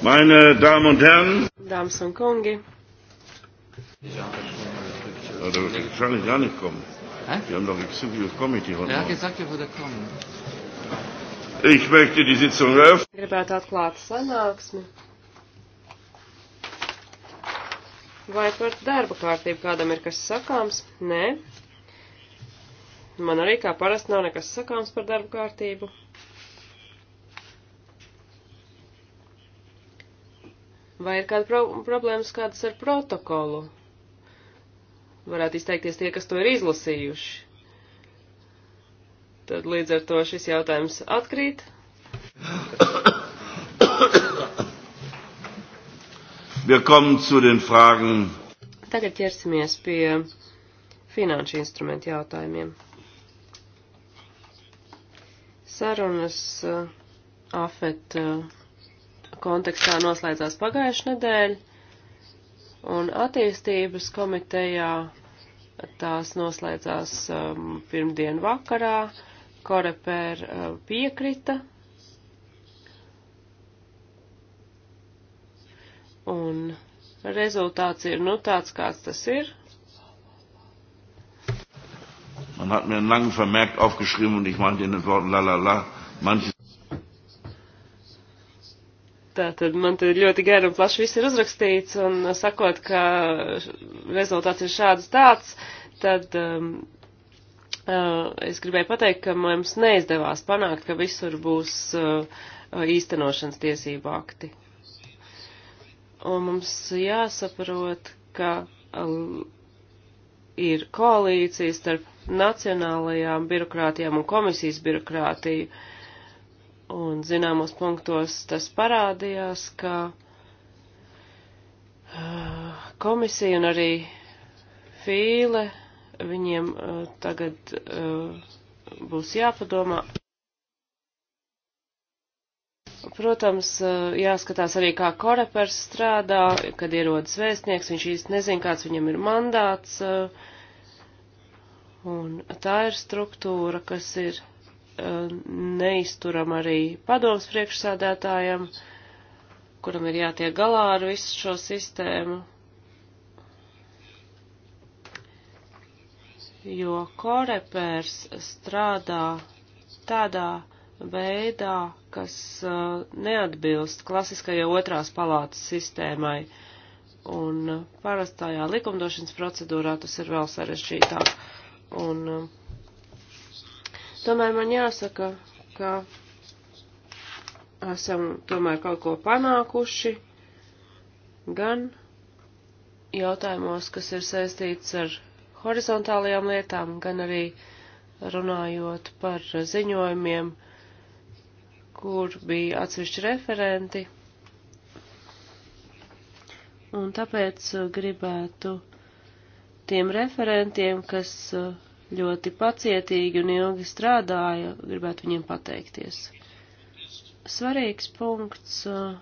Meine Damen und Herren. Dāmas un kungi. Ja, da wird er wahrscheinlich gar nicht kommen. Hä? Wir haben doch Executive Committee heute. Er hat gesagt, er würde kommen. Ich möchte die Sitzung eröffnen. Gribētu atklāt sanāksmi. Vai par darba kārtību kādam ir kas sakāms? Nē. Man arī kā parasti nav nekas sakāms par darba kārtību. Vai ir kāda pro problēmas kādas ar protokolu? Varētu izteikties tie, kas to ir izlasījuši. Tad līdz ar to šis jautājums atkrīt. Tagad ķersimies pie finanšu instrumentu jautājumiem. Sarunas uh, afet uh, kontekstā noslēdzās pagājušajā nedēļā, un attīstības komitejā tās noslēdzās um, pirmdien vakarā. Koreper uh, piekrita. Un rezultāts ir nu tāds, kāds tas ir. Man hat mir einen langen Vermerk aufgeschrieben und ich meinte in den Worten la la la. Manches Tātad man te ļoti gara un plaši viss ir uzrakstīts, un sakot, ka rezultāts ir šāds tāds, tad um, uh, es gribēju pateikt, ka mums neizdevās panākt, ka visur būs uh, īstenošanas tiesību akti. Un mums jāsaprot, ka uh, ir koalīcija starp nacionālajām birokrātijām un komisijas birokrātiju. Uh, Un zināmos punktos tas parādījās, ka komisija un arī Fīle viņiem tagad būs jāpadomā. Protams, jāskatās arī, kā korepers strādā, kad ierodas vēstnieks, viņš īsti nezin, kāds viņam ir mandāts. Un tā ir struktūra, kas ir Eh, neizturam arī padoms priekšsādātājam, kuram ir jātiek galā ar visu šo sistēmu, jo korepērs strādā tādā veidā, kas eh, neatbilst klasiskajai otrās palātas sistēmai, un eh, parastajā likumdošanas procedūrā tas ir vēl sarežģītāk. Un, uh, Tomēr man jāsaka, ka esam tomēr kaut ko panākuši gan jautājumos, kas ir saistīts ar horizontālajām lietām, gan arī runājot par ziņojumiem, kur bija atsevišķi referenti. Un tāpēc gribētu tiem referentiem, kas uh, ļoti pacietīgi un ilgi strādāja, gribētu viņiem pateikties. Svarīgs punkts, eh,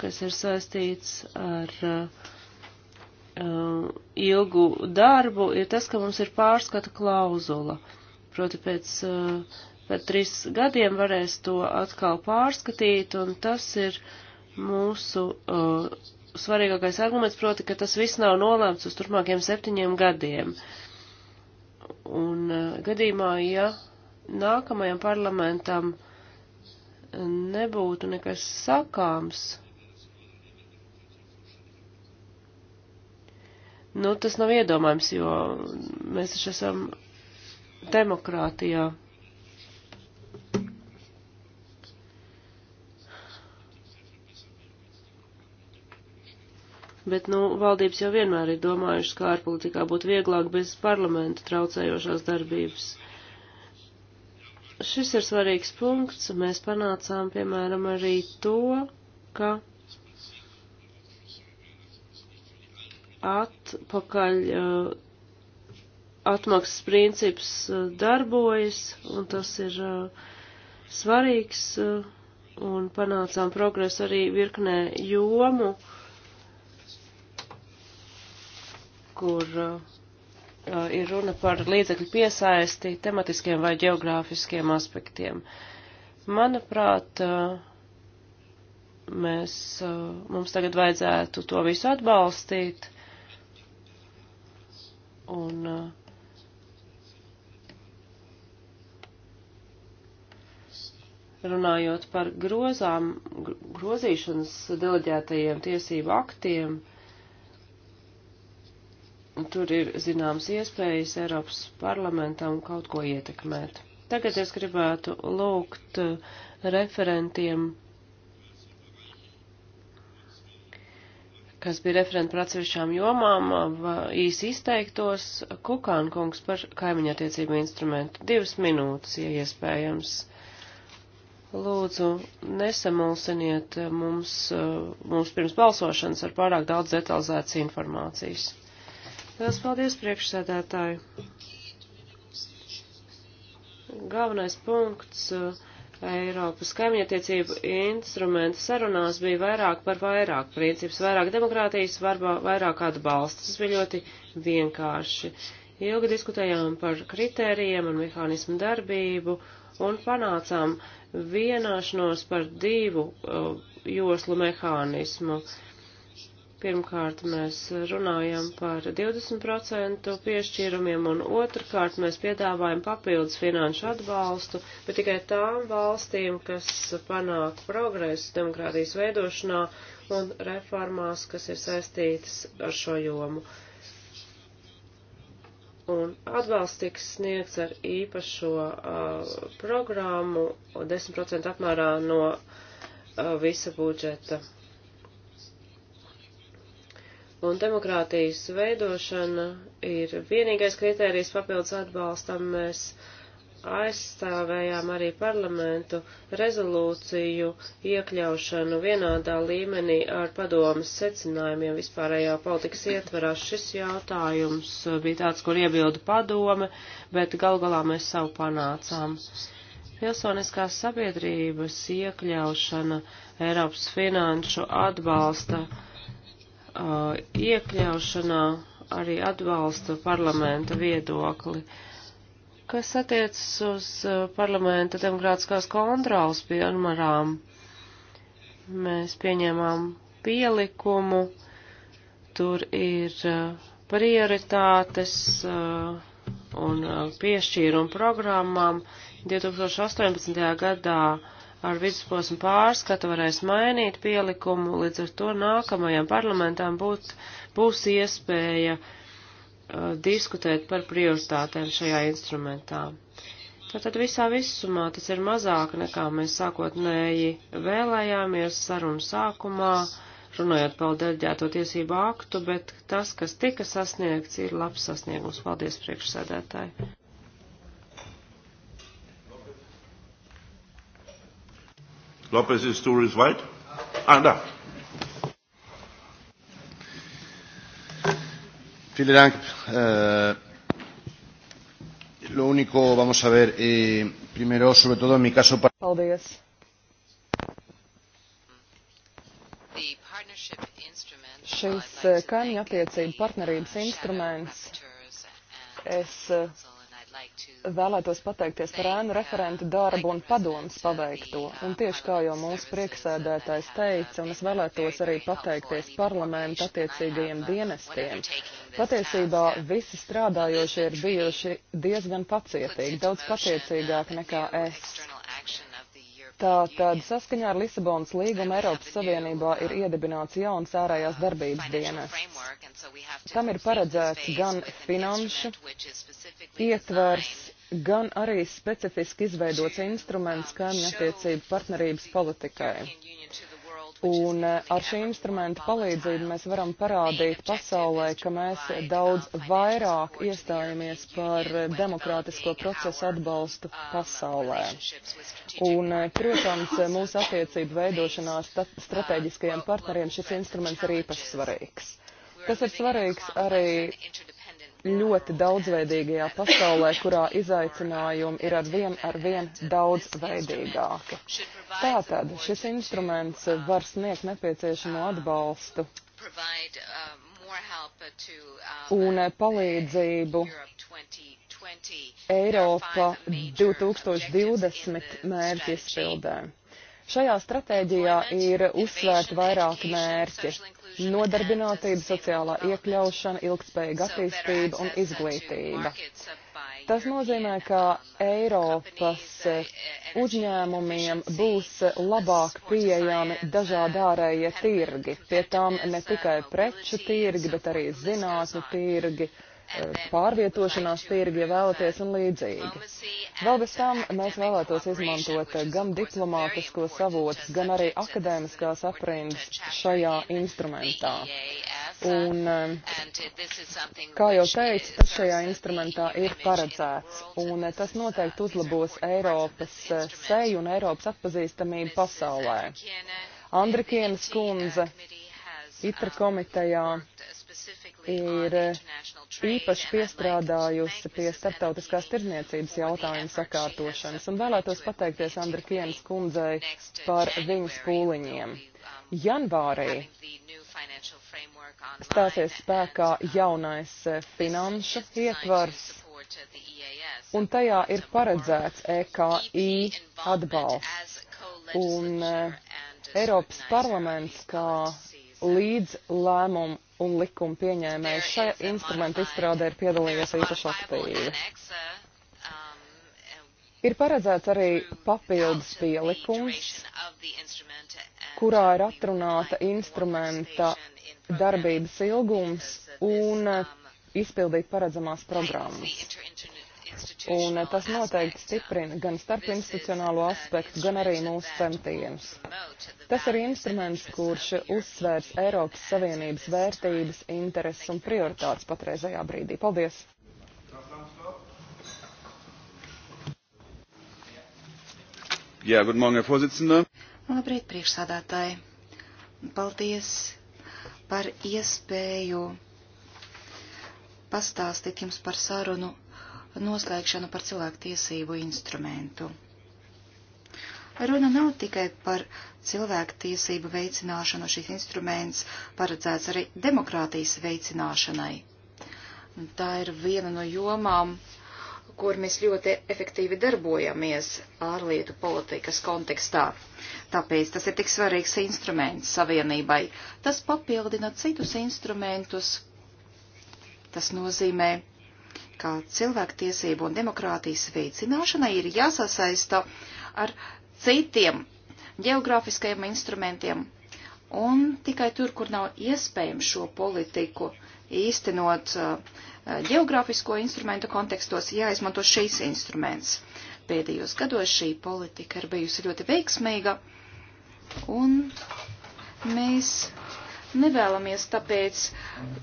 kas ir saistīts ar eh, ilgu darbu, ir tas, ka mums ir pārskata klauzula. Proti pēc, eh, pēc trīs gadiem varēs to atkal pārskatīt, un tas ir mūsu uh, svarīgākais arguments, proti, ka tas viss nav nolēmts uz turpmākiem septiņiem gadiem. Un e, gadījumā, ja nākamajam parlamentam nebūtu nekas sakāms, nu, tas nav iedomājams, jo mēs taču esam demokrātijā. bet, nu, valdības jau vienmēr ir domājušas, kā ārpolitikā būtu vieglāk bez parlamenta traucējošās darbības. Šis ir svarīgs punkts. Mēs panācām, piemēram, arī to, ka atpakaļ uh, atmaksas princips uh, darbojas, un tas ir uh, svarīgs, uh, un panācām progresu arī virknē jomu, kur uh, uh, ir runa par līdzekļu piesaisti tematiskiem vai geogrāfiskiem aspektiem. Manuprāt, uh, mēs, mums tagad vajadzētu to visu atbalstīt un runājot par grozām, grozīšanas deleģētajiem tiesību aktiem, uh, tur ir zināms iespējas Eiropas parlamentam kaut ko ietekmēt. Tagad es gribētu lūgt uh, referentiem, kas bija referenti par atsevišķām jomām, uh, īsi izteiktos Kukāna kungs par kaimiņattiecību instrumentu. Divas minūtes, ja iespējams. Lūdzu, nesamulsiniet uh, mums, mums pirms balsošanas ar pārāk daudz detalizētas informācijas. Lielas paldies, priekšsēdētāji. Galvenais punkts eh, Eiropas kaimietiecību instrumenta sarunās bija vairāk par vairāk princips, vairāk demokrātijas, varbā, vairāk atbalsts. Tas bija ļoti vienkārši. Ilgi diskutējām par kritērijiem un mehānismu darbību un panācām vienāšanos par divu uh, joslu mehānismu. Uh, Pirmkārt, mēs runājam par 20% piešķīrumiem, un otrkārt, mēs piedāvājam papildus finanšu atbalstu, bet tikai tām valstīm, kas panāk progresu demokrātijas veidošanā un reformās, kas ir saistītas ar šo jomu. Un atbalsts tiks sniegts ar īpašo uh, programmu 10% apmērā no uh, visa budžeta. Un demokrātijas veidošana ir vienīgais kritērijs papildus atbalstam. Mēs aizstāvējām arī parlamentu rezolūciju iekļaušanu vienādā līmenī ar padomas secinājumiem vispārējā politikas ietvarā. Šis jautājums bija tāds, kur iebildu padome, bet gal galā mēs savu panācām. Pilsoniskās sabiedrības iekļaušana Eiropas finanšu atbalsta uh, iekļaušanā arī atbalstu parlamenta viedokli. Kas attiecas uz uh, parlamenta demokrātiskās kontrolas pilnvarām, mēs pieņēmām pielikumu, tur ir uh, prioritātes uh, un piešķīrumu programmām 2018. gadā ar vidusposmu pārskatu varēs mainīt pielikumu, līdz ar to nākamajam parlamentam būt, būs iespēja uh, diskutēt par prioritātēm šajā instrumentā. Tātad visā visumā tas ir mazāk nekā mēs sākotnēji vēlējāmies sarunu sākumā, runājot par deļģēto tiesību aktu, bet tas, kas tika sasniegts, ir labs sasniegums. Paldies priekšsēdētāji! Lopez is two is right? Ah, da. Vielen Dank. Äh, lo único, vamos a ver, eh, primero, sobre todo en mi caso. Paldies. Šis eh, kaimiņu attiecību partnerības instruments, es eh, vēlētos pateikties par ēnu referentu darbu un padomus paveikto. Un tieši kā jau mūsu prieksēdētājs teica, un es vēlētos arī pateikties parlamentu attiecīgajiem dienestiem. Patiesībā visi strādājošie ir bijuši diezgan pacietīgi, daudz pacietīgi nekā es. Tātad saskaņā ar Lisabonas līgumu Eiropas Savienībā ir iedibināts jauns ārējās darbības dienas. Tam ir paredzēts gan finanšu ietvars, gan arī specifiski izveidots instruments kaimiņu attiecību partnerības politikai. Un eh, ar šī instrumenta palīdzību mēs varam parādīt pasaulē, ka mēs daudz vairāk iestājamies par demokrātisko procesu atbalstu pasaulē. Un, eh, protams, mūsu attiecību veidošanā strateģiskajiem partneriem šis instruments ir īpaši svarīgs. Tas ir svarīgs arī ļoti daudzveidīgajā pasaulē, kurā izaicinājumi ir ar vien, ar vien daudzveidīgāki. Tātad šis instruments var sniegt nepieciešamo atbalstu un palīdzību Eiropa 2020 mērķi izpildē. Šajā stratēģijā ir uzsvērti vairāki mērķi - nodarbinātība, sociālā iekļaušana, ilgspējīga attīstība un izglītība. Tas nozīmē, ka Eiropas uzņēmumiem būs labāk pieejami dažādi ārējie tirgi. Pie tām ne tikai preču tirgi, bet arī zinātņu tirgi Eh, pārvietošanās tirgi, ja vēlaties, un līdzīgi. Vēl bez tam mēs vēlētos izmantot eh, gan diplomātisko savotus, gan arī akadēmiskās aprindas šajā instrumentā. Un, eh, kā jau teicu, tas šajā instrumentā ir paredzēts, un tas noteikti uzlabos Eiropas seju un Eiropas atpazīstamību pasaulē. Andrikienas kundze, ITRA komitejā ir īpaši piestrādājusi pie starptautiskās tirniecības jautājuma sakārtošanas un vēlētos pateikties Andrikienas kundzei par viņas pūliņiem. Janvārī stāsies spēkā jaunais eh, finanšu ietvars un tajā ir paredzēts EKI atbalsts. Un eh, Eiropas parlaments kā līdz lēmumu un likuma pieņēmējs šajā instrumenta izstrādē ir piedalījies īpaši aktīvi. Ir paredzēts arī papildus pielikums, kurā ir atrunāta instrumenta darbības ilgums un izpildīt paredzamās programmas. Un eh, tas noteikti stiprina gan starpinstitucionālo aspektu, gan arī mūsu centienus. Tas ir instruments, kurš uzsvērs Eiropas Savienības vērtības, intereses un prioritātes patreizajā brīdī. Paldies! Jā, good morning, Herr Vorsitzender. Labrīt, priekšsādātāji. Paldies par iespēju pastāstīt jums par sarunu noslēgšanu par cilvēku tiesību instrumentu. Runa nav tikai par cilvēku tiesību veicināšanu, šis instruments paredzēts arī demokrātijas veicināšanai. Tā ir viena no jomām, kur mēs ļoti efektīvi darbojamies ārlietu politikas kontekstā. Tāpēc tas ir tik svarīgs instruments savienībai. Tas papildina citus instrumentus. Tas nozīmē, ka cilvēktiesību un demokrātijas veicināšana ir jāsasaista ar citiem geogrāfiskajiem instrumentiem, un tikai tur, kur nav iespējams šo politiku īstenot uh, geogrāfisko instrumentu kontekstos, jāizmanto šīs instruments. Pēdējos gados šī politika ir bijusi ļoti veiksmīga, un mēs nevēlamies tāpēc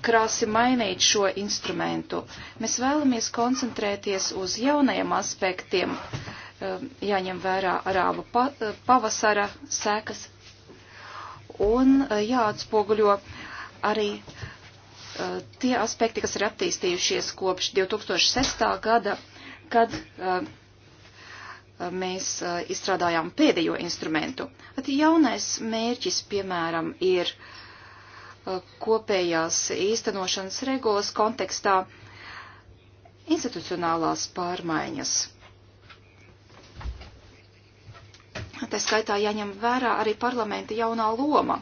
krāsi mainīt šo instrumentu. Mēs vēlamies koncentrēties uz jaunajiem aspektiem, um, jāņem vērā arābu uh, pavasara sekas un uh, jāatspoguļo arī uh, tie aspekti, kas ir attīstījušies kopš 2006. gada, kad mēs izstrādājām pēdējo instrumentu. At jaunais mērķis, piemēram, ir uh, kopējās īstenošanas regulas kontekstā institucionālās pārmaiņas. Tā skaitā jāņem vērā arī parlamenta jaunā loma.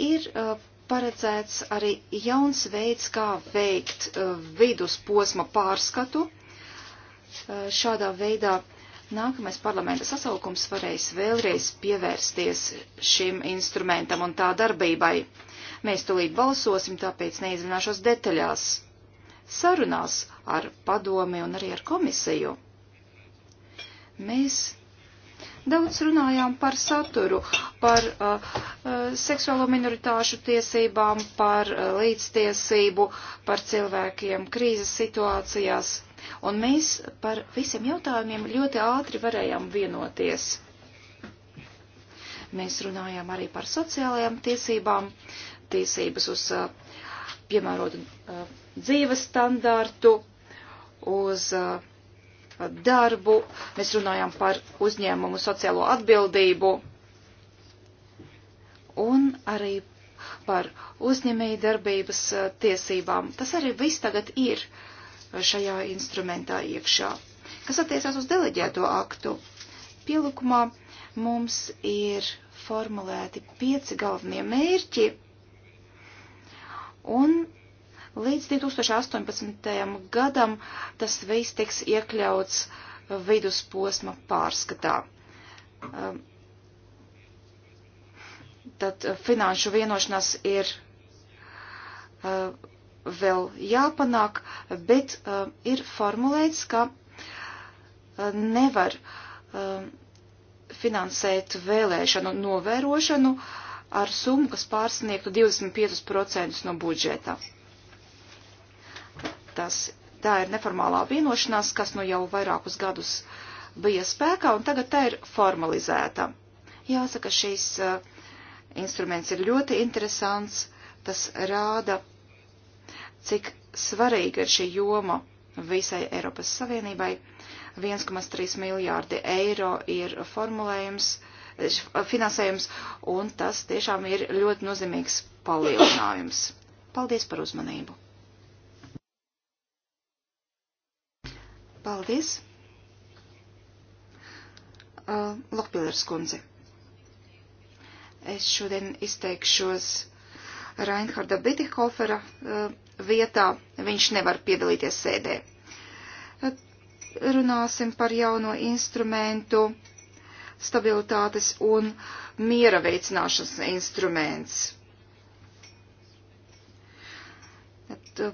Ir uh, paredzēts arī jauns veids, kā veikt uh, vidusposma pārskatu. Uh, šādā veidā uh, nākamais parlamenta sasaukums varēs vēlreiz pievērsties šim instrumentam un tā darbībai. Mēs tulīt balsosim, tāpēc neizrunāšos detaļās. Sarunās ar padomi un arī ar komisiju. Mēs daudz runājām par saturu, par uh, uh seksuālo minoritāšu tiesībām, par uh, līdztiesību, par cilvēkiem krīzes situācijās Un mēs par visiem jautājumiem ļoti ātri varējām vienoties. Mēs runājām arī par sociālajām tiesībām, tiesības uz piemērotu dzīves standārtu, uz darbu, mēs runājām par uzņēmumu sociālo atbildību un arī par uzņēmēju darbības tiesībām. Tas arī viss tagad ir uh, šajā instrumentā iekšā. Kas attiecās uz deleģēto aktu, pielikumā mums ir formulēti pieci galvenie mērķi, un līdz 2018. gadam tas viss tiks iekļauts vidusposma pārskatā. Ehm, tad finanšu vienošanās ir ehm, vēl jāpanāk, bet uh, ir formulēts, ka uh, nevar uh, finansēt vēlēšanu novērošanu ar summu, kas pārsniegtu 25% no budžeta. Tas, tā ir neformālā vienošanās, kas nu no jau vairākus gadus bija spēkā, un tagad tā ir formalizēta. Jāsaka, šīs uh, instruments ir ļoti interesants, tas rāda cik svarīga ir šī joma visai Eiropas Savienībai. 1,3 miljārdi eiro ir formulējums, eh, eh, finansējums, un tas tiešām ir ļoti nozīmīgs palielinājums. Paldies par uzmanību! Paldies! Uh, eh, Lokpilers kundze. Es šodien izteikšos Reinharda Bitihofera uh, vietā, viņš nevar piedalīties sēdē. Runāsim par jauno instrumentu stabilitātes un miera veicināšanas instruments. Uh,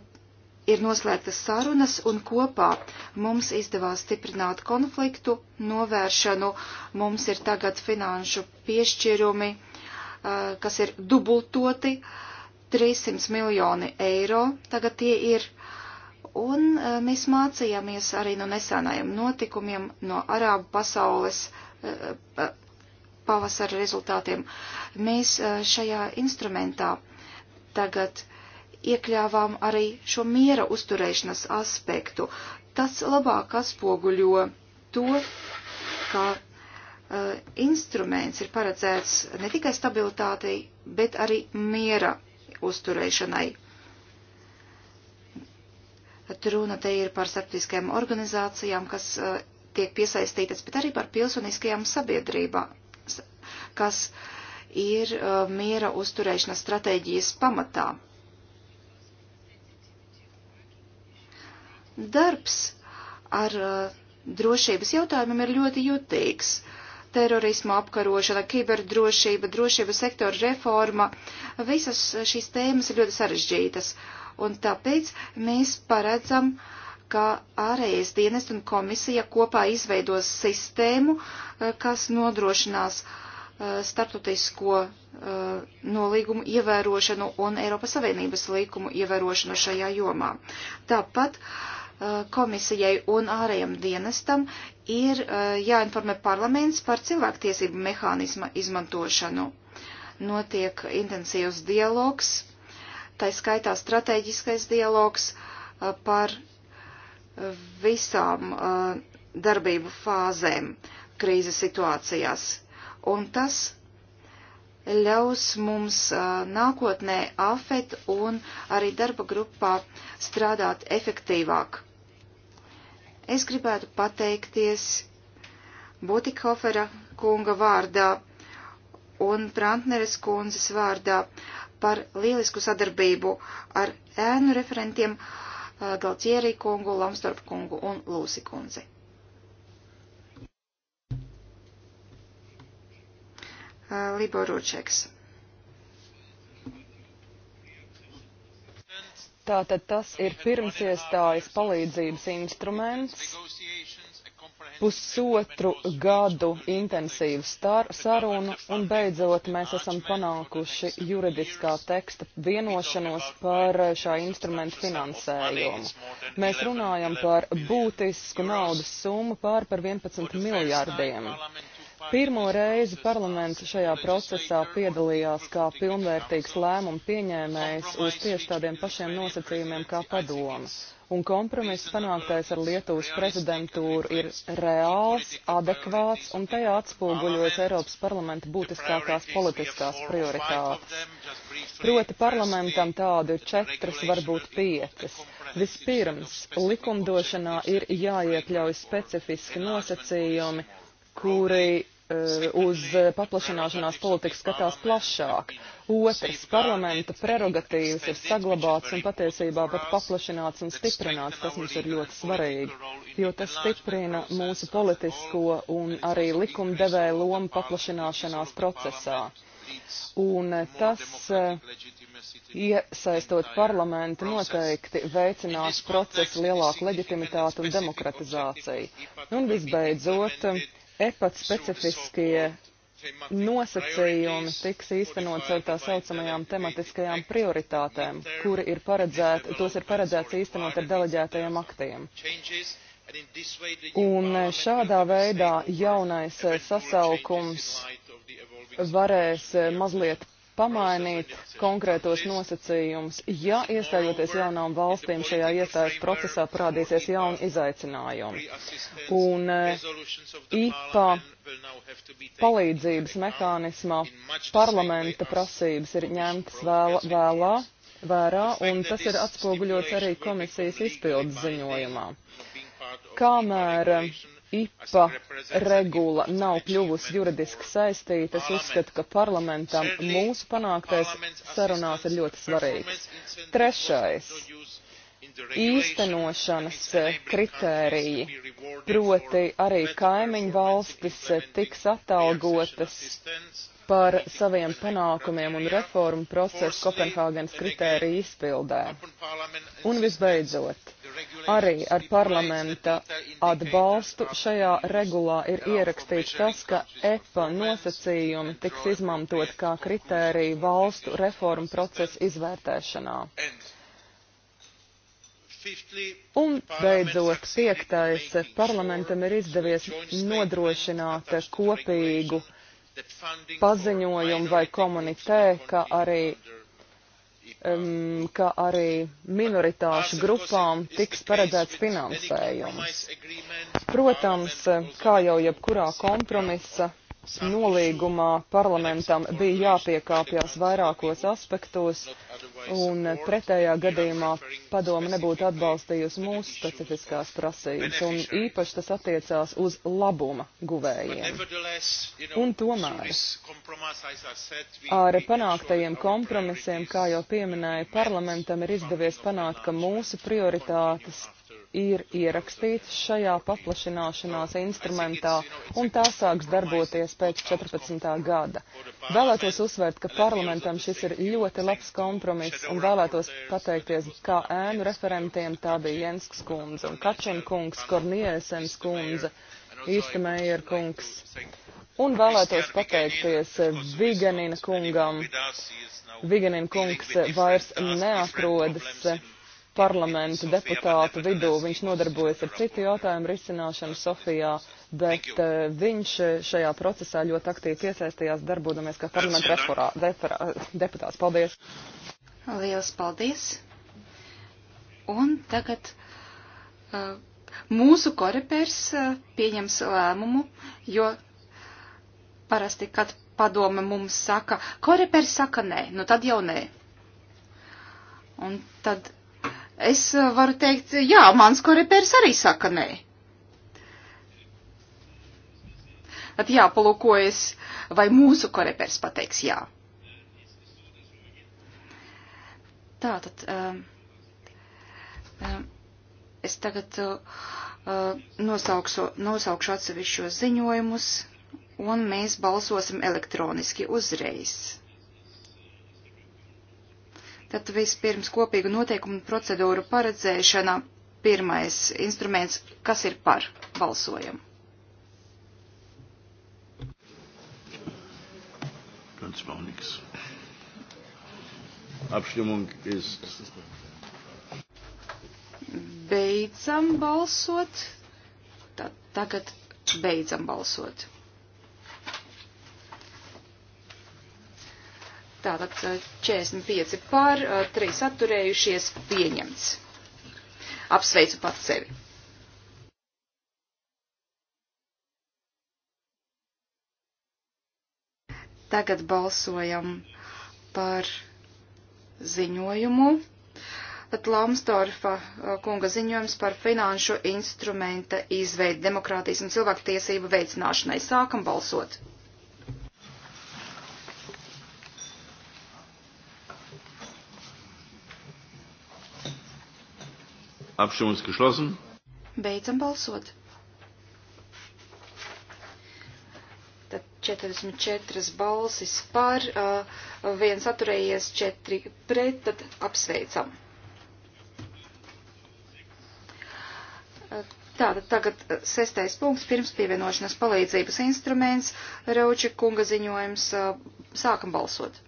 ir noslēgtas sarunas un kopā mums izdevās stiprināt konfliktu novēršanu. Mums ir tagad finanšu piešķirumi, uh, kas ir dubultoti. Uh, 300 miljoni eiro tagad tie ir. Un eh, mēs mācījāmies arī no nesenajiem notikumiem, no arābu pasaules eh, eh, pavasara rezultātiem. Mēs šajā instrumentā tagad iekļāvām arī šo miera uzturēšanas aspektu. Tas labāk atspoguļo to, ka instruments ir paredzēts ne tikai stabilitātei, bet arī miera uzturēšanai. Runa te ir par starptiskajām organizācijām, kas uh, tiek piesaistītas, bet arī par pilsoniskajām sabiedrībām, kas ir uh, miera uzturēšanas stratēģijas pamatā. Darbs ar uh, drošības jautājumiem ir ļoti jutīgs. Uh, terorismu apkarošana, kiberdrošība, drošības sektora reforma, visas šīs tēmas ir ļoti sarežģītas. Un tāpēc mēs paredzam, ka ārējais dienest un komisija kopā izveidos sistēmu, eh, kas nodrošinās eh, starptautisko eh, nolīgumu ievērošanu un Eiropas Savienības līkumu ievērošanu šajā jomā. Tāpat uh, komisijai un ārējam dienestam ir eh, jāinformē parlaments par cilvēktiesību mehānisma izmantošanu. Notiek intensīvs dialogs, tā skaitā strateģiskais dialogs eh, par visām eh, darbību fāzēm krīzes situācijās. Un tas ļaus mums nākotnē AFET un arī darba grupā strādāt efektīvāk Es gribētu pateikties Botikhofera kunga vārdā un Prantneres kundzes vārdā par lielisku sadarbību ar ēnu referentiem eh, Galtierī kungu, Lamstorp kungu un Lūsi kundzi. Eh, Libor Ručeks. Tātad tas ir pirmsiestājas palīdzības instruments, pusotru gadu intensīvu star, sarunu, un beidzot mēs esam panākuši juridiskā teksta vienošanos par šā instrumenta finansējumu. Mēs runājam par būtisku naudas summu pār par 11 miljārdiem. Pirmo reizi parlaments šajā procesā piedalījās kā pilnvērtīgs lēmumu pieņēmējs uz tieši tādiem pašiem nosacījumiem kā padoma. Un kompromiss panāktais ar Lietuvas prezidentūru ir reāls, adekvāts un tajā atspoguļojas Eiropas parlamenta būtiskākās politiskās prioritātes. Proti parlamentam tādu ir četras, varbūt piecas. Vispirms, likumdošanā ir jāiekļauj specifiski nosacījumi kuri Eh, uz eh, paplašināšanās politiku skatās plašāk. Otrs parlamenta prerogatīvas ir saglabāts un patiesībā pat paplašināts un stiprināts. Tas mums ir ļoti svarīgi, jo tas stiprina mūsu politisko un arī likumdevēja lomu paplašināšanās procesā. Un tas, eh, iesaistot parlamentu, noteikti veicinās procesu lielāku leģitimitātu un demokratizāciju. Un visbeidzot, EPAT specifiskie nosacījumi tiks īstenots ar tā saucamajām tematiskajām prioritātēm, kuri ir paredzēti, tos ir paredzēts īstenot ar deleģētajiem aktiem. Un šādā veidā jaunais sasaukums varēs mazliet pamainīt konkrētos nosacījumus, ja iestājoties jaunām valstīm šajā iestājas procesā parādīsies jauni izaicinājumi. Un e, IPA palīdzības mehānismā parlamenta prasības ir ņemtas vēl, vēlā vērā, un tas ir atspoguļots arī komisijas izpildes ziņojumā. Kamēr IPA regula nav kļuvusi juridiski saistīta, es uzskatu, ka parlamentam mūsu panāktais sarunās ir ļoti svarīgs. Trešais īstenošanas kritēriji, proti arī kaimiņu valstis tiks atalgotas par saviem panākumiem un reformu procesu Kopenhāgenes kritēriju izpildē. Un visbeidzot, arī ar parlamenta atbalstu šajā regulā ir ierakstīts tas, ka EPA nosacījumi tiks izmantot kā kritērija valstu reformu procesu izvērtēšanā. Un beidzot, piektais parlamentam ir izdevies nodrošināt kopīgu uh, paziņojumu vai komunikē, ka arī, um, ka arī minoritāšu grupām tiks paredzēts finansējums. Protams, kā jau jebkurā kompromisa nolīgumā parlamentam bija jāpiekāpjas vairākos aspektos, un pretējā gadījumā padoma nebūtu atbalstījusi mūsu specifiskās prasības, un īpaši tas attiecās uz labuma guvējiem. Un tomēr ar panāktajiem kompromisiem, kā jau pieminēja, parlamentam ir izdevies panākt, ka mūsu prioritātes ir ierakstīts šajā paplašināšanās instrumentā, un tā sāks darboties pēc 14. gada. Vēlētos uzsvērt, ka parlamentam šis ir ļoti labs kompromiss, un vēlētos pateikties kā ēnu referentiem, tā bija Jensks kundze un Kačen kungs, Korniesens kundze, Īstamējer kungs. Un vēlētos pateikties Viganina kungam. Viganina kungs vairs neatrodas parlamentu deputātu vidū. Viņš nodarbojas ar citu jautājumu risināšanu Sofijā, bet eh, viņš eh, šajā procesā ļoti aktīvi piesaistījās darbodamies kā parlamenta eh, deputāts. Paldies! Lielas paldies! Un tagad uh, mūsu korepers uh, pieņems lēmumu, jo parasti, kad padome mums saka, korepers saka nē, nu tad jau nē. Un tad es eh, varu teikt, jā, mans korepērs arī saka nē. Tad jāpalūkojas, vai mūsu korepērs pateiks jā. Tā tad. Um, eh, um, eh, es tagad uh, nosaukšu, nosaukšu atsevišķos ziņojumus, un mēs balsosim elektroniski uzreiz. Tad vispirms kopīgu noteikumu procedūru paredzēšana pirmais instruments, kas ir par balsojumu. Ganz war nichts. Abstimmung ist. Beidzam balsot. Tad tagad beidzam balsot. Tātad 45 par, 3 atturējušies, pieņemts. Apsveicu pat sevi. Tagad balsojam par ziņojumu. Lamstorfa kunga ziņojums par finanšu instrumenta izveidu demokrātijas un cilvēktiesību veicināšanai. Sākam balsot! Abstimmung ist geschlossen. Beidzam balsot. Tad 44 balsis par, viens atturējies, 4 pret, tad apsveicam. Tātad tagad sestais punkts, pirms pievienošanas palīdzības instruments, Rauči kunga ziņojums, sākam balsot.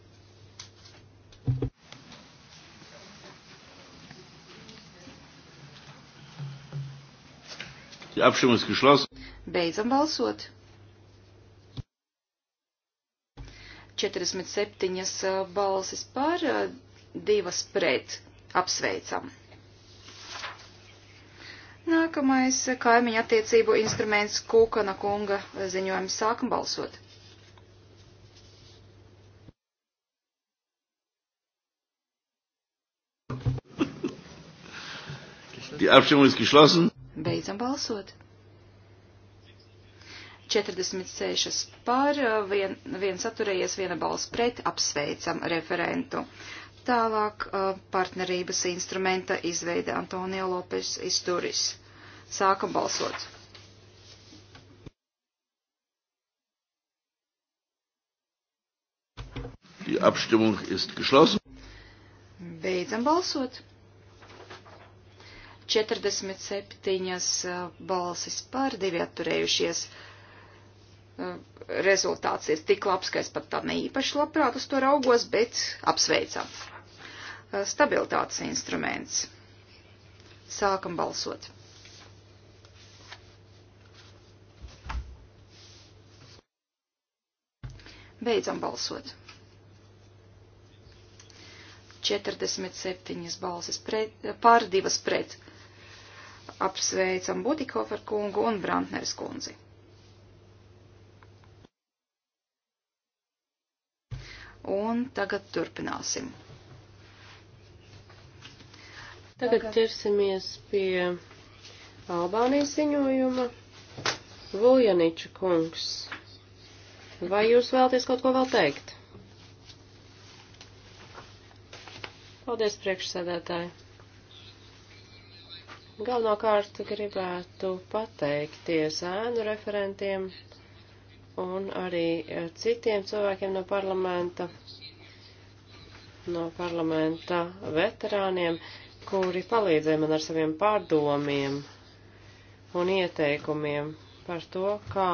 Die Abstimmung ist geschlossen. Beidzam balsot. 47 balsis par, 2 pret. Apsveicam. Nākamais kaimiņa attiecību instruments Kūkana kunga ziņojums sākam balsot. Die Abstimmung ist geschlossen. Beidzam balsot. 46 par, vien, viens atturējies, viena balss pret, apsveicam referentu. Tālāk uh, partnerības instrumenta izveida Antonija Lopes izturis. Sākam balsot. Die Abstimmung ist geschlossen. Beidzam balsot. 47 uh, balsis par, divi atturējušies. Uh, rezultāts ir tik labs, ka es pat tā neīpaši labprāt uz to raugos, bet apsveicam. Uh, stabilitātes instruments. Sākam balsot. Beidzam balsot. 47 balsis pret, pār divas pret apsveicam Butikofer kungu un Brantners kundzi. Un tagad turpināsim. Tagad ķersimies pie Albānijas ziņojuma. Vuljaniča kungs, vai jūs vēlaties kaut ko vēl teikt? Paldies, priekšsēdētāji! Galvenokārt gribētu pateikties ēnu referentiem un arī eh, citiem cilvēkiem no parlamenta, no parlamenta veterāniem, kuri palīdzēja man ar saviem pārdomiem un ieteikumiem par to, kā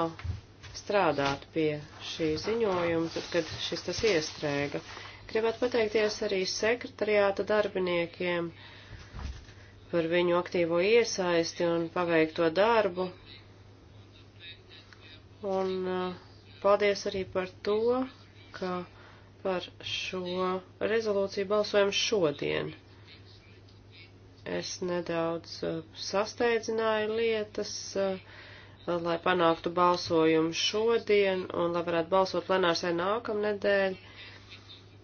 strādāt pie šī ziņojuma, tad, kad šis tas iestrēga. Gribētu pateikties arī sekretariāta darbiniekiem, uh, par viņu aktīvo iesaisti un paveikto darbu. Un uh, paldies arī par to, ka par šo rezolūciju balsojam šodien. Es nedaudz uh, sasteidzināju lietas, uh, lai panāktu balsojumu šodien un lai varētu balsot plenārsē nākamnedēļ.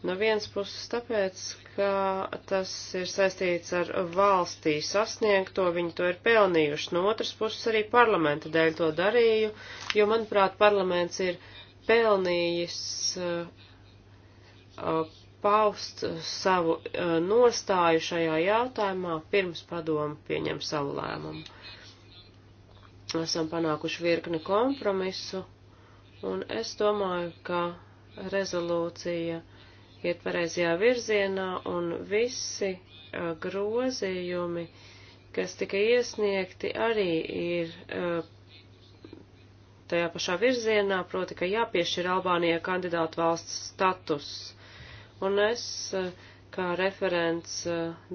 No vienas puses tāpēc, ka tas ir saistīts ar valstī sasniegto, viņi to ir pelnījuši. No otras puses arī parlamenta dēļ to darīju, jo, manuprāt, parlaments ir pelnījis uh, uh paust savu uh, nostāju šajā jautājumā, pirms padomu pieņem savu lēmumu. Esam panākuši virkni kompromisu, un es domāju, ka rezolūcija uh, iet pareizajā virzienā un visi uh, grozījumi, kas tika iesniegti, arī ir uh, tajā pašā virzienā, proti, ka jāpiešķir Albānijai kandidātu valsts status. Un es, kā referents,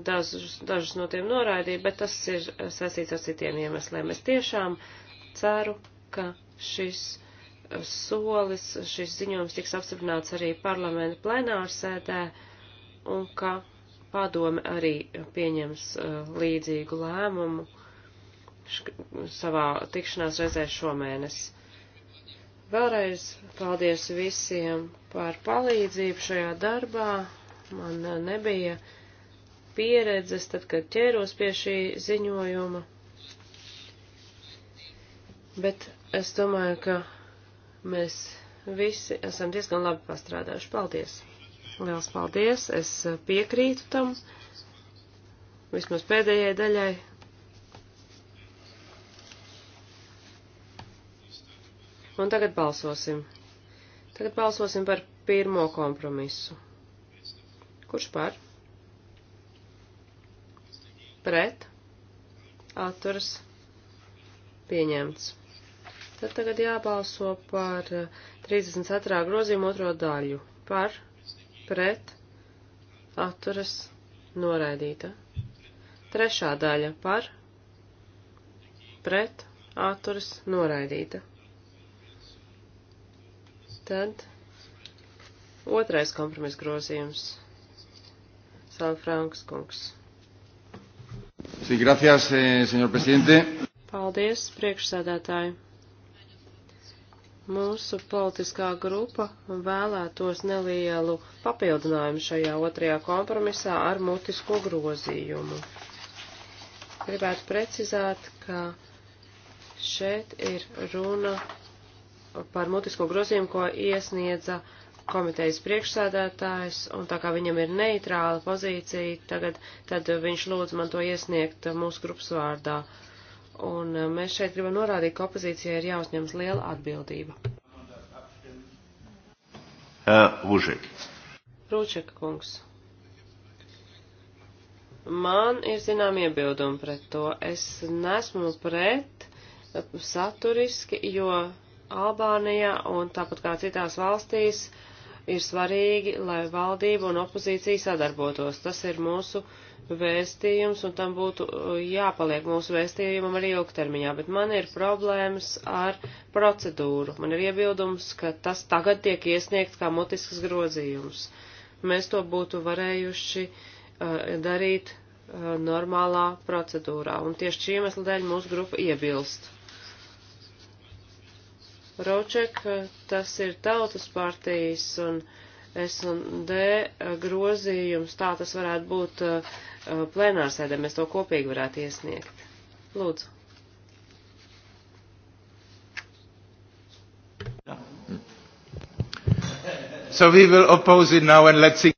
dažus, dažus no tiem noraidīju, bet tas ir saistīts ar citiem iemesliem. Es tiešām ceru, ka šis solis, šis ziņojums tiks apstiprināts arī parlamenta plenārsēdē un ka padome arī pieņems uh, līdzīgu lēmumu savā tikšanās reizē šomēnes. Vēlreiz paldies visiem par palīdzību šajā darbā. Man uh, nebija pieredzes, tad, kad ķēros pie šī ziņojuma. Bet es domāju, ka Mēs visi esam diezgan labi pastrādājuši. Paldies! Liels paldies! Es piekrītu tam, vismaz pēdējai daļai. Un tagad balsosim. Tagad balsosim par pirmo kompromisu. Kurš par? Pret? Atturas? Pieņemts. Tad tagad jābalso par 34. Eh, grozījumu otro daļu. Par, pret, atturas, noraidīta. Trešā daļa par, pret, atturas, noraidīta. Tad otrais kompromis grozījums. Salfranks kungs. Sí, gracias, eh, señor presidente. Paldies, priekšsēdētāji. Mūsu politiskā grupa vēlētos nelielu papildinājumu šajā otrajā kompromisā ar mutisko grozījumu. Gribētu precizēt, ka šeit ir runa par mutisko grozījumu, ko iesniedza komitejas priekšsēdētājs, un tā kā viņam ir neitrāla pozīcija, tagad, tad viņš lūdz man to iesniegt mūsu grupas vārdā. Uh, Un eh, mēs šeit gribam norādīt, ka opozīcijai ir jāuzņemas liela atbildība. Vužek. Rūček kungs. Man ir zinām iebildumi pret to. Es nesmu pret eh, saturiski, jo Albānijā un tāpat kā citās valstīs ir svarīgi, lai valdība un opozīcija sadarbotos. Tas ir mūsu uh, vēstījums, un tam būtu uh, jāpaliek mūsu vēstījumam arī ilgtermiņā, bet man ir problēmas ar procedūru. Man ir iebildums, ka tas tagad tiek iesniegts kā mutisks grozījums. Mēs to būtu varējuši uh, darīt uh, normālā procedūrā, un tieši šī iemesla dēļ mūsu grupa iebilst. Roček, uh, tas ir tautas partijas un S un D uh, grozījums, tā tas varētu būt uh, Uh, plēnārsēdē mēs to kopīgi varētu iesniegt. Lūdzu. So we will oppose it now and let's see.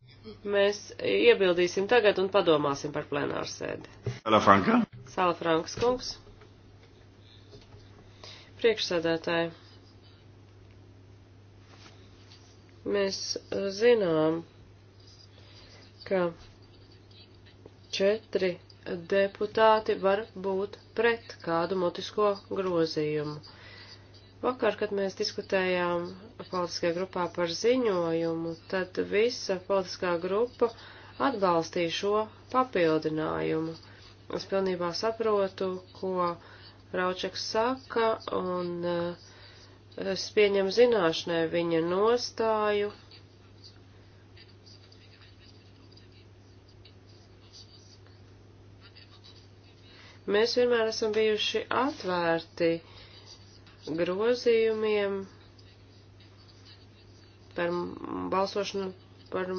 Mēs iebildīsim tagad un padomāsim par plenāru sēdi. Salafranka. Salafrankas kungs. Priekšsēdētāji. Mēs uh, zinām, ka četri deputāti var būt pret kādu mutisko grozījumu. Vakar, kad mēs diskutējām politiskajā grupā par ziņojumu, tad visa politiskā grupa atbalstīja šo papildinājumu. Es pilnībā saprotu, ko Raučeks saka, un eh, es pieņemu zināšanai viņa nostāju Mēs vienmēr esam bijuši atvērti grozījumiem par balsošanu par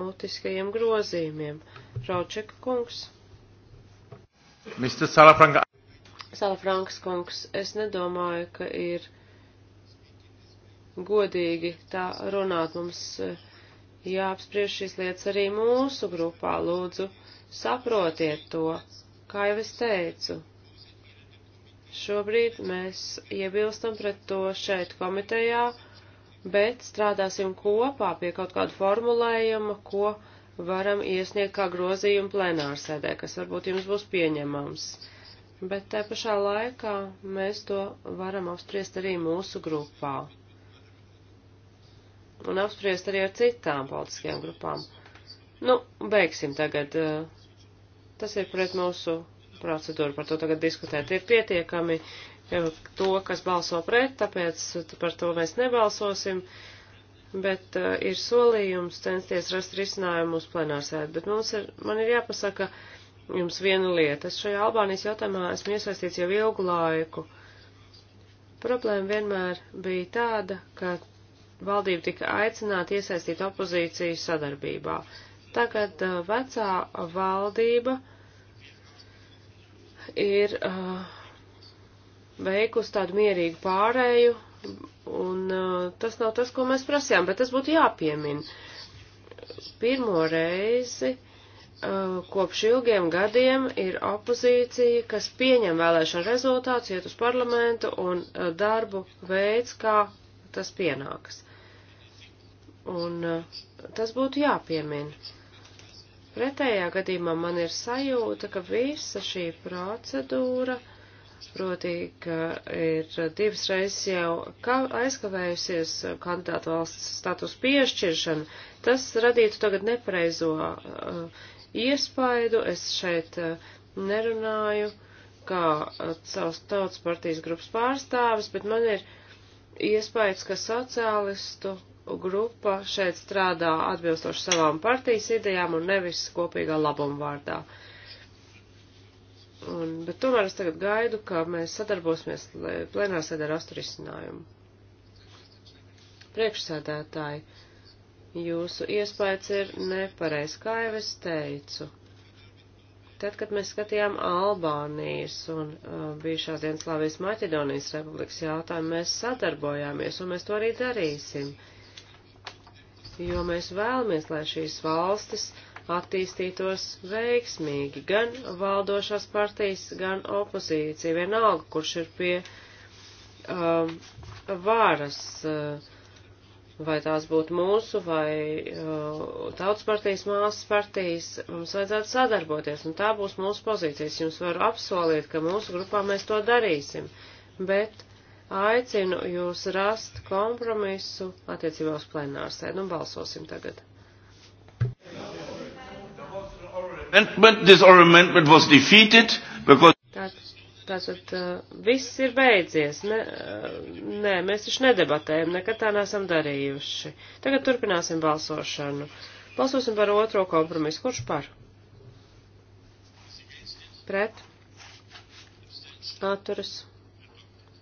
mutiskajiem grozījumiem. Raučeka kungs. Mr. Salafranka. Salafrankas kungs, es nedomāju, ka ir godīgi tā runāt. Mums eh, jāapspriež šīs lietas arī mūsu grupā. Lūdzu, saprotiet to. Kā jau es teicu, šobrīd mēs iebilstam pret to šeit komitejā, bet strādāsim kopā pie kaut kāda formulējuma, ko varam iesniegt kā grozījumu plenārsēdē, kas varbūt jums būs pieņemams. Bet te pašā laikā mēs to varam apspriest arī mūsu grupā. Un apspriest arī ar citām politiskajām grupām. Nu, beigsim tagad uh, Tas ir pret mūsu procedūru, par to tagad diskutēt. Ir pietiekami to, kas balso pret, tāpēc par to mēs nebalsosim, bet uh, ir solījums censties rast risinājumu uz plenārsēdi. Bet mums ir, man ir jāpasaka jums viena lieta. Es šajā Albānijas jautājumā esmu iesaistīts jau ilgu laiku. Problēma vienmēr bija tāda, ka valdība tika aicināta iesaistīt opozīciju sadarbībā. Uh, Tagad uh, vecā valdība ir uh, veikusi tādu mierīgu pārēju, un uh, tas nav tas, ko mēs prasījām, bet tas būtu jāpiemin. Pirmo reizi uh, kopš ilgiem gadiem ir opozīcija, kas pieņem vēlēšanu rezultātus, iet uz parlamentu un uh, darbu veids, kā tas pienāks. Un uh, tas būtu jāpiemina. Pretējā gadījumā man ir sajūta, ka visa šī procedūra, proti, ka ir divas reizes jau aizkavējusies kandidātu valsts status piešķiršana, tas radītu tagad nepareizo uh, iespaidu. Es šeit uh, nerunāju kā uh, savas tautas partijas grupas pārstāvis, bet man ir iespējas, ka sociālistu grupa šeit strādā atbilstoši savām partijas idejām un nevis kopīgā labuma vārdā. Un, bet tomēr es tagad gaidu, ka mēs sadarbosimies plenārsēdē ar astu risinājumu. Priekšsēdētāji, jūsu iespējas ir nepareiz, kā jau es teicu. Tad, kad mēs skatījām Albānijas un uh, bijušās Dienaslāvijas Maķedonijas republikas jautājumu, mēs sadarbojāmies, un mēs to arī darīsim. Uh, jo mēs vēlamies, lai šīs valstis attīstītos veiksmīgi, gan valdošās partijas, gan opozīcija, vienalga, kurš ir pie um, varas, uh, vai tās būtu mūsu, vai uh, tautas partijas, māsas partijas, mums vajadzētu sadarboties, un tā būs mūsu pozīcijas. Jums varu apsolīt, ka mūsu grupā mēs to darīsim, bet aicinu jūs rast kompromisu attiecībā uz plenārsēdu nu, un balsosim tagad. Tātad uh, viss ir beidzies. Ne, uh, nē, mēs taču nedebatējam, nekad tā nesam darījuši. Tagad turpināsim balsošanu. Balsosim par otro kompromisu. Kurš par? Pret? Atturas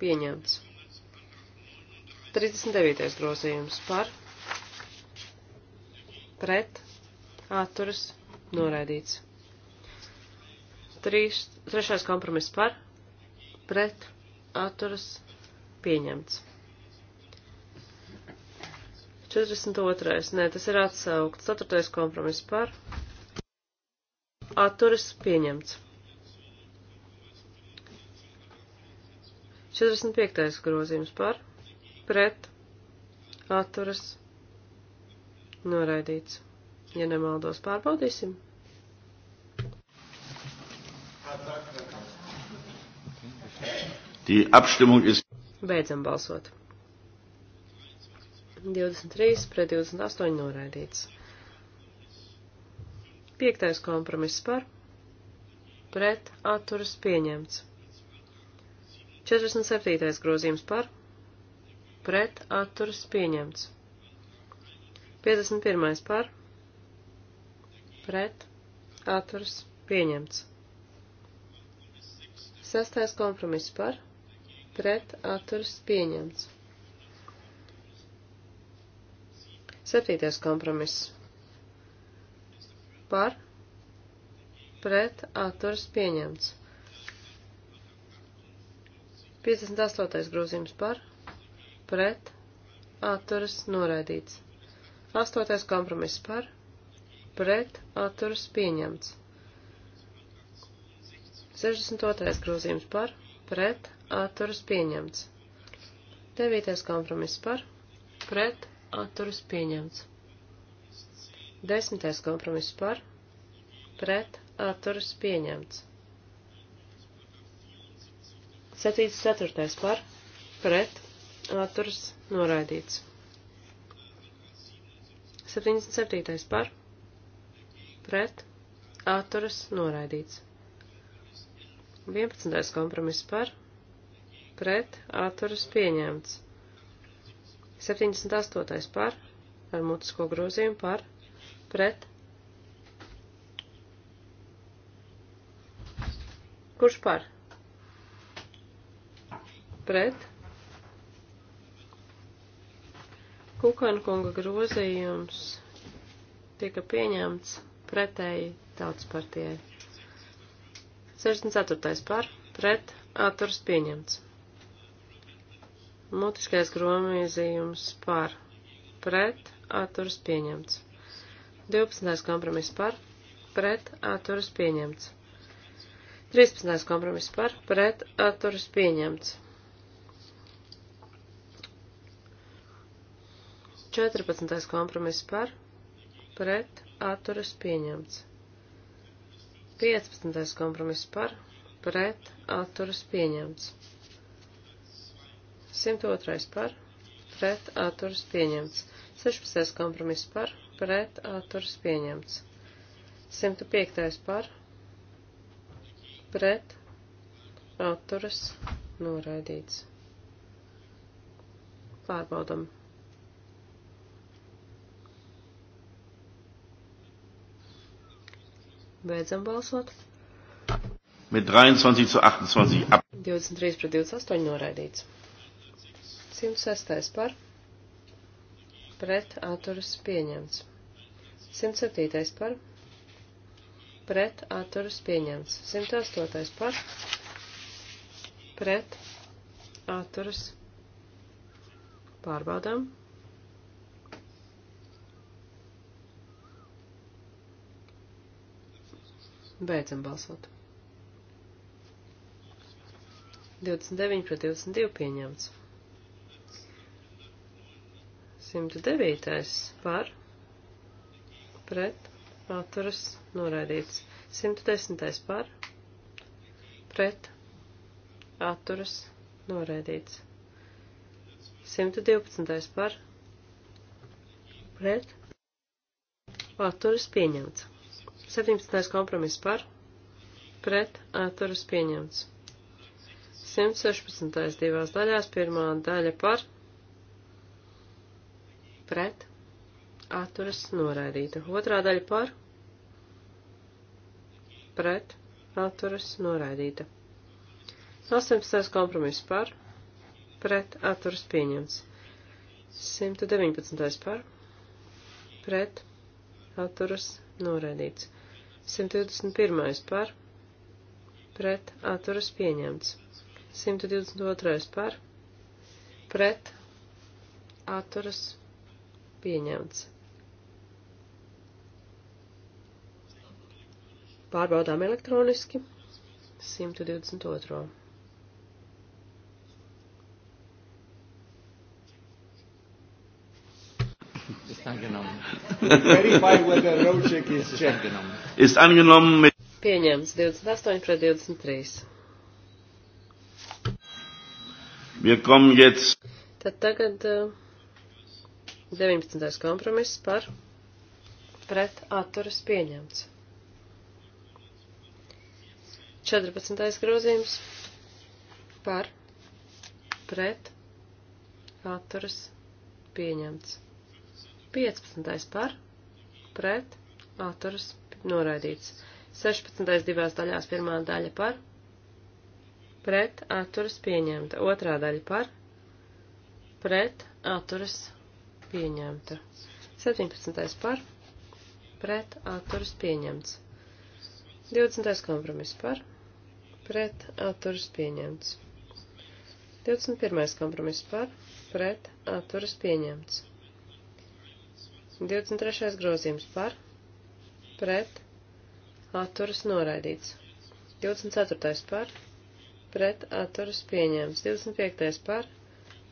pieņemts. 39. grozījums par, pret, atturas, noraidīts. 3. Trešais kompromiss par, pret, atturas, pieņemts. 42. Nē, tas ir atsaukts. 4. kompromiss par, atturas, pieņemts. 45. grozījums par, pret, atturas, noraidīts. Ja nemaldos, pārbaudīsim. Die Abstimmung ist. Beidzam balsot. 23 pret 28 noraidīts. Piektais kompromiss par. Pret atturas pieņemts. 47. grozījums par, pret atturas pieņemts. 51. par, pret atturas pieņemts. 6. kompromiss par, pret atturas pieņemts. 7. kompromiss par, pret atturas pieņemts. 58. grozījums par, pret, atturas noraidīts. 8. kompromiss par, pret, atturas pieņemts. 62. grozījums par, pret, atturas pieņemts. 9. kompromiss par, pret, atturas pieņemts. 10. kompromiss par, pret, atturas pieņemts. 74. par pret atturas noraidīts. 77. par pret atturas noraidīts. 11. kompromiss par pret atturas pieņemts. 78. par ar mutisko grozījumu par pret. Kurš par? pret. Kukankunga grozījums tika pieņemts pretēji tautas partijai. 64. par pret atturs pieņemts. Mutiskais grozījums par pret atturs pieņemts. 12. kompromiss par pret atturs pieņemts. 13. kompromiss par pret atturs pieņemts. 14. kompromiss par, pret, atturas pieņemts. 15. kompromiss par, pret, atturas pieņemts. 102. par, pret, atturas pieņemts. 16. kompromiss par, pret, atturas pieņemts. 105. par, pret, atturas noraidīts. Pārbaudam. Beidzam balsot. Mit 23 zu 28 ab. 23 pret 28 noraidīts. 106 par. Pret atturas pieņemts. 107 par. Pret atturas pieņemts. 108 par. Pret atturas pārbaudām. Beidzam balsot. 29 pret 22 pieņemts. 109. par pret atturas noraidīts. 110. par pret atturas noraidīts. 112. par pret atturas pieņemts. 17. kompromiss par, pret, atturas pieņemts. 116. divās daļās, pirmā daļa par, pret, atturas noraidīta. Otrā daļa par, pret, atturas noraidīta. 18. kompromiss par, pret, atturas pieņemts. 119. par, pret, atturas noraidīts. 121. par, pret, atturas pieņemts. 122. par, pret, atturas pieņemts. Pārbaudām elektroniski 122. Ist angenommen. Verify whether road check is checked. Ist angenommen mit. Pieņemts 28 pret 23. Wir kommen jetzt. Tad tagad uh, eh, 19. kompromiss par pret atturas pieņemts. 14. grozījums par pret atturas pieņemts. 15. par, pret, atturas, noraidīts. 16. divās daļās pirmā daļa par, pret, atturas, pieņemta. Otrā daļa par, pret, atturas, pieņemta. 17. par, pret, atturas, pieņemts. 20. kompromiss par, pret, atturas, pieņemts. 21. kompromiss par, pret, atturas, pieņemts. 23. grozījums par, pret, atturas noraidīts. 24. par, pret, atturas pieņēmts. 25. par,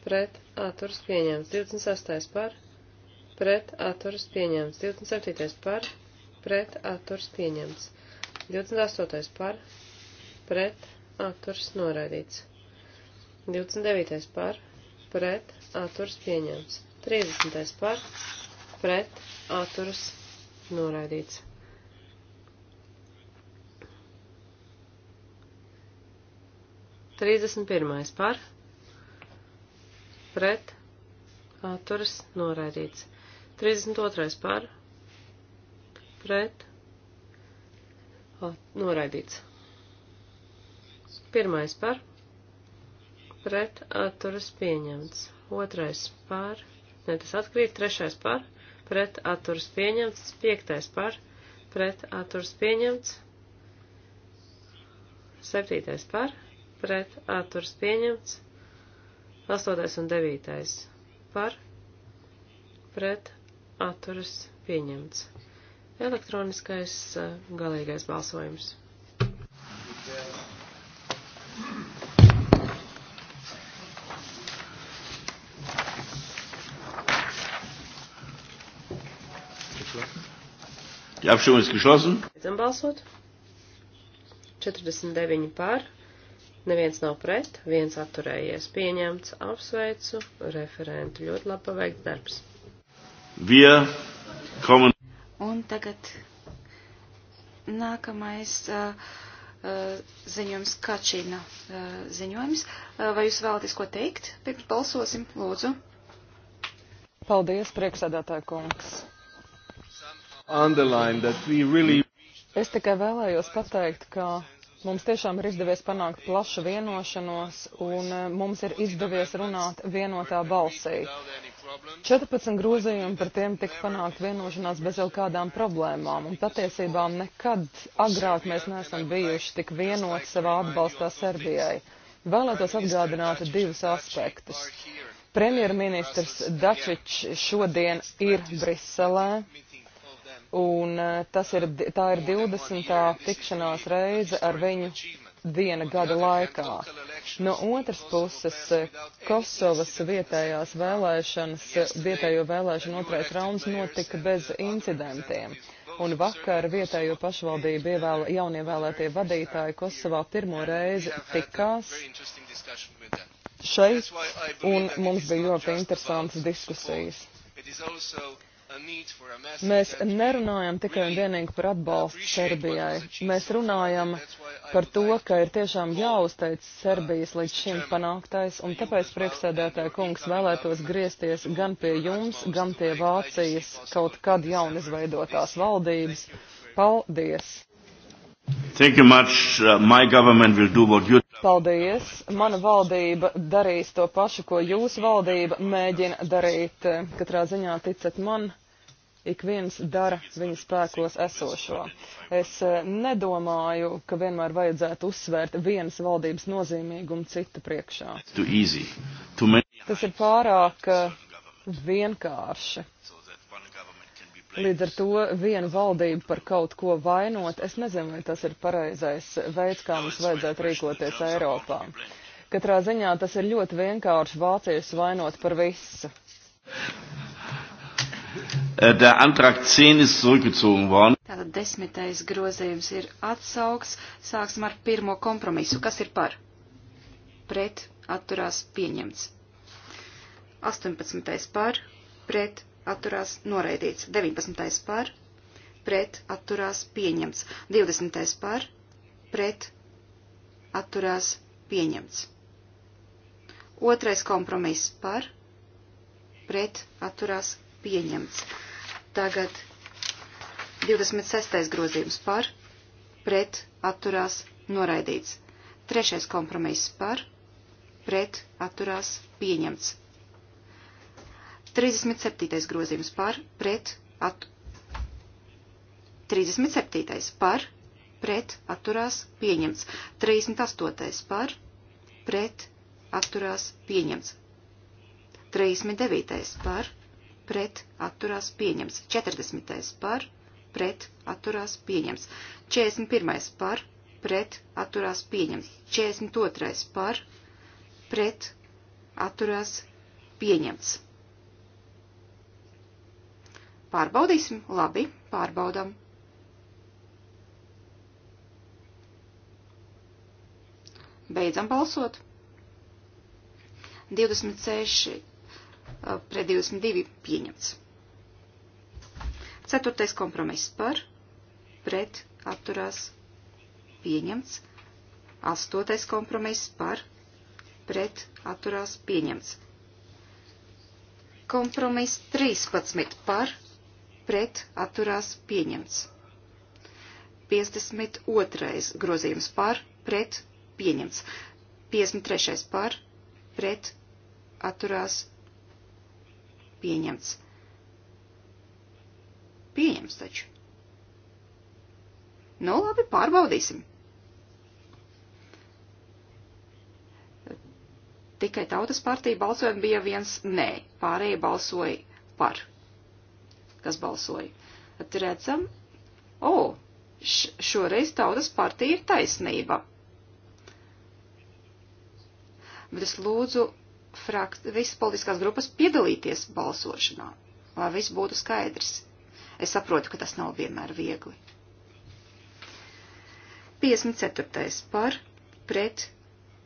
pret, atturas pieņēmts. 26. par, pret, atturas pieņēmts. 27. par, pret, atturas pieņēmts. 28. par, pret, atturas noraidīts. 29. par, pret, atturas pieņēmts. 30. par, pret atturas noraidīts. Trīsdesmit pirmais par pret atturas noraidīts. Trīsdesmit otrais par pret at, noraidīts. Pirmais par pret atturas pieņemts. Otrais par, ne tas atkrīt, trešais par pret atturas pieņemts, 5. par pret atturas pieņemts, 7. par pret atturas pieņemts, 8. un 9. par pret atturas pieņemts. Elektroniskais uh, galīgais balsojums. Die Abstimmung ist geschlossen. Beidzam balsot. 49 par. Neviens nav pret, viens atturējies pieņemts. Apsveicu referentu. Ļoti labi paveikts darbs. Wir kommen. Un tagad nākamais uh, uh, ziņojums Kačina uh, ziņojums. Uh, vai jūs vēlaties ko teikt? Pirms balsosim, lūdzu. Paldies, priekšsēdētāja kungs underline that we really. Es tikai vēlējos pateikt, ka mums tiešām ir izdevies panākt plašu vienošanos un eh, mums ir izdevies runāt vienotā balsī. 14 grozījumi par tiem tika panākt vienošanās bez jau kādām problēmām, un patiesībā nekad agrāk mēs neesam bijuši tik vienoti savā atbalstā Serbijai. Vēlētos atgādināt divus aspektus. Premjerministrs Dačičs šodien ir Briselē Un eh, tas ir, tā ir 20. tikšanās reize ar viņu viena gada laikā. No otras puses, Kosovas vietējās vēlēšanas, vietējo vēlēšanu otrais rauns notika bez incidentiem. Un vakar vietējo pašvaldību ievēl, jaunievēlētie vadītāji Kosovā pirmo reizi tikās šeit, un mums bija ļoti interesantas diskusijas. Mēs nerunājam tikai un vienīgi par atbalstu Serbijai. Mēs runājam par to, ka ir tiešām jāuzteic Serbijas līdz šim panāktais, un tāpēc priekšsēdētāja kungs vēlētos griezties gan pie jums, gan pie Vācijas kaut kad jaunizveidotās valdības. Paldies! Thank you much. Uh, my government will do what you Paldies! Mana valdība darīs to pašu, ko jūsu valdība mēģina darīt. Katrā ziņā ticat man, ik viens dara viņa spēkos esošo. Es eh, nedomāju, ka vienmēr vajadzētu uzsvērt vienas valdības nozīmīgumu cita priekšā. Tas ir pārāk eh, vienkārši. Līdz ar to vienu valdību par kaut ko vainot, es nezinu, vai tas ir pareizais veids, kā mums vajadzētu rīkoties Eiropā. Katrā ziņā tas ir ļoti vienkārši vāciešus vainot par visu. Äh, der Antrag 10 ist zurückgezogen worden. Tātad desmitais grozījums ir atsaugs. Sāksim ar pirmo kompromisu. Kas ir par? Pret atturās pieņemts. 18. par pret atturās noraidīts. 19. par, pret atturās pieņemts. 20. par, pret atturās pieņemts. Otrais kompromiss par, pret atturās pieņemts. Tagad 26. grozījums par, pret atturās noraidīts. Trešais kompromiss par, pret atturās pieņemts. 37. grozījums par, pret, at. 37. par, pret, atturās, pieņemts. 38. par, pret, atturās, pieņemts. 39. par, pret, atturās, pieņemts. 40. par, pret, atturās, pieņemts. 41. par, pret, atturās, pieņemts. 42. par, pret, atturās, pieņemts. Pārbaudīsim, labi, pārbaudam. Beidzam balsot. 26 eh, pret 22 pieņemts. Ceturtais kompromiss par, pret, atturās, pieņemts. Astotais kompromiss par, pret, atturās, pieņemts. Kompromiss 13 par, pret atturās pieņemts. 52. grozījums par pret pieņemts. 53. par pret atturās pieņemts. Pieņems taču. Nu labi, pārbaudīsim. Tikai tautas partija balsojot bija viens nē, pārējie balsoja par kas balsoja. Tad redzam, o, oh, šoreiz tautas partija ir taisnība. Bet es lūdzu frakt, visas politiskās grupas piedalīties balsošanā, lai viss būtu skaidrs. Es saprotu, ka tas nav vienmēr viegli. 54. par pret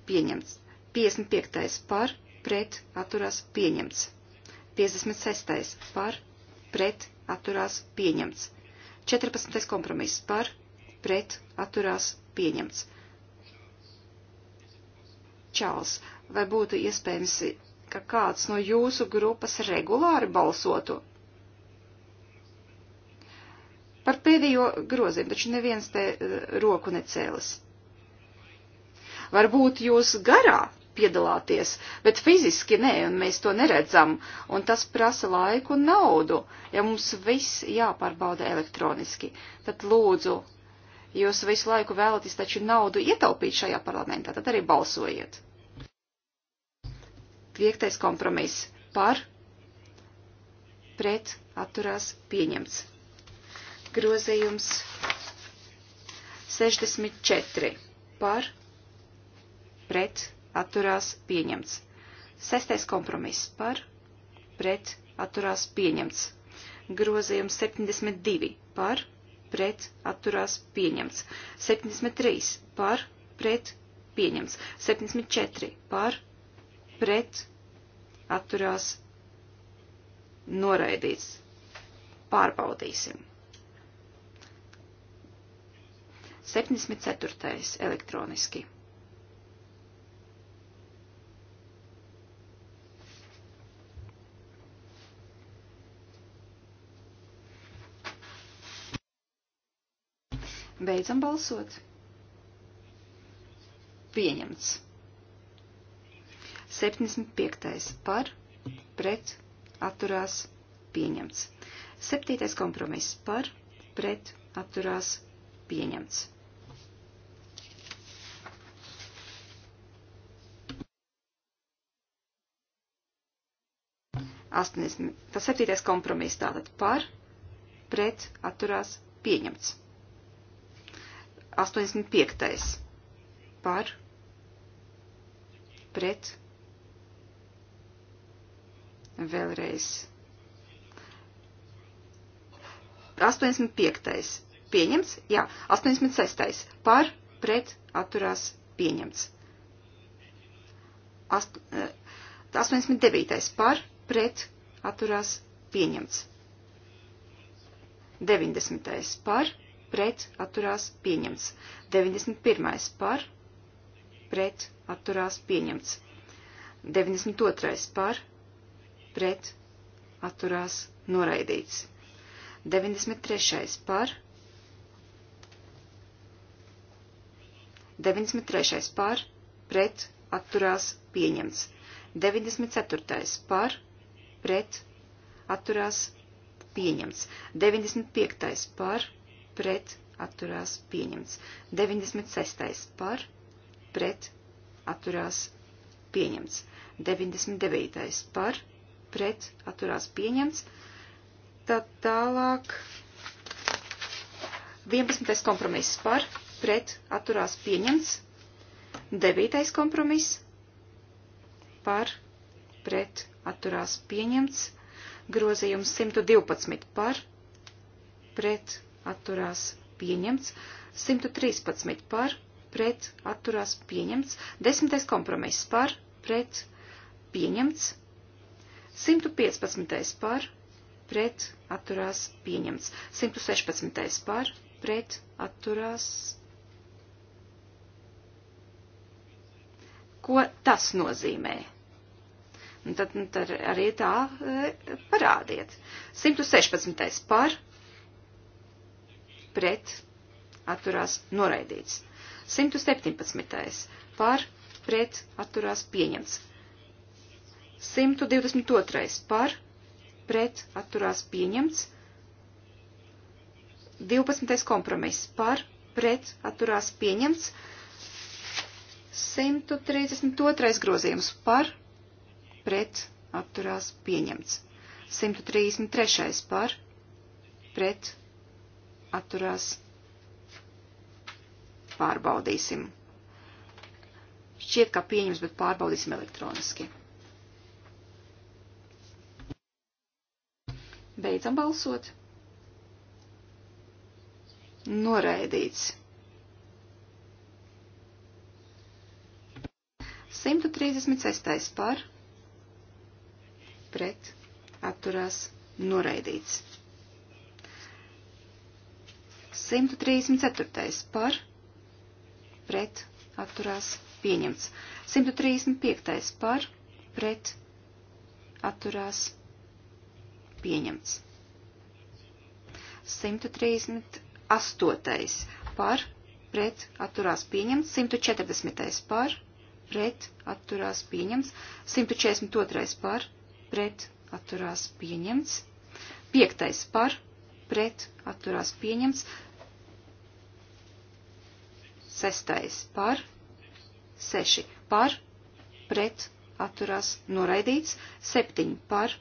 pieņemts. 55. par pret atturās pieņemts. 56. par pret atturās pieņemts. 14. kompromiss par pret atturās pieņemts. Čāls, vai būtu iespējams, ka kāds no jūsu grupas regulāri balsotu? Par pēdējo grozījumu, taču neviens te eh, roku necēlis. Varbūt jūs garā piedalāties, bet fiziski nē, un mēs to neredzam, un tas prasa laiku un naudu, ja mums viss jāpārbauda elektroniski. Tad lūdzu, jūs visu laiku vēlaties taču naudu ietaupīt šajā parlamentā, tad arī balsojiet. Piektais kompromiss par, pret, atturās, pieņemts. Grozījums 64 par, pret, atturās pieņemts. Sestais kompromiss par, pret, atturās pieņemts. Grozījums 72 par, pret, atturās pieņemts. 73 par, pret, pieņemts. 74 par, pret, atturās noraidīts. Pārbaudīsim. 74. elektroniski. Beidzam balsot. Pieņemts. 75. par, pret, atturās, pieņemts. 7. kompromiss par, pret, atturās, pieņemts. Tas septītais kompromiss tātad par, pret, atturās, pieņemts. 85. par pret vēlreiz. 85. pieņemts, jā, 86. par pret atturās pieņemts. Ast, 89. Eh, par pret atturās pieņemts. 90. par pret atturās pieņemts. 91. par pret atturās pieņemts. 92. par pret atturās noraidīts. 93. par 93. par pret atturās pieņemts. 94. par pret atturās pieņemts. 95. par pret pret atturās pieņemts. 96. par pret atturās pieņemts. 99. par pret atturās pieņemts. Tad tālāk 11. kompromiss par pret atturās pieņemts. 9. kompromiss par pret atturās pieņemts. Grozījums 112 par pret atturās pieņemts, 113 par, pret, atturās pieņemts, 10. kompromiss par, pret, pieņemts, 115. par, pret, atturās pieņemts, 116. par, pret, atturās. Ko tas nozīmē? Un tad, nu, tad arī tā e, parādiet. 116. par, pret, atturās noraidīts. 117. par, pret, atturās pieņemts. 122. par, pret, atturās pieņemts. 12. kompromiss par, pret, atturās pieņemts. 132. grozījums par, pret, atturās pieņemts. 133. par, pret, atturās. Pārbaudīsim. Šķiet, ka pieņems, bet pārbaudīsim elektroniski. Beidzam balsot. Noraidīts. 136. par pret atturās noraidīts. 134. par pret atturās pieņemts. 135. par pret atturās pieņemts. 138. par pret atturās pieņemts. 140. par pret atturās pieņemts. 142. par pret atturās pieņemts. 5. par pret atturās pieņemts. Sestais par, seši par, pret, atturās, noraidīts, septiņi par,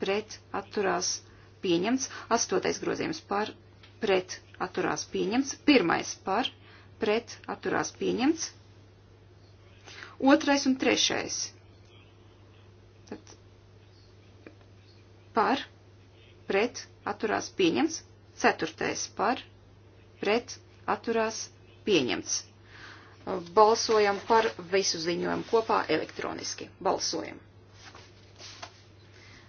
pret, atturās, pieņemts, astotais grozījums par, pret, atturās, pieņemts, pirmais par, pret, atturās, pieņemts, otrais un trešais. Tad par, pret, atturās, pieņemts, ceturtais par, pret, atturās, pieņemts pieņemts. Balsojam par visu ziņojumu kopā elektroniski. Balsojam.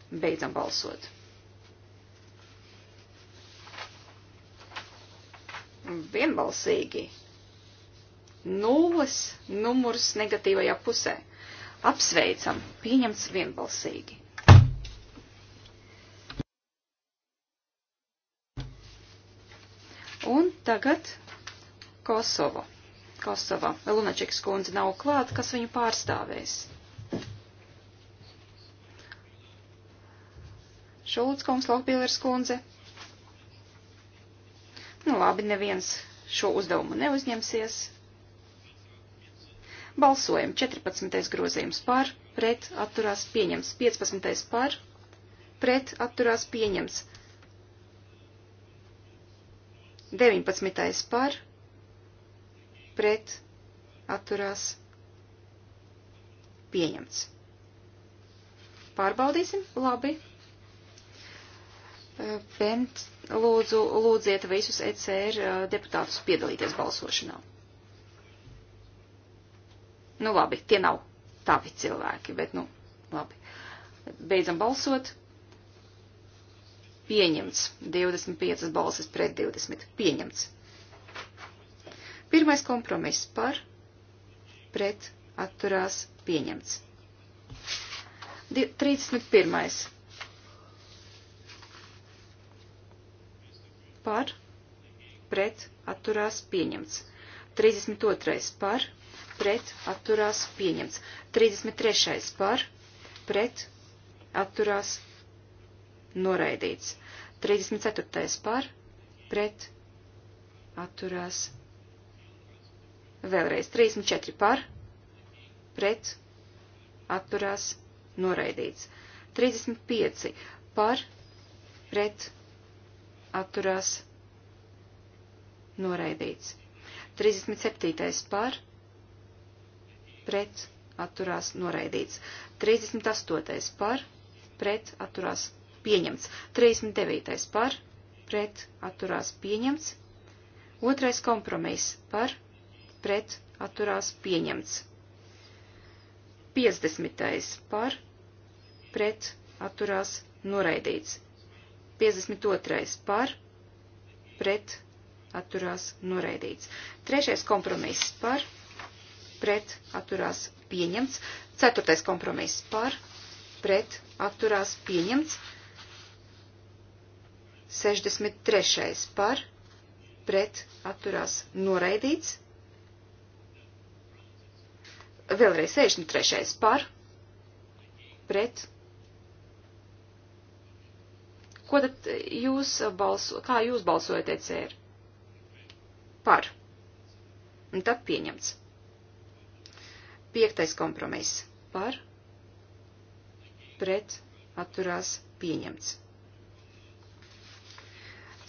Beidzam balsot. Vienbalsīgi. Nulles numurs negatīvajā pusē. Apsveicam. Pieņemts vienbalsīgi. Un tagad Kosovu. Kosova. Lunačeks kundze nav klāt, kas viņu pārstāvēs. Šulc kungs, Lohbīlers kundze. Nu labi, neviens šo uzdevumu neuzņemsies. Balsojam 14. grozījums par, pret atturās pieņems 15. par, pret atturās pieņems 19. par, pret atturās pieņemts. Pārbaudīsim, labi. Eh, Bent, lūdzu, lūdziet visus ECR eh, deputātus piedalīties balsošanā. Nu labi, tie nav tavi cilvēki, bet nu labi. Beidzam balsot. Pieņemts. 25 balsis pret 20. Pieņemts. Pirmais kompromiss par, pret, atturās, pieņemts. 31. Par, pret, atturās, pieņemts. 32. par, pret, atturās, pieņemts. 33. par, pret, atturās, noraidīts. 34. par, pret, atturās, pieņemts. Vēlreiz 34 par, pret, atturās, noraidīts. 35 par, pret, atturās, noraidīts. 37 par, pret, atturās, noraidīts. 38 par, pret, atturās, pieņemts. 39 par, pret, atturās, pieņemts. Otrais kompromiss par, pret atturās pieņemts. 50. par pret atturās noraidīts. 52. par pret atturās noraidīts. Trešais kompromiss par pret atturās pieņemts. Ceturtais kompromiss par pret atturās pieņemts. 63. par pret atturās noraidīts. Vēlreiz 63. par, pret. Ko tad jūs balso, kā jūs balsojat ECR? Par. Un tad pieņemts. Piektais kompromiss. Par. Pret. Atturās. Pieņemts.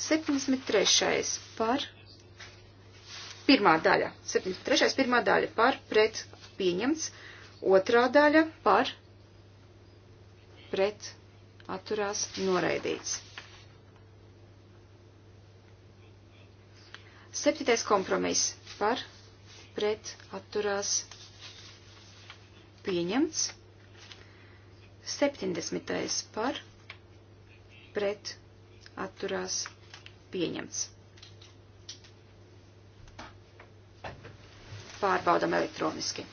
73. par. Pirmā daļa. 73. pirmā daļa par pret pieņemts. Otrā daļa par pret atturās noraidīts. Septītais kompromiss par pret atturās pieņemts. Septiņdesmitais par pret atturās pieņemts. Pārbaudam elektroniski.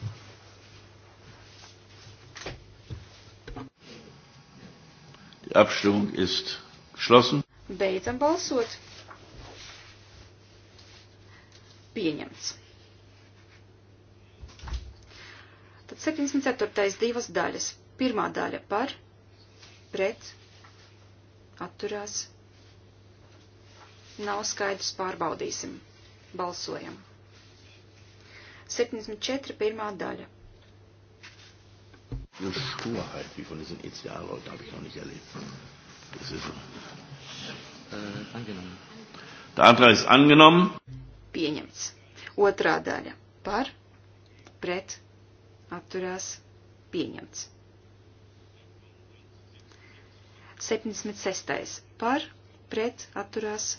Die Abstimmung ist geschlossen. Beidzam balsot. Pieņemts. Tad 74. divas daļas. Pirmā daļa par, pret, atturās. Nav skaidrs, pārbaudīsim. Balsojam. 74. pirmā daļa. Diese nu, Sturheit, wie von diesen ECA-Leuten, habe ich noch nicht erlebt. Das ist so. äh, angenommen. Der Antrag ist angenommen. Pieņemts. Otrā daļa. Par, pret, atturās, pieņemts. 76. Par, pret, atturās,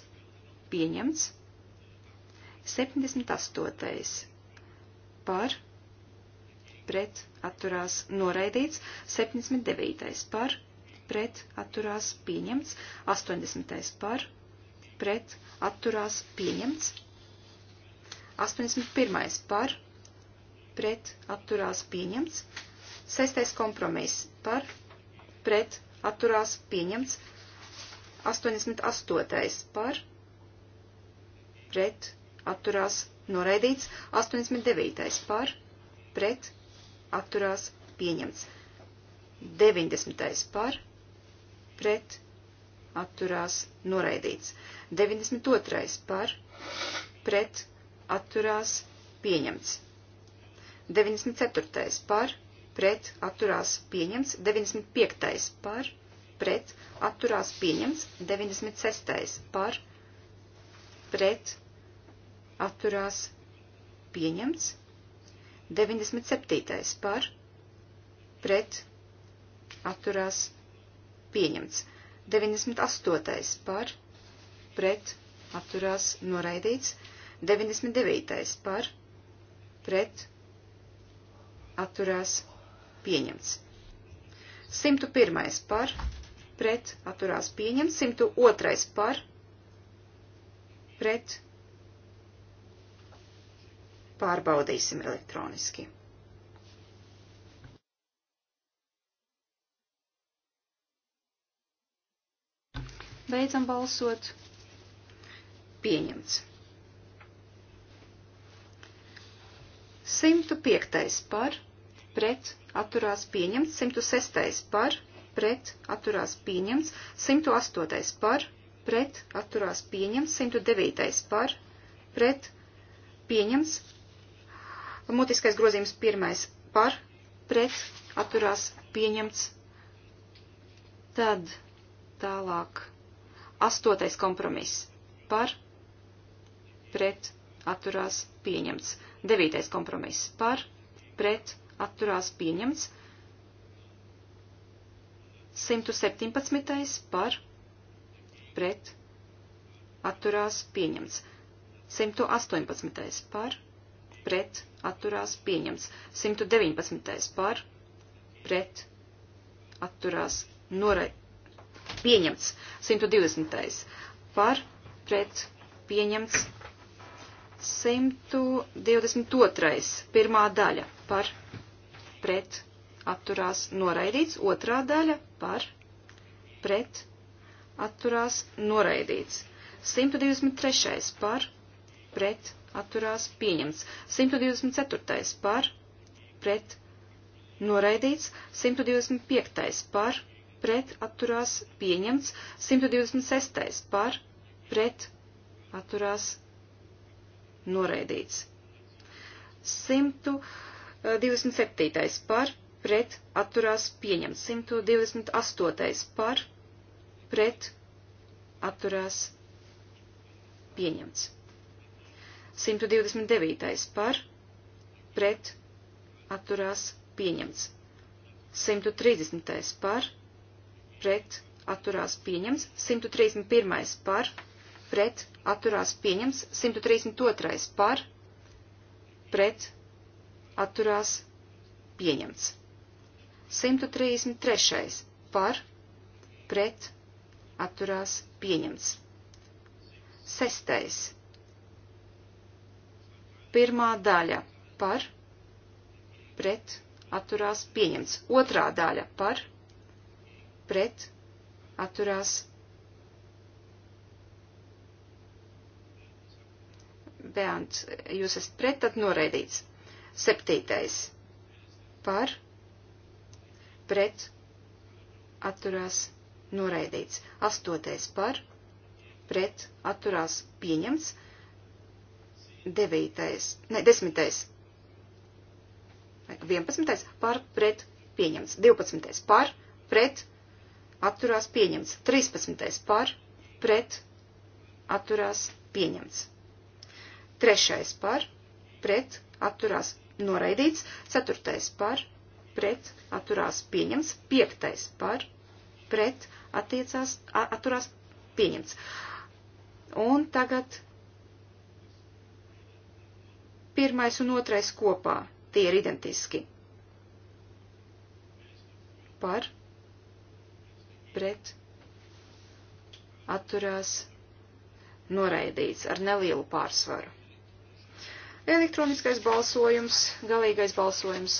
pieņemts. 78 par pret atturās noraidīts, 79. par pret atturās pieņemts, 80. par pret atturās pieņemts, 81. par pret atturās pieņemts, 6. kompromiss par pret atturās pieņemts, 88. par pret atturās pieņemts noraidīts, 89. par, pret, atturās, pieņemts, 90. par, pret, atturās, noraidīts, 92. par, pret, atturās, pieņemts, 94. par, pret, atturās, pieņemts, 95. par, pret, atturās, pieņemts, 96. par, pret, atturās pieņemts. 97. par pret atturās pieņemts. 98. par pret atturās noraidīts. 99. par pret atturās pieņemts. 101. par pret atturās pieņemts. 102. par pret pārbaudīsim elektroniski. Beidzam balsot. Pieņemts. 105. par, pret, atturās pieņemts, 106. par, pret, atturās pieņemts, 108. par, pret, atturās pieņemts, 109. par, pret, pieņemts, Mutiskais grozījums pirmais par, pret, atturās, pieņemts. Tad tālāk. Astotais kompromiss par, pret, atturās, pieņemts. Devītais kompromiss par, pret, atturās, pieņemts. 117. par, pret, atturās, pieņemts. 118. par, pret, atturās, pieņemts. 119. par, pret, atturās, norai, pieņemts. 120. par, pret, pieņemts. 122. pirmā daļa par, pret, atturās, noraidīts. Otrā daļa par, pret, atturās, noraidīts. 123. par, pret, atturās atturās pieņemts. 124. par pret noraidīts. 125. par pret atturās pieņemts. 126. par pret atturās noraidīts. 127. par pret atturās pieņemts. 128. par pret atturās pieņemts. 129. par pret atturās pieņemts. 130. par pret atturās pieņemts. 131. par pret atturās pieņemts. 132. par pret atturās pieņemts. 133. par pret atturās pieņemts. Sestais Pirmā daļa par, pret, atturās pieņemts. Otrā daļa par, pret, atturās Bērns, jūs esat pret, tad noraidīts. Septītais. Par, pret, atturās, noraidīts. Astotais par, pret, atturās, pieņemts devītais, ne, desmitais, vienpadsmitais par pret pieņemts, divpadsmitais par pret atturās pieņemts, trīspadsmitais par pret atturās pieņemts, trešais par pret atturās noraidīts, ceturtais par pret atturās pieņemts, piektais par pret attiecās, atturās pieņemts. Un tagad Pirmais un otrais kopā. Tie ir identiski. Par. Pret. Atturās. Noraidīts ar nelielu pārsvaru. Elektroniskais balsojums, galīgais balsojums.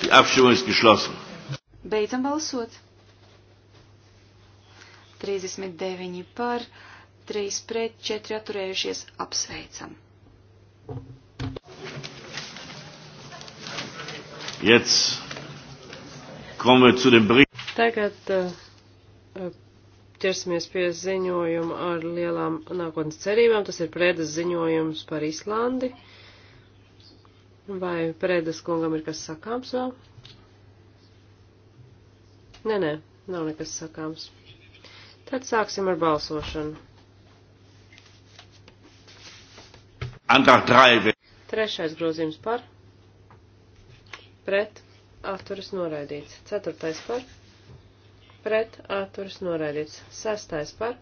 Die Abstimmung ist geschlossen. Beidzam balsot. 39 par, 3 pret, 4 atturējušies, apsveicam. Jetzt kommen wir zu dem Bericht. Tagad uh, ķersimies pie ziņojuma ar lielām nākotnes cerībām. Tas ir Prēdas ziņojums par Islandi. Vai Prēdas kungam ir kas sakāms vēl? Nē, nē, nav nekas sakāms. Tad sāksim ar balsošanu. Antrāk draivi. Trešais grozījums par. Pret. Atturis noraidīts. Ceturtais par. Pret. Atturis noraidīts. Sestais par.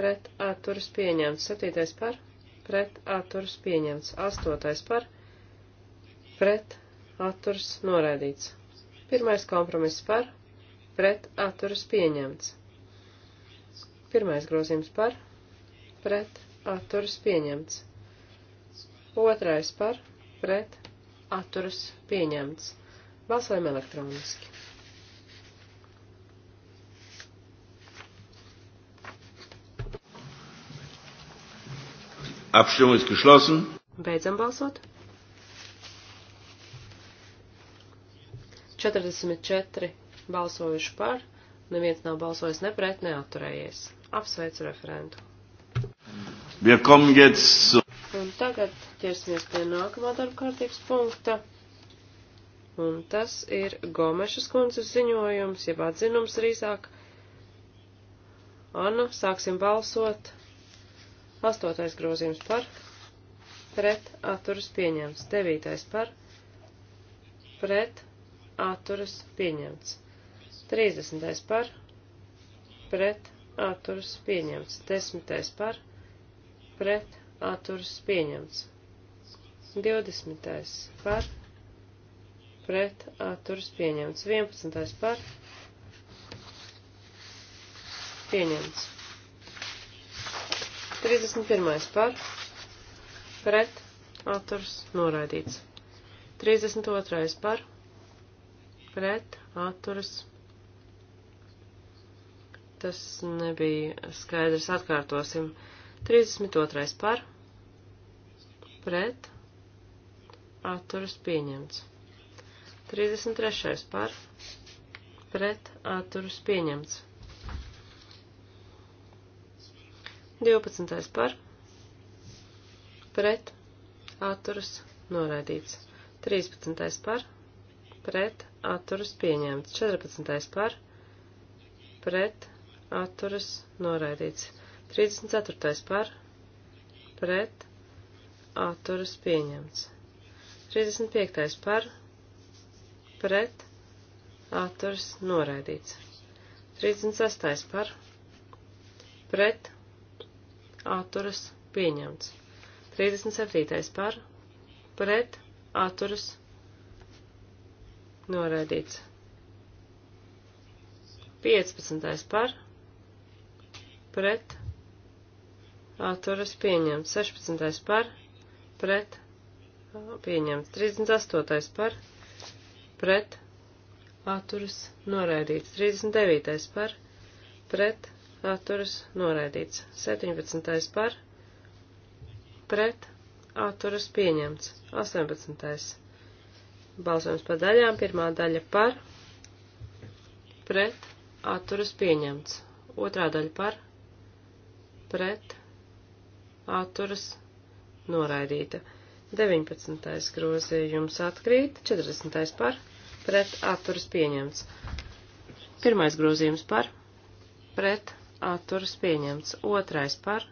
Pret. Atturis pieņemts. Septītais par. Pret. Atturis pieņemts. Astotais par. Pret. Atturis noraidīts. Pirmais kompromiss par. Pret. Atturis pieņemts. Pirmais grozījums par, pret, atturas pieņemts. Otrais par, pret, atturas pieņemts. Balsojam elektroniski. Abstimmung ist geschlossen. Beidzam balsot. 44 balsojuši par, Neviens nav balsojis ne pret, ne atturējies. Apsveicu referentu. Un tagad ķersimies pie nākamā darba kārtības punkta. Un tas ir Gomešas kundzes ziņojums, jeb atzinums drīzāk. Anna, sāksim balsot. Astotais grozījums par, pret atturas pieņemts. Devītais par, pret atturas pieņemts. 30. par pret atturas pieņemts. 10. par pret atturas pieņemts. 20. par pret atturas pieņemts. 11. par pieņemts. 31. par pret atturas noraidīts. 32. par pret atturas pieņemts tas nebija skaidrs, atkārtosim. 32. par, pret, atturas pieņemts. 33. par, pret, atturas pieņemts. 12. par, pret, atturas noraidīts. 13. par, pret, atturas pieņemts. 14. par, pret, atturas noraidīts. 34. par, pret, atturas pieņemts. 35. par, pret, atturas noraidīts. 36. par, pret, atturas pieņemts. 37. par, pret, atturas noraidīts. 15. par, pret, atturas pieņemts. 16. par, pret, pieņemts. 38. par, pret, atturas noraidīts. 39. par, pret, atturas noraidīts. 17. par, pret, atturas pieņemts. 18. Balsojums pa daļām. Pirmā daļa par, pret, atturas pieņemts. Otrā daļa par, pret pret atturas noraidīta. 19. grozījums atkrīt, 40. par, pret atturas pieņemts. Pirmais grozījums par, pret atturas pieņemts. Otrais par,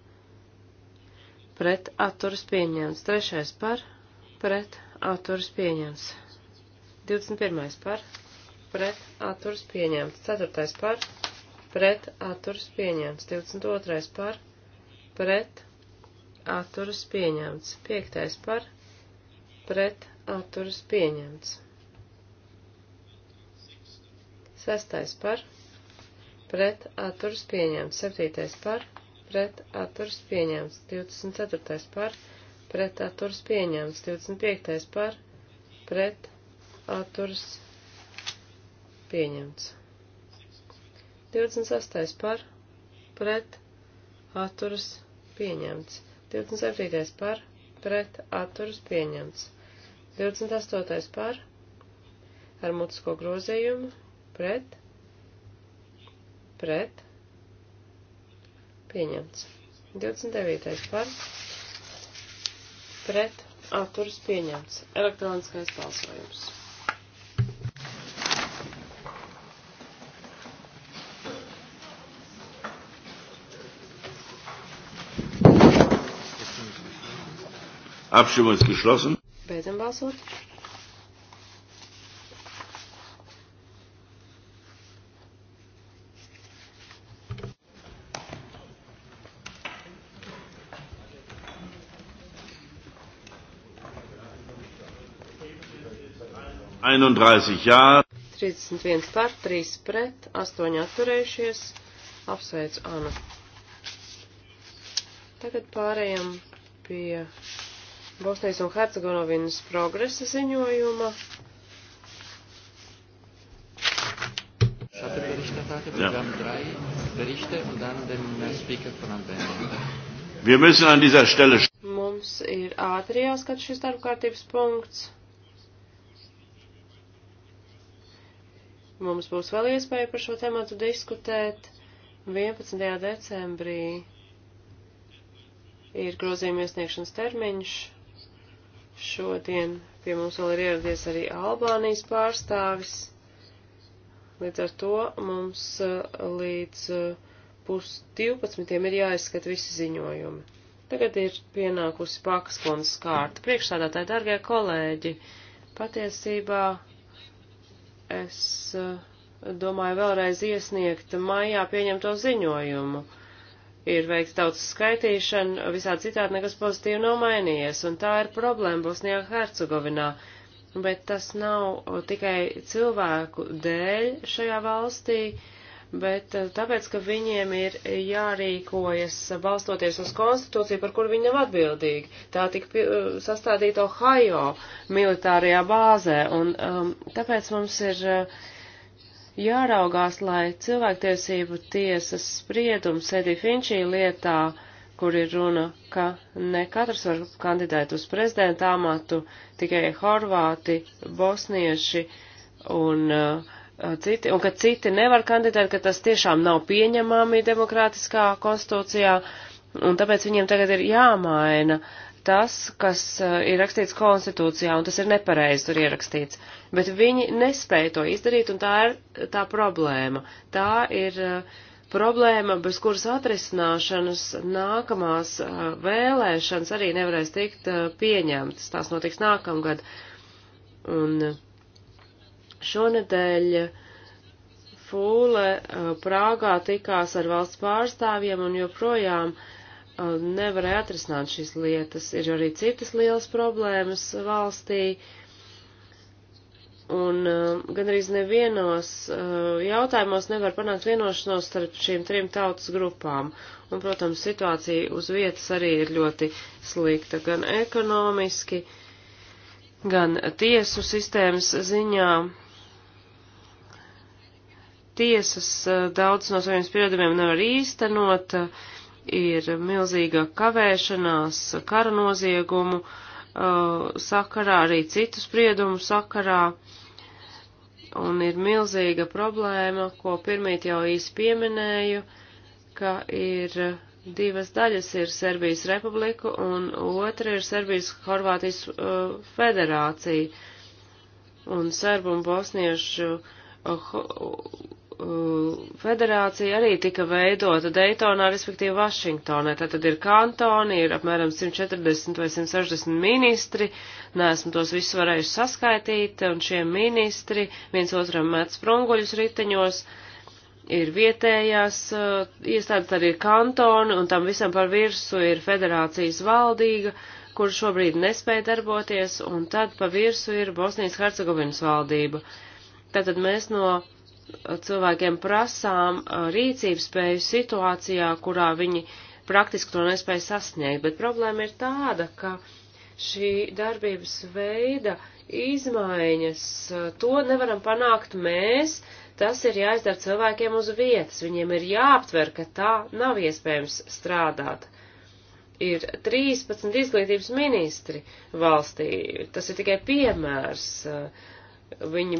pret atturas pieņemts. Trešais par, pret atturas pieņemts. 21. par, pret atturas pieņemts. Ceturtais par, pret atturas pieņemts. 22. par, pret atturas pieņemts. Piektais par pret atturas pieņemts. Sestais par pret atturas pieņemts. Septītais par pret atturas pieņemts. 24. par pret atturas pieņemts. 25. par pret atturas pieņemts. 26. par pret atturas pieņemts. 28 par pret atturas pieņemts. 27. par, pret, atturas pieņemts. 28. par, ar mutisko grozījumu, pret, pret, pieņemts. 29. par, pret, atturas pieņemts. Elektroniskais balsojums. Abstimmung ist geschlossen. Beidzam balsot. Ja. 31 par, 3 pret, 8 atturējušies. Apsveicu Anu. Tagad pārējām pie Bosnijas un Hercegovinas progresa ziņojuma. Ja. Uh, Wir müssen an dieser Stelle. Mums ir ātri jāskat šis darbkārtības punkts. Mums būs vēl iespēja par šo tematu diskutēt 11. decembrī. Ir grozījuma iesniegšanas termiņš. Šodien pie mums vēl ir ieradies arī Albānijas pārstāvis. Līdz ar to mums eh, līdz eh, pus 12. ir jāizskata visi ziņojumi. Tagad ir pienākusi pakaskundas kārta. Priekšsādātāji, dargie kolēģi, patiesībā es eh, domāju vēlreiz iesniegt maijā pieņemto ziņojumu ir veikts tautas skaitīšana, visā citādi nekas pozitīvi nav mainījies, un tā ir problēma Bosnijā Hercegovinā. Bet tas nav tikai cilvēku dēļ šajā valstī, bet tāpēc, ka viņiem ir jārīkojas balstoties uz konstitūciju, par kuru viņi nav atbildīgi. Tā tika sastādīta Ohio militārajā bāzē, un um, tāpēc mums ir. Uh, jāraugās, lai cilvēktiesību tiesas spriedums Edī Finčī lietā, kur ir runa, ka ne katrs var kandidēt uz prezidenta amatu, tikai horvāti, bosnieši un uh, citi, un ka citi nevar kandidēt, ka tas tiešām nav pieņemami demokrātiskā konstitūcijā, un tāpēc viņiem tagad ir jāmaina uh, tas, kas eh, ir rakstīts konstitūcijā, un tas ir nepareizi tur ierakstīts. Bet viņi nespēja to izdarīt, un tā ir tā problēma. Tā ir eh, problēma, bez kuras atrisināšanas nākamās eh, vēlēšanas arī nevarēs tikt pieņemtas. Tās notiks nākamgad. Un šonedēļ Fūle Prāgā tikās ar valsts pārstāvjiem un joprojām uh, Uh, nevarēja atrisināt šīs lietas. Ir arī citas lielas problēmas valstī, un uh, gan arī nevienos uh, jautājumos nevar panākt vienošanos starp šīm trim tautas grupām. Un, protams, situācija uz vietas arī ir ļoti slikta, gan ekonomiski, gan tiesu sistēmas ziņā tiesas daudz no saviem spriedumiem nevar īstenot, ir milzīga kavēšanās kara noziegumu uh, sakarā, arī citu spriedumu sakarā, un ir milzīga problēma, ko pirmīt jau īsi pieminēju, ka ir divas daļas - ir Serbijas republiku un otra ir Serbijas-Horvātijas uh, federācija. Un serbu un bosniešu uh, Eh, federācija arī tika veidota Daytonā, respektīvi Vašingtonē. Tātad ir kantoni, ir apmēram 140 vai 160 ministri, neesmu tos visus varējuši saskaitīt, un šie ministri viens otram met sprunguļus riteņos, ir vietējās uh, iestādes, tad ir kantoni, un tam visam par virsu ir federācijas valdīga, kur šobrīd nespēja darboties, un tad pa virsu ir Bosnijas Hercegovinas valdība. Tātad mēs no cilvēkiem prasām rīcības spēju situācijā, kurā viņi praktiski to nespēja sasniegt, bet problēma ir tāda, ka šī darbības veida izmaiņas, to nevaram panākt mēs, tas ir jāizdara cilvēkiem uz vietas, viņiem ir jāaptver, ka tā nav iespējams strādāt. Ir 13 izglītības ministri valstī, tas ir tikai piemērs. Viņi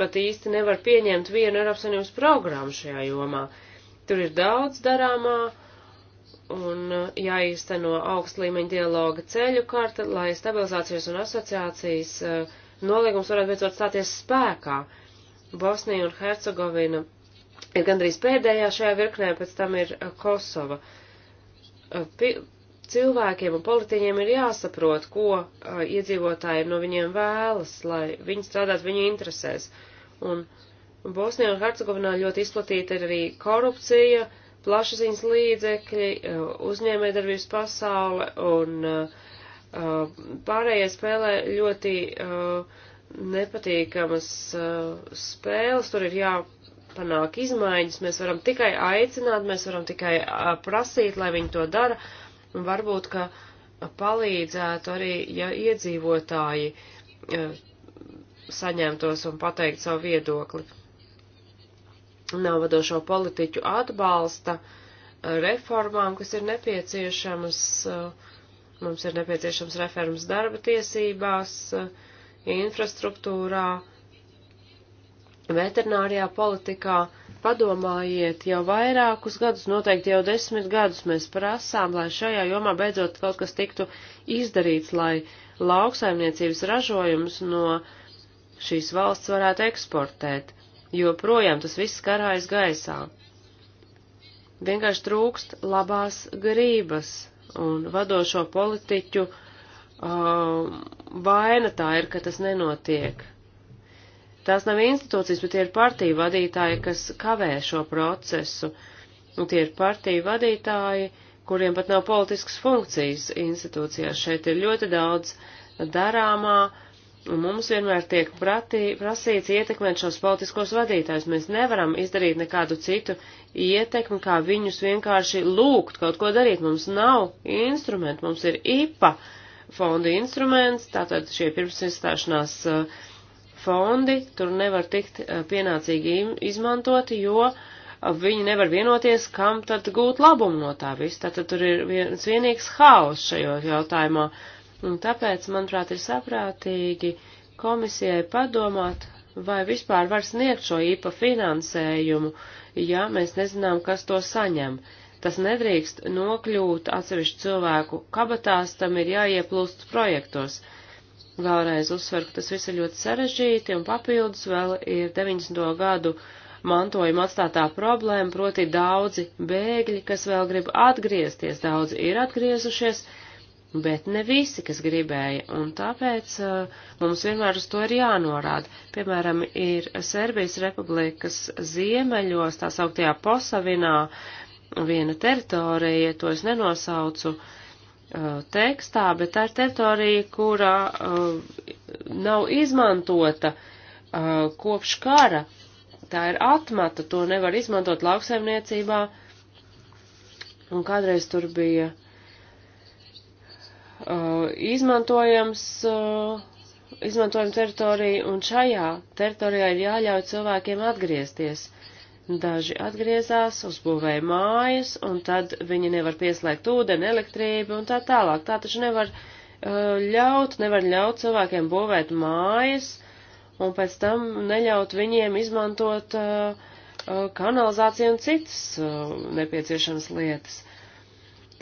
pat īsti nevar pieņemt vienu Eiropas Savienības programmu šajā jomā. Tur ir daudz darāmā un uh, jāīsteno augst līmeņa dialoga ceļu karta, lai stabilizācijas un asociācijas uh, noliegums varētu beidzot stāties spēkā. Bosnija un Hercegovina ir gandrīz pēdējā šajā virknē, pēc tam ir uh, Kosova cilvēkiem un politiķiem ir jāsaprot, ko uh, iedzīvotāji no viņiem vēlas, lai viņi strādātu viņu interesēs. Un Bosnijā un Hercegovinā ļoti izplatīta ir arī korupcija, plašsaziņas līdzekļi, uh, uzņēmējdarbības pasaule un uh, pārējie spēlē ļoti uh, nepatīkamas uh, spēles, tur ir jāpanāk izmaiņas, mēs varam tikai aicināt, mēs varam tikai uh, prasīt, lai viņi to dara, uh, un varbūt, ka palīdzētu arī, ja iedzīvotāji eh, saņemtos un pateikt savu viedokli. Nav vadošo politiķu atbalsta eh, reformām, kas ir nepieciešamas. Eh, mums ir nepieciešams reformas darba tiesībās, infrastruktūrā, veterinārijā politikā padomājiet, jau vairākus gadus, noteikti jau desmit gadus mēs prasām, lai šajā jomā beidzot kaut kas tiktu izdarīts, lai lauksaimniecības ražojumus no šīs valsts varētu eksportēt, jo projām tas viss karājas gaisā. Vienkārši trūkst labās grības un vadošo politiķu um, vaina tā ir, ka tas nenotiek. Tās nav institūcijas, bet tie ir partiju vadītāji, kas kavē šo procesu. Un tie ir partiju vadītāji, kuriem pat nav politiskas funkcijas institūcijās. Šeit ir ļoti daudz darāmā, un mums vienmēr tiek pratī, prasīts ietekmēt šos politiskos vadītājus. Mēs nevaram izdarīt nekādu citu ietekmi, kā viņus vienkārši lūgt kaut ko darīt. Mums nav instrumentu, mums ir IPA fondu instruments, tātad šie pirmsiestāšanās uh, fondi tur nevar tikt eh, pienācīgi izmantoti, jo eh, viņi nevar vienoties, kam tad gūt labumu no tā viss. Tātad tur ir viens vienīgs haos šajos jautājumā. Un tāpēc, manuprāt, ir saprātīgi komisijai padomāt, vai vispār var sniegt šo īpa finansējumu, ja mēs nezinām, kas to saņem. Tas nedrīkst nokļūt atsevišķu cilvēku kabatās, tam ir jāieplūst projektos. Vēlreiz uzsveru, ka tas viss ir ļoti sarežģīti un papildus vēl ir 90. gadu mantojuma atstātā problēma, proti daudzi bēgļi, kas vēl grib atgriezties, daudzi ir atgriezušies, bet ne visi, kas gribēja, un tāpēc uh, mums vienmēr uz to ir jānorāda. Piemēram, ir Serbijas republikas ziemeļos, tā sauktajā Posavinā, viena teritorija, to es nenosaucu, uh, Uh, tekstā, bet tā ir teritorija, kurā uh, nav izmantota uh, kopš kara. Tā ir atmata, to nevar izmantot lauksaimniecībā. Un kādreiz tur bija uh, izmantojams, uh, izmantojama teritorija, un šajā teritorijā ir jāļauj cilvēkiem atgriezties. Daži atgriezās, uzbūvēja mājas, un tad viņi nevar pieslēgt ūdeni, elektrību un tā tālāk. Tā taču nevar uh, ļaut, nevar ļaut cilvēkiem būvēt mājas, un pēc tam neļaut viņiem izmantot uh, uh kanalizāciju un citas uh, nepieciešamas lietas.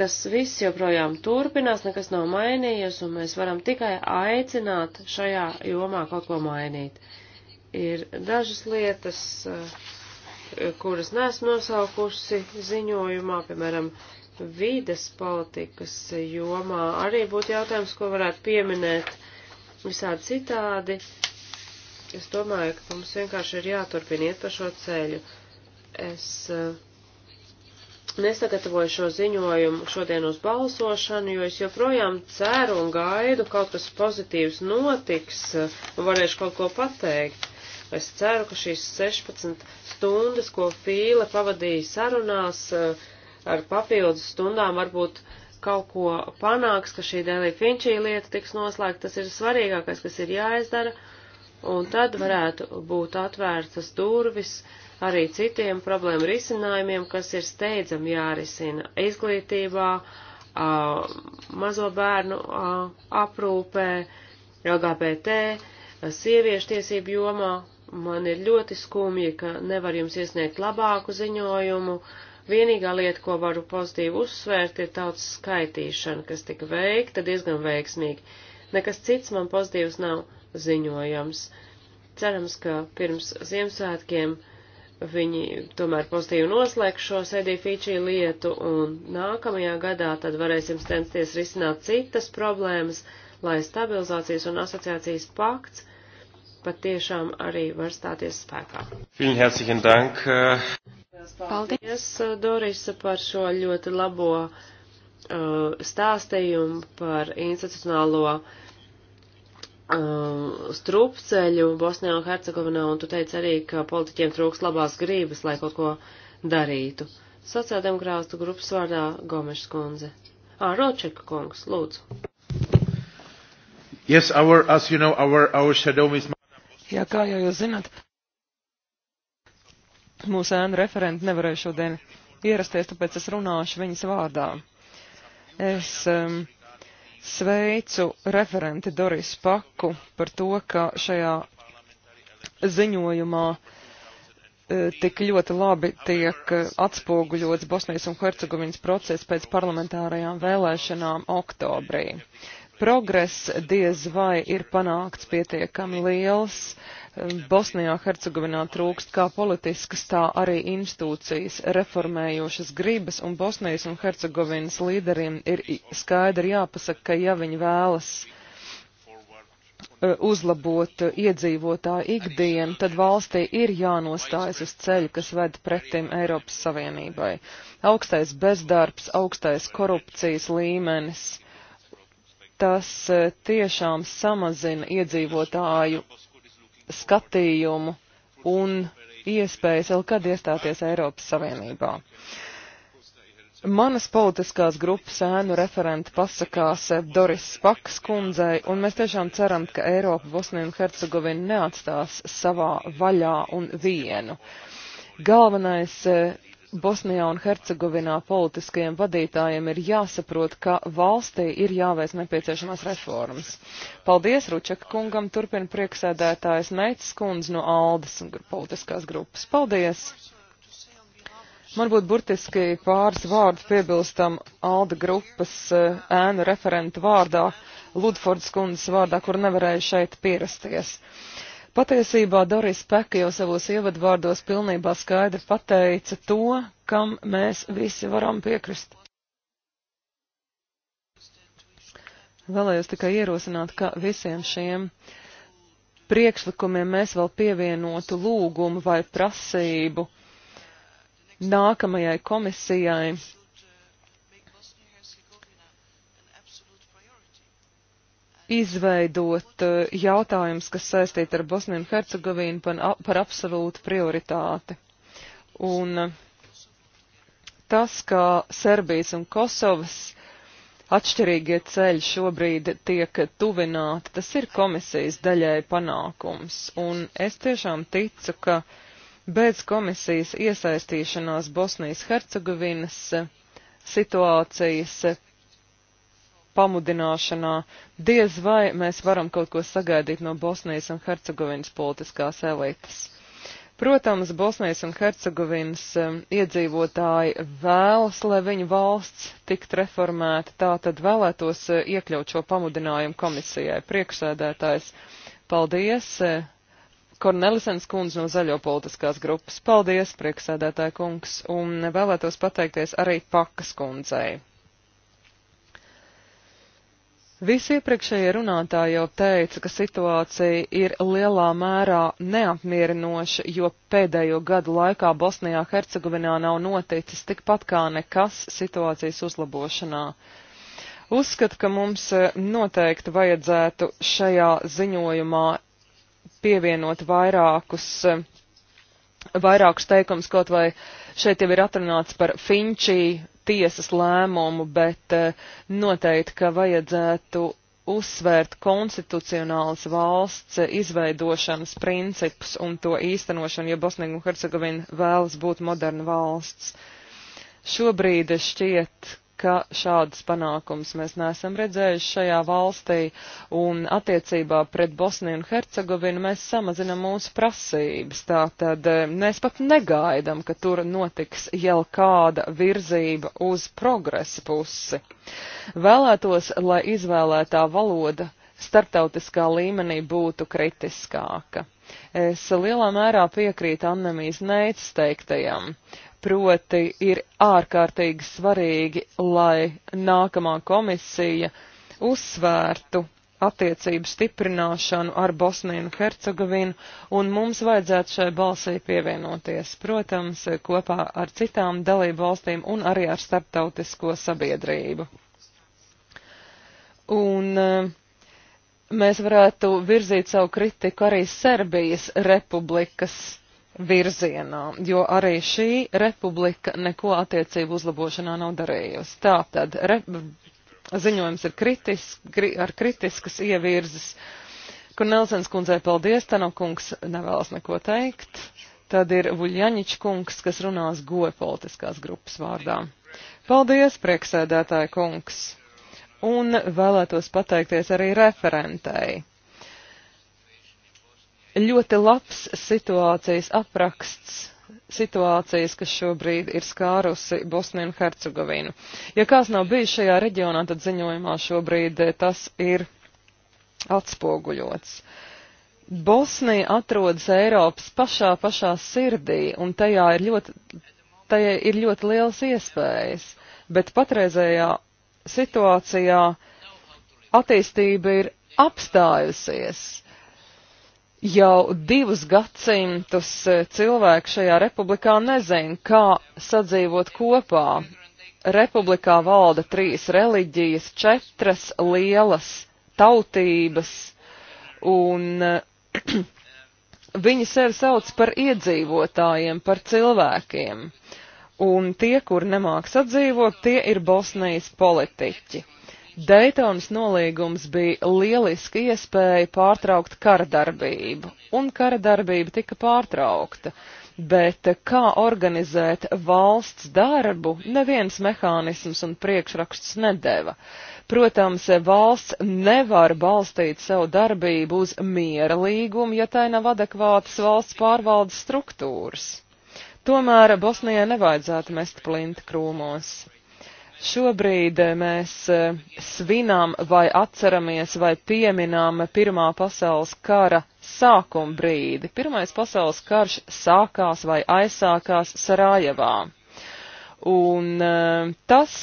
Tas viss joprojām turpinās, nekas nav mainījies, un mēs varam tikai aicināt šajā jomā kaut ko mainīt. Ir dažas lietas. Uh, Eh, kuras nesmu nosaukusi ziņojumā, piemēram, vīdes politikas jomā, arī būtu jautājums, ko varētu pieminēt visādi citādi. Es domāju, ka mums vienkārši ir jāturpina iet pa šo ceļu. Es uh, nesagatavoju šo ziņojumu šodien uz balsošanu, jo es joprojām ceru un gaidu, kaut kas pozitīvs notiks eh, un varēšu kaut ko pateikt. Es ceru, ka šīs 16 stundas, ko Fīle pavadīja sarunās eh, ar papildus stundām, varbūt kaut ko panāks, ka šī Dēlī Finčī lieta tiks noslēgta. Tas ir svarīgākais, kas ir jāizdara. Un tad varētu būt atvērtas durvis arī citiem problēmu risinājumiem, kas ir steidzami jārisina izglītībā, mazo bērnu aprūpē, LGBT, sieviešu tiesību jomā Man ir ļoti skumji, ka nevar jums iesniegt labāku ziņojumu. Vienīgā lieta, ko varu pozitīvi uzsvērt, ir tautas skaitīšana, kas tika veikta diezgan veiksmīgi. Nekas cits man pozitīvs nav ziņojams. Cerams, ka pirms Ziemassvētkiem viņi tomēr pozitīvi noslēgs šo sedīfīčī lietu, un nākamajā gadā tad varēsim censties risināt citas problēmas, lai stabilizācijas un asociācijas pakts patiešām arī var stāties spēkā. Äh, Paldies, äh, Doris, par šo ļoti labo uh, stāstījumu par institucionālo uh, strupceļu Bosnijā un Hercegovinā, un tu teici arī, ka politiķiem trūks labās grības, lai kaut ko darītu. Sociāldemokrātu grupas vārdā Gomešs kundze. Ā, Ročeka kungs, lūdzu. Yes, our, as you know, our, our shadow is Jā, kā jau jūs zināt, mūsu ēnu referenti nevarēja šodien ierasties, tāpēc es runāšu viņas vārdā. Es um, sveicu referenti Doris Paku par to, ka šajā ziņojumā uh, tik ļoti labi tiek uh, atspoguļots Bosnijas un Hercegovinas process pēc parlamentārajām vēlēšanām oktobrī progress diez vai ir panākts pietiekami liels. Um, Bosnijā Hercegovinā trūkst kā politiskas, tā arī institūcijas reformējošas gribas, un Bosnijas un Hercegovinas līderiem ir skaidri jāpasaka, ka ja viņi vēlas uh, uzlabot uh, iedzīvotāju ikdienu, tad valstī ir jānostājas uz ceļu, kas ved pretim Eiropas Savienībai. Augstais bezdarbs, augstais korupcijas līmenis tas e, tiešām samazina iedzīvotāju skatījumu un iespējas vēl kad iestāties Eiropas Savienībā. Manas politiskās grupas ēnu referenti pasakās Doris Paks kundzei, un mēs tiešām ceram, ka Eiropa Bosniju un Hercegovinu neatstās savā vaļā un vienu. Galvenais e, Bosnijā un Hercegovinā politiskajiem vadītājiem ir jāsaprot, ka valstī ir jāveic nepieciešamās reformas. Paldies Ručaka kungam, turpina prieksēdētājs Meitas kundze no Aldas politiskās grupas. Paldies! Man būtu burtiski pāris vārdu piebilstam Alda grupas eh, ēnu referentu vārdā, Ludfords kundzes vārdā, kur nevarēju šeit pierasties. Uh, Patiesībā Doris Peka jau savos ievadvārdos pilnībā skaidri pateica to, kam mēs visi varam piekrist. Vēlējos tikai ierosināt, ka visiem šiem priekšlikumiem mēs vēl pievienotu lūgumu vai prasību nākamajai komisijai izveidot eh, jautājums, kas saistīti ar Bosniju un Hercegovīnu par, par absolūtu prioritāti. Un eh, tas, kā Serbijas un Kosovas atšķirīgie ceļi šobrīd tiek tuvināti, tas ir komisijas daļai panākums. Un es tiešām ticu, ka bez komisijas iesaistīšanās Bosnijas Hercegovinas eh, situācijas pamudināšanā, diez vai mēs varam kaut ko sagaidīt no Bosnijas un Hercegovinas politiskās elites. Protams, Bosnijas un Hercegovinas um, iedzīvotāji vēlas, lai viņu valsts tikt reformēta, tā tad vēlētos uh, iekļaut šo pamudinājumu komisijai. Priekšsēdētājs, paldies! Uh, Kornelisens kundze no Zaļo politiskās grupas. Paldies, priekšsēdētāja kungs, un vēlētos pateikties arī Pakas kundzei. Visi iepriekšējie runātāji jau teica, ka situācija ir lielā mērā neapmierinoša, jo pēdējo gadu laikā Bosnijā Hercegovinā nav noticis tikpat kā nekas situācijas uzlabošanā. Uzskatu, ka mums eh, noteikti vajadzētu šajā ziņojumā pievienot vairākus, eh, vairākus teikums kaut vai uh, Šeit jau ir atrunāts par Finčī tiesas lēmumu, bet eh, noteikti, ka vajadzētu uzsvērt konstitucionālas valsts izveidošanas principus un to īstenošanu, ja Bosnija un Hercegovina vēlas būt moderna valsts. Šobrīd šķiet, ka šādas panākums mēs neesam redzējuši šajā valstī, un attiecībā pret Bosniju un Hercegovinu mēs samazinam mūsu prasības. Tātad eh, mēs pat negaidam, ka tur notiks jau kāda virzība uz progresa pusi. Vēlētos, lai izvēlētā valoda starptautiskā līmenī būtu kritiskāka. Es lielā mērā piekrītu Annemijas neits teiktajam. Uh, proti ir ārkārtīgi svarīgi, lai nākamā komisija uzsvērtu attiecību stiprināšanu ar Bosniju un Hercegovinu, un mums vajadzētu šai balsī pievienoties, protams, kopā ar citām dalību valstīm un arī ar starptautisko sabiedrību. Un eh, mēs varētu virzīt savu kritiku arī Serbijas republikas virzienā, jo arī šī republika neko attiecību uzlabošanā nav darījusi. Tātad re, ziņojums ir kritis, kri, ar kritiskas ievirzes. Kur Nelsens kundzei paldies, Tanokungs nevēlas neko teikt. Tad ir Vuļjaņič kungs, kas runās goja politiskās grupas vārdā. Paldies, prieksēdētāja kungs! Un vēlētos pateikties arī referentei ļoti labs situācijas apraksts situācijas, kas šobrīd ir skārusi Bosniju un Hercegovinu. Ja kāds nav bijis šajā reģionā, tad ziņojumā šobrīd eh, tas ir atspoguļots. Bosnija atrodas Eiropas pašā pašā sirdī, un tajā ir ļoti, tajā ir ļoti liels iespējas, bet patreizējā situācijā attīstība ir apstājusies Jau divus gadsimtus eh, cilvēki šajā republikā nezin, kā sadzīvot kopā. Republikā valda trīs reliģijas, četras lielas tautības, un eh, viņi sevi sauc par iedzīvotājiem, par cilvēkiem. Un tie, kur nemāks atdzīvot, tie ir Bosnijas politiķi. Daytonas nolīgums bija lieliski iespēja pārtraukt karadarbību, un karadarbība tika pārtraukta, bet kā organizēt valsts darbu, neviens mehānisms un priekšraksts nedeva. Protams, valsts nevar balstīt savu darbību uz miera līgumu, ja tai nav adekvātas valsts pārvaldes struktūras. Tomēr Bosnijai nevajadzētu mest plinti krūmos. Šobrīd eh, mēs eh, svinām vai atceramies vai pieminām Pirmā pasaules kara sākuma brīdi. Pirmais pasaules karš sākās vai aizsākās Sarajevā. Un eh, tas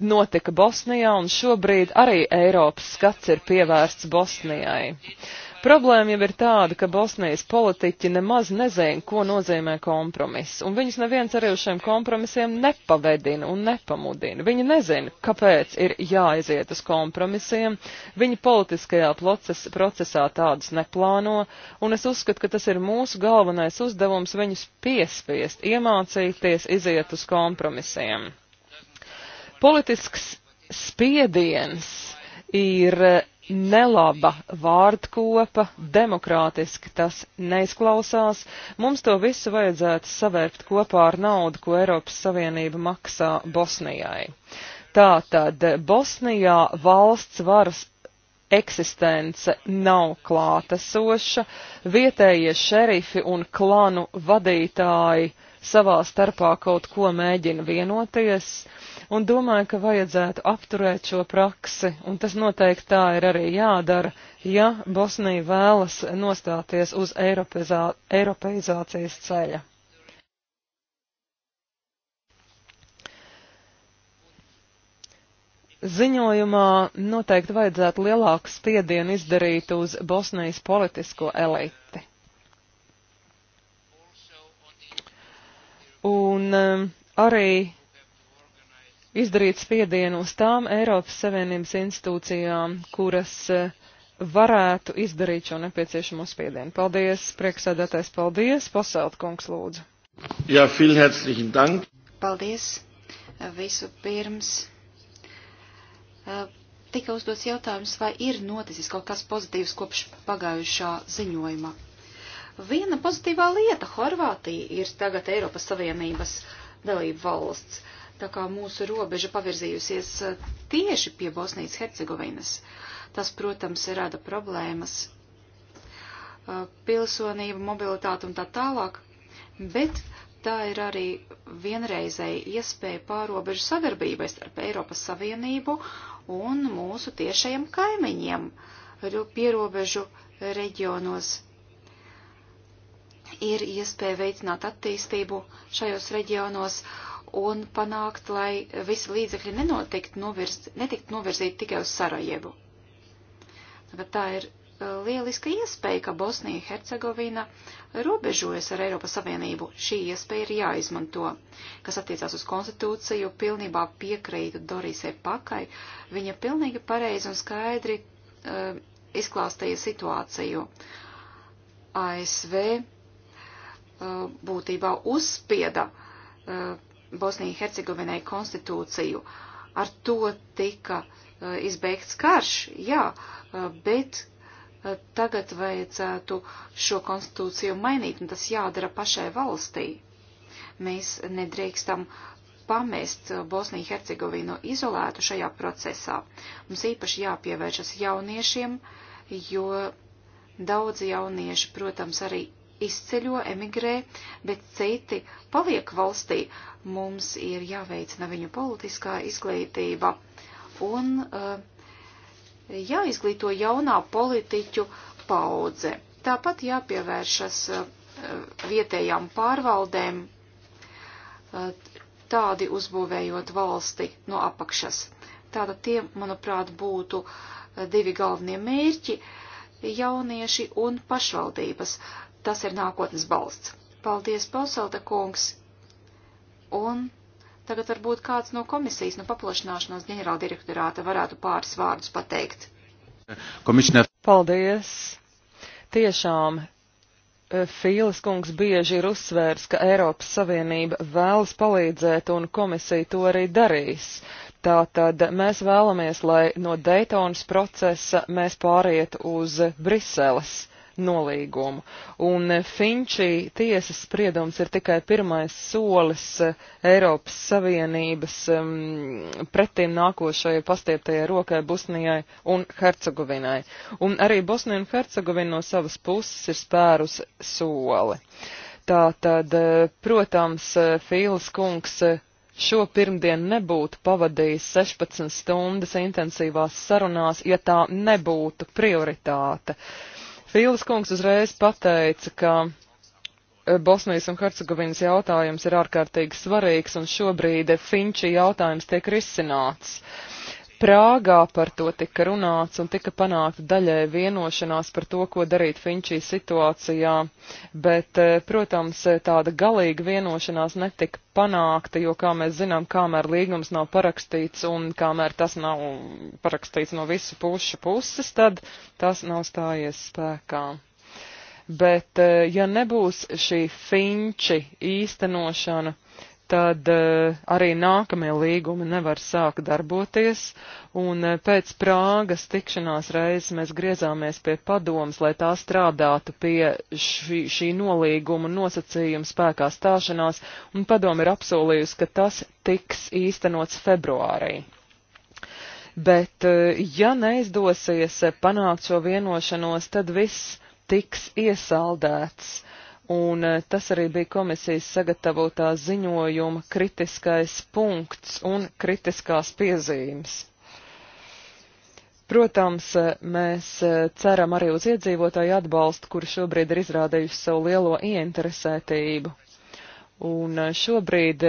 notika Bosnijā, un šobrīd arī Eiropas skats ir pievērsts Bosnijai. Uh, Problēma jau ir tāda, ka Bosnijas politiķi nemaz nezina, ko nozīmē kompromiss, un viņus neviens arī uz šiem kompromisiem nepavedina un nepamudina. Viņi nezina, kāpēc ir jāaiziet uz kompromisiem, viņi politiskajā proces, procesā tādus neplāno, un es uzskatu, ka tas ir mūsu galvenais uzdevums viņus piespiest, iemācīties iziet uz kompromisiem. Politisks spiediens ir nelaba vārdkopa, demokrātiski tas neizklausās. Mums to visu vajadzētu savērpt kopā ar naudu, ko Eiropas Savienība maksā Bosnijai. Tātad Bosnijā valsts varas eksistence nav klātesoša, vietējie šerifi un klanu vadītāji savā starpā kaut ko mēģina vienoties. Uh, un domāju, ka vajadzētu apturēt šo praksi, un tas noteikti tā ir arī jādara, ja Bosnija vēlas nostāties uz Eiropezā, Eiropeizācijas ceļa. Ziņojumā noteikti vajadzētu lielāku spiedienu izdarīt uz Bosnijas politisko eliti. Un um, arī izdarīt spiedienu uz tām Eiropas Savienības institūcijām, kuras eh, varētu izdarīt šo nepieciešamo spiedienu. Paldies, prieksēdētais, paldies, Poselt kungs lūdzu. Jā, ja, vielen herzlichen dank. Paldies. Visu pirms eh, tika uzdots jautājums, vai ir noticis kaut kas pozitīvs kopš pagājušā ziņojuma. Viena pozitīvā lieta - Horvātija ir tagad Eiropas Savienības dalība valsts. Uh, tā kā mūsu robeža pavirzījusies eh, tieši pie Bosnijas Hercegovinas. Tas, protams, rada problēmas eh, pilsonību, mobilitāti un tā tālāk, bet tā ir arī vienreizēja iespēja pārobežu sadarbībai starp Eiropas Savienību un mūsu tiešajiem kaimiņiem pierobežu reģionos. Ir iespēja veicināt attīstību šajos reģionos uh, un panākt, lai visi līdzekļi nenotikt novirz, netikt novirzīti tikai uz Sarajevu. Bet tā ir uh, lieliska iespēja, ka Bosnija Hercegovina robežojas ar Eiropas Savienību. Šī iespēja ir jāizmanto. Kas attiecās uz konstitūciju, pilnībā piekrītu Dorisai Pakai. Viņa pilnīgi pareizi un skaidri uh, izklāstīja situāciju. ASV uh, būtībā uzspieda uh, Bosnijai Hercegovinai konstitūciju. Ar to tika e, izbeigts karš, jā, e, bet e, tagad vajadzētu šo konstitūciju mainīt, un tas jādara pašai valstī. Mēs nedrīkstam pamest Bosniju Hercegovinu izolētu šajā procesā. Mums īpaši jāpievēršas jauniešiem, jo daudzi jaunieši, protams, arī izceļo, emigrē, bet citi paliek valstī. Mums ir jāveicina viņu politiskā izglītība un uh, jāizglīto jaunā politiķu paudze. Tāpat jāpievēršas uh, vietējām pārvaldēm, uh, tādi uzbūvējot valsti no apakšas. Tātad tie, manuprāt, būtu divi galvenie mērķi - jaunieši un pašvaldības. Uh, Tas ir nākotnes balsts. Paldies, Pausalta kungs! Un tagad varbūt kāds no komisijas, no paplašināšanās ģenerāldirektorāta varētu pāris vārdus pateikt. Komisijā. Paldies! Tiešām eh, Fīles kungs bieži ir uzsvērs, ka Eiropas Savienība vēlas palīdzēt un komisija to arī darīs. Tātad mēs vēlamies, lai no Daytonas procesa mēs pārietu uz Briseles nolīgumu. Un eh, Finčī tiesas spriedums ir tikai pirmais solis eh, Eiropas Savienības um, pretīm nākošajai pastieptajai rokai Bosnijai un Hercegovinai. Un arī Bosnija un Hercegovina no savas puses ir spērus soli. Tātad, eh, protams, Fīls kungs šo pirmdienu nebūtu pavadījis 16 stundas intensīvās sarunās, ja tā nebūtu prioritāte. Uh, Fīles kungs uzreiz pateica, ka e, Bosnijas un Hercegovinas jautājums ir ārkārtīgi svarīgs un šobrīd Finči jautājums tiek risināts. Uh, Prāgā par to tika runāts un tika panākta daļai vienošanās par to, ko darīt Finčī situācijā, bet, eh, protams, eh, tāda galīga vienošanās netika panākta, jo, kā mēs zinām, kamēr līgums nav parakstīts un kamēr tas nav parakstīts no visu pušu puses, tad tas nav stājies spēkā. Bet, eh, ja nebūs šī Finči īstenošana, tad eh, arī nākamie līgumi nevar sākt darboties, un eh, pēc Prāgas tikšanās reizes mēs griezāmies pie padomas, lai tā strādātu pie šī, šī nolīguma nosacījuma spēkā stāšanās, un padoma ir apsolījusi, ka tas tiks īstenots februārī. Bet, eh, ja neizdosies panākt šo vienošanos, tad viss tiks iesaldēts un eh, tas arī bija komisijas sagatavotā ziņojuma kritiskais punkts un kritiskās piezīmes. Protams, eh, mēs eh, ceram arī uz iedzīvotāju atbalstu, kuri šobrīd ir izrādējuši savu lielo ieinteresētību. Un šobrīd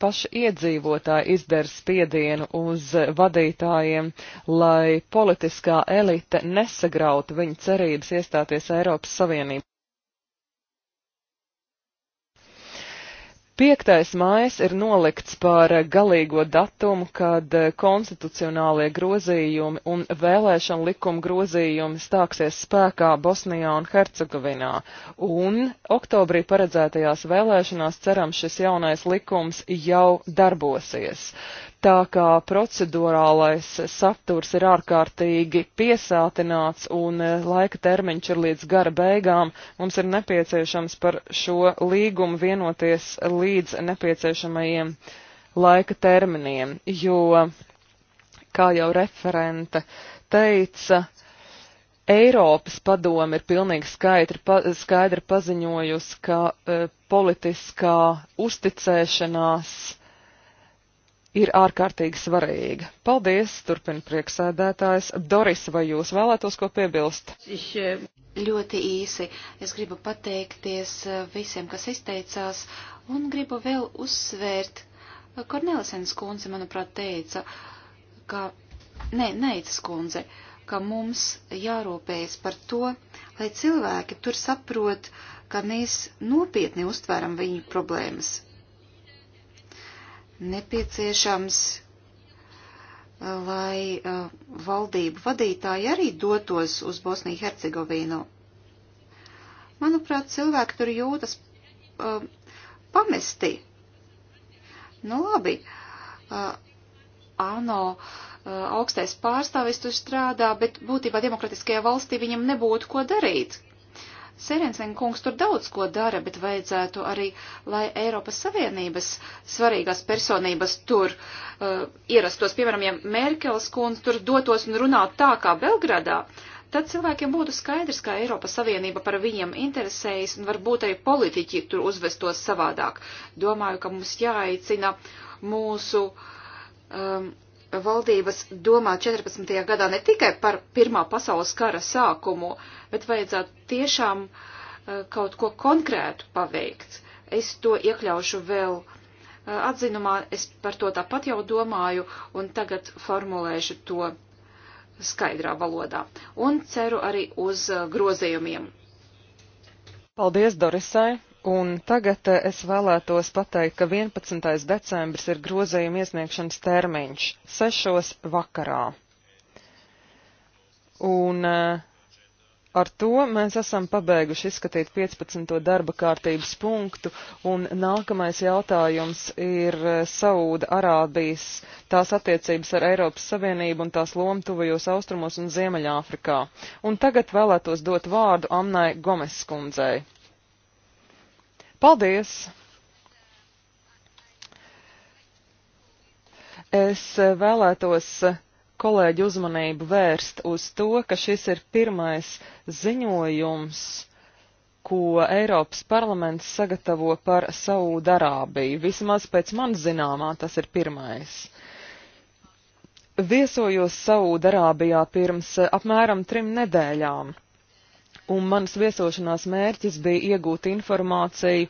paši iedzīvotāji izdara spiedienu uz vadītājiem, lai politiskā elite nesagrautu viņu cerības iestāties Eiropas Savienībā. 5. mājas ir nolikts par galīgo datumu, kad eh, konstitucionālie grozījumi un vēlēšana likuma grozījumi stāksies spēkā Bosnijā un Hercegovinā. Un oktobrī paredzētajās vēlēšanās ceram šis jaunais likums jau darbosies tā kā procedurālais saturs ir ārkārtīgi piesātināts un e, laika termiņš ir līdz gara beigām, mums ir nepieciešams par šo līgumu vienoties līdz nepieciešamajiem laika terminiem, jo, kā jau referente teica, Eiropas padome ir pilnīgi skaidri, pa, skaidri paziņojusi, ka e, politiskā uzticēšanās ir ārkārtīgi svarīga. Paldies, turpina prieksēdētājs. Doris, vai jūs vēlētos ko piebilst? Eh, ļoti īsi. Es gribu pateikties eh, visiem, kas izteicās, un gribu vēl uzsvērt. Eh, Kornelisens kundze, manuprāt, teica, ka, ne, neicis kundze, ka mums jārūpējas par to, lai cilvēki tur saprot, ka mēs nopietni uztveram viņu problēmas nepieciešams, lai uh, valdību vadītāji arī dotos uz Bosniju Hercegovinu. Manuprāt, cilvēki tur jūtas uh, pamesti. Nu labi, uh, ANO augstais pārstāvis tur strādā, bet būtībā demokratiskajā valstī viņam nebūtu ko darīt. Serensen kungs tur daudz ko dara, bet vajadzētu arī, lai Eiropas Savienības svarīgās personības tur uh, ierastos. Piemēram, ja Merkels kungs tur dotos un runātu tā kā Belgradā, tad cilvēkiem būtu skaidrs, ka Eiropas Savienība par viņiem interesējas un varbūt arī politiķi tur uzvestos savādāk. Domāju, ka mums jāaicina mūsu. Um, valdības domā 14. gadā ne tikai par Pirmā pasaules kara sākumu, bet vajadzētu tiešām eh, kaut ko konkrētu paveikt. Es to iekļaušu vēl eh, atzinumā, es par to tāpat jau domāju un tagad formulēšu to skaidrā valodā. Un ceru arī uz eh, grozījumiem. Paldies, Dorisai! Un tagad eh, es vēlētos pateikt, ka 11. decembris ir grozējuma iesniegšanas termiņš - 6. vakarā. Un eh, ar to mēs esam pabeiguši izskatīt 15. darba kārtības punktu, un nākamais jautājums ir eh, Saūda Arābijas tās attiecības ar Eiropas Savienību un tās lomu tuvajos austrumos un Ziemeļāfrikā. Un tagad vēlētos dot vārdu Annai Gomes skundzei. Paldies! Es vēlētos kolēģi uzmanību vērst uz to, ka šis ir pirmais ziņojums, ko Eiropas parlaments sagatavo par Saūdarābiju. Vismaz pēc man zināmā tas ir pirmais. Viesojos Saūdarābijā pirms apmēram trim nedēļām un manas viesošanās mērķis bija iegūt informāciju.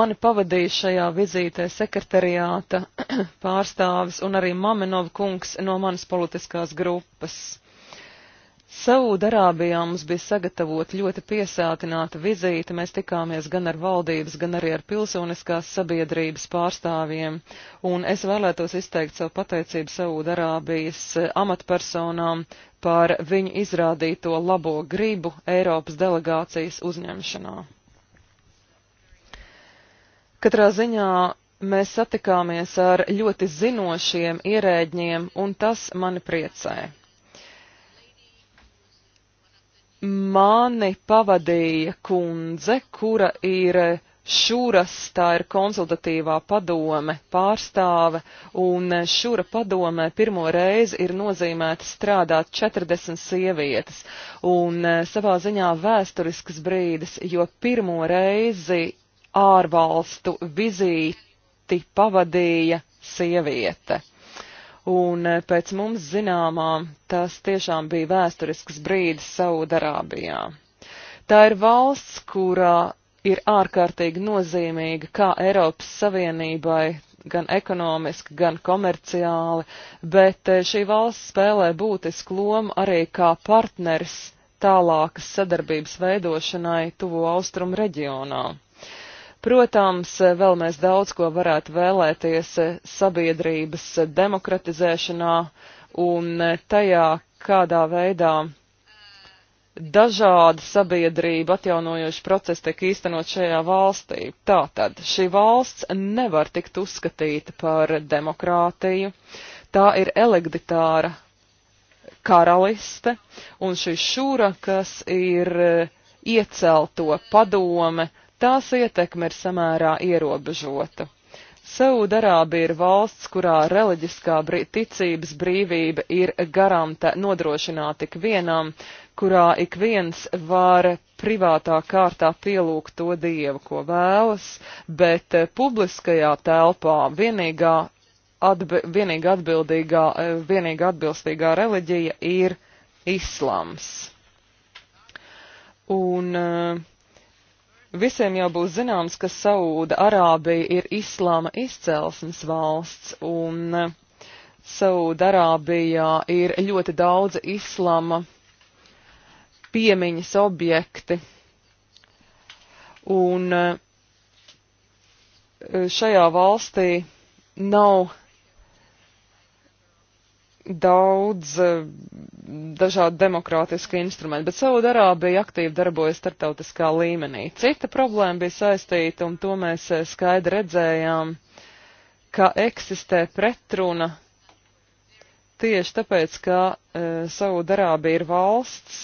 Mani pavadīja šajā vizītē sekretariāta pārstāvis un arī Mamenov kungs no manas politiskās grupas. Saūdarābijā mums bija sagatavota ļoti piesātināta vizīte. Mēs tikāmies gan ar valdības, gan arī ar pilsoniskās sabiedrības pārstāvjiem. Un es vēlētos izteikt savu pateicību Saūdarābijas eh, amatpersonām par viņu izrādīto labo gribu Eiropas delegācijas uzņemšanā. Katrā ziņā mēs satikāmies ar ļoti zinošiem ierēģiem, un tas mani priecē mani pavadīja kundze, kura ir šūras, tā ir konsultatīvā padome pārstāve, un šūra padomē pirmo reizi ir nozīmēta strādāt 40 sievietes, un e, savā ziņā vēsturisks brīdis, jo pirmo reizi ārvalstu vizīti pavadīja sieviete un eh, pēc mums zināmā tas tiešām bija vēsturisks brīdis Saudarābijā. Tā ir valsts, kurā ir ārkārtīgi nozīmīga kā Eiropas Savienībai, gan ekonomiski, gan komerciāli, bet eh, šī valsts spēlē būtisku lomu arī kā partneris tālākas sadarbības veidošanai tuvo austrumu reģionā. Protams, eh, vēl mēs daudz ko varētu vēlēties eh, sabiedrības eh, demokratizēšanā un tajā, kādā veidā dažāda sabiedrība atjaunojoša procesa tiek īstenot šajā valstī. Tātad šī valsts nevar tikt uzskatīta par demokrātiju. Tā ir elekditāra karaliste, un šī šūra, kas ir iecelto padome, tās ietekme ir samērā ierobežota. Saudarābija ir valsts, kurā reliģiskā brī, ticības brīvība ir garanta nodrošināta ik vienam, kurā ik viens var privātā kārtā pielūgt to dievu, ko vēlas, bet eh, publiskajā telpā vienīgā, atbi, vienīgā atbildīgā, eh, vienīgā atbilstīgā reliģija ir islams. Un uh, Visiem jau būs zināms, ka Saūda Arābija ir islāma izcelsmes valsts, un Saūda Arābijā ir ļoti daudz islāma piemiņas objekti. Un e, šajā valstī nav daudz eh, dažādu demokrātisku instrumentu, bet Saudarābija aktīvi darbojas starptautiskā līmenī. Cita problēma bija saistīta, un to mēs eh, skaidri redzējām, ka eksistē pretruna tieši tāpēc, ka e, eh, Saudarābija ir valsts,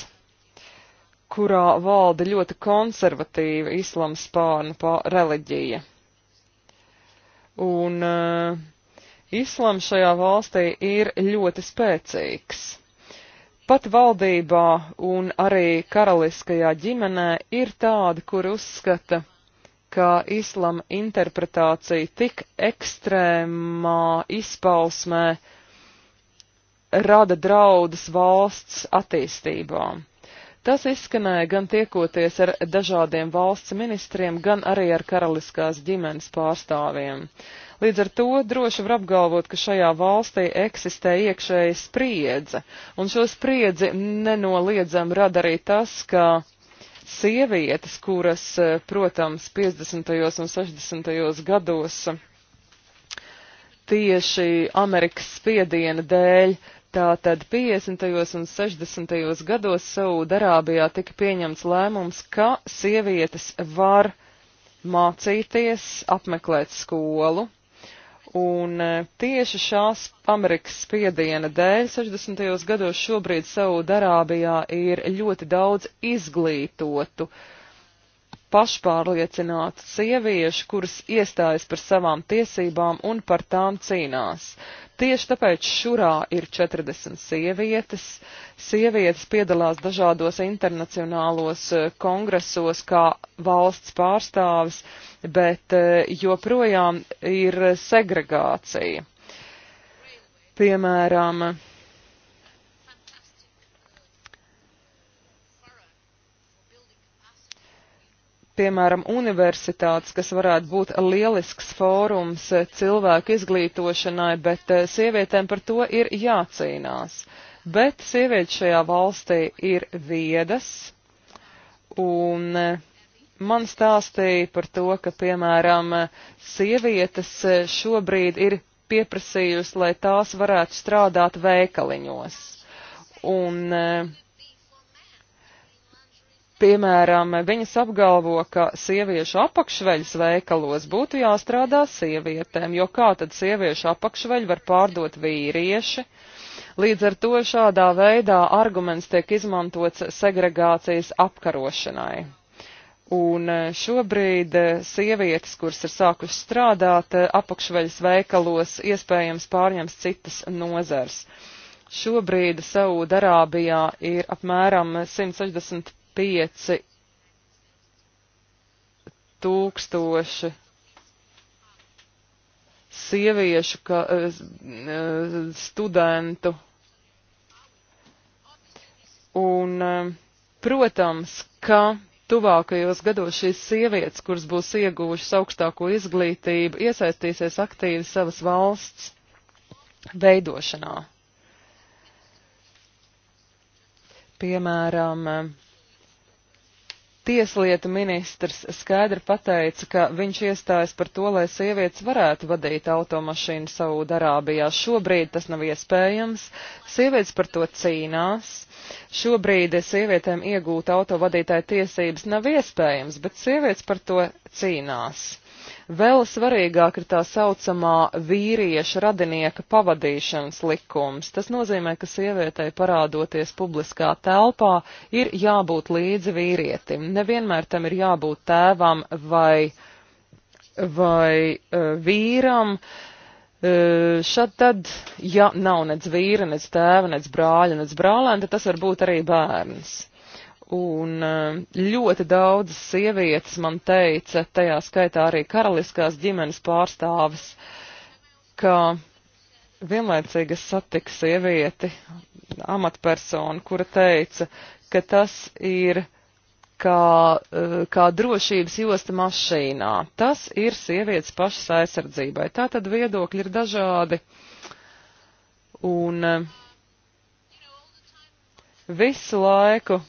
kurā valda ļoti konservatīva islāma spārnu reliģija. Un e, Islams šajā valstī ir ļoti spēcīgs. Pat valdībā un arī karaliskajā ģimenē ir tādi, kur uzskata, ka islama interpretācija tik ekstrēmā izpausmē rada draudus valsts attīstībām. Tas izskanēja gan tiekoties ar dažādiem valsts ministriem, gan arī ar karaliskās ģimenes pārstāvjiem. Līdz ar to droši var apgalvot, ka šajā valstī eksistē iekšēja spriedze, un šo spriedzi nenoliedzam rada arī tas, ka sievietes, kuras, protams, 50. un 60. gados tieši Amerikas spiediena dēļ uh, Tātad 50. un 60. gados Saudarābijā tika pieņemts lēmums, ka sievietes var mācīties, apmeklēt skolu, un e, tieši šās Amerikas spiediena dēļ 60. gados šobrīd Saudarābijā ir ļoti daudz izglītotu, pašpārliecinātu sieviešu, kuras iestājas par savām tiesībām un par tām cīnās. Tieši tāpēc šurā ir 40 sievietes. Sievietes piedalās dažādos internacionālos eh, kongresos kā valsts pārstāvis, bet eh, joprojām ir segregācija. Piemēram, piemēram, universitātes, kas varētu būt lielisks fórums eh, cilvēku izglītošanai, bet eh, sievietēm par to ir jācīnās. Bet sievietes šajā valstī ir viedas, un eh, man stāstīja par to, ka, piemēram, sievietes šobrīd ir pieprasījusi, lai tās varētu strādāt veikaliņos. Un, uh, Piemēram, viņas apgalvo, ka sieviešu apakšveļas veikalos būtu jāstrādā sievietēm, jo kā tad sieviešu apakšveļu var pārdot vīrieši? Līdz ar to šādā veidā arguments tiek izmantots segregācijas apkarošanai. Un e, šobrīd e, sievietes, kuras ir sākušas strādāt e, apakšveļas veikalos, iespējams pārņems citas nozars. Šobrīd Saudarābijā ir apmēram 160 pieci tūkstoši sieviešu ka, eh, eh, studentu. Un, eh, protams, ka tuvākajos gados šīs sievietes, kuras būs ieguvušas augstāko izglītību, iesaistīsies aktīvi savas valsts veidošanā. Piemēram, Tieslietu ministrs skaidri pateica, ka viņš iestājas par to, lai sievietes varētu vadīt automašīnu Saudarābijā. Šobrīd tas nav iespējams. Sievietes par to cīnās. Šobrīd sievietēm iegūt autovadītāju tiesības nav iespējams, bet sievietes par to cīnās. Vēl svarīgāk ir tā saucamā vīrieša radinieka pavadīšanas likums. Tas nozīmē, ka sievietei parādoties publiskā telpā ir jābūt līdzi vīrietim. Nevienmēr tam ir jābūt tēvam vai, vai uh, vīram. Uh, Šad tad, ja nav nec vīra, nec tēva, nec brāļa, nec brālēna, tad tas var būt arī bērns. Un eh, ļoti daudz sievietes man teica, tajā skaitā arī karaliskās ģimenes pārstāvis, ka vienlaicīgi es satiku sievieti, amatpersonu, kura teica, ka tas ir kā, eh, kā drošības josta mašīnā. Tas ir sievietes pašas aizsardzībai. Tā tad viedokļi ir dažādi. Un eh, visu laiku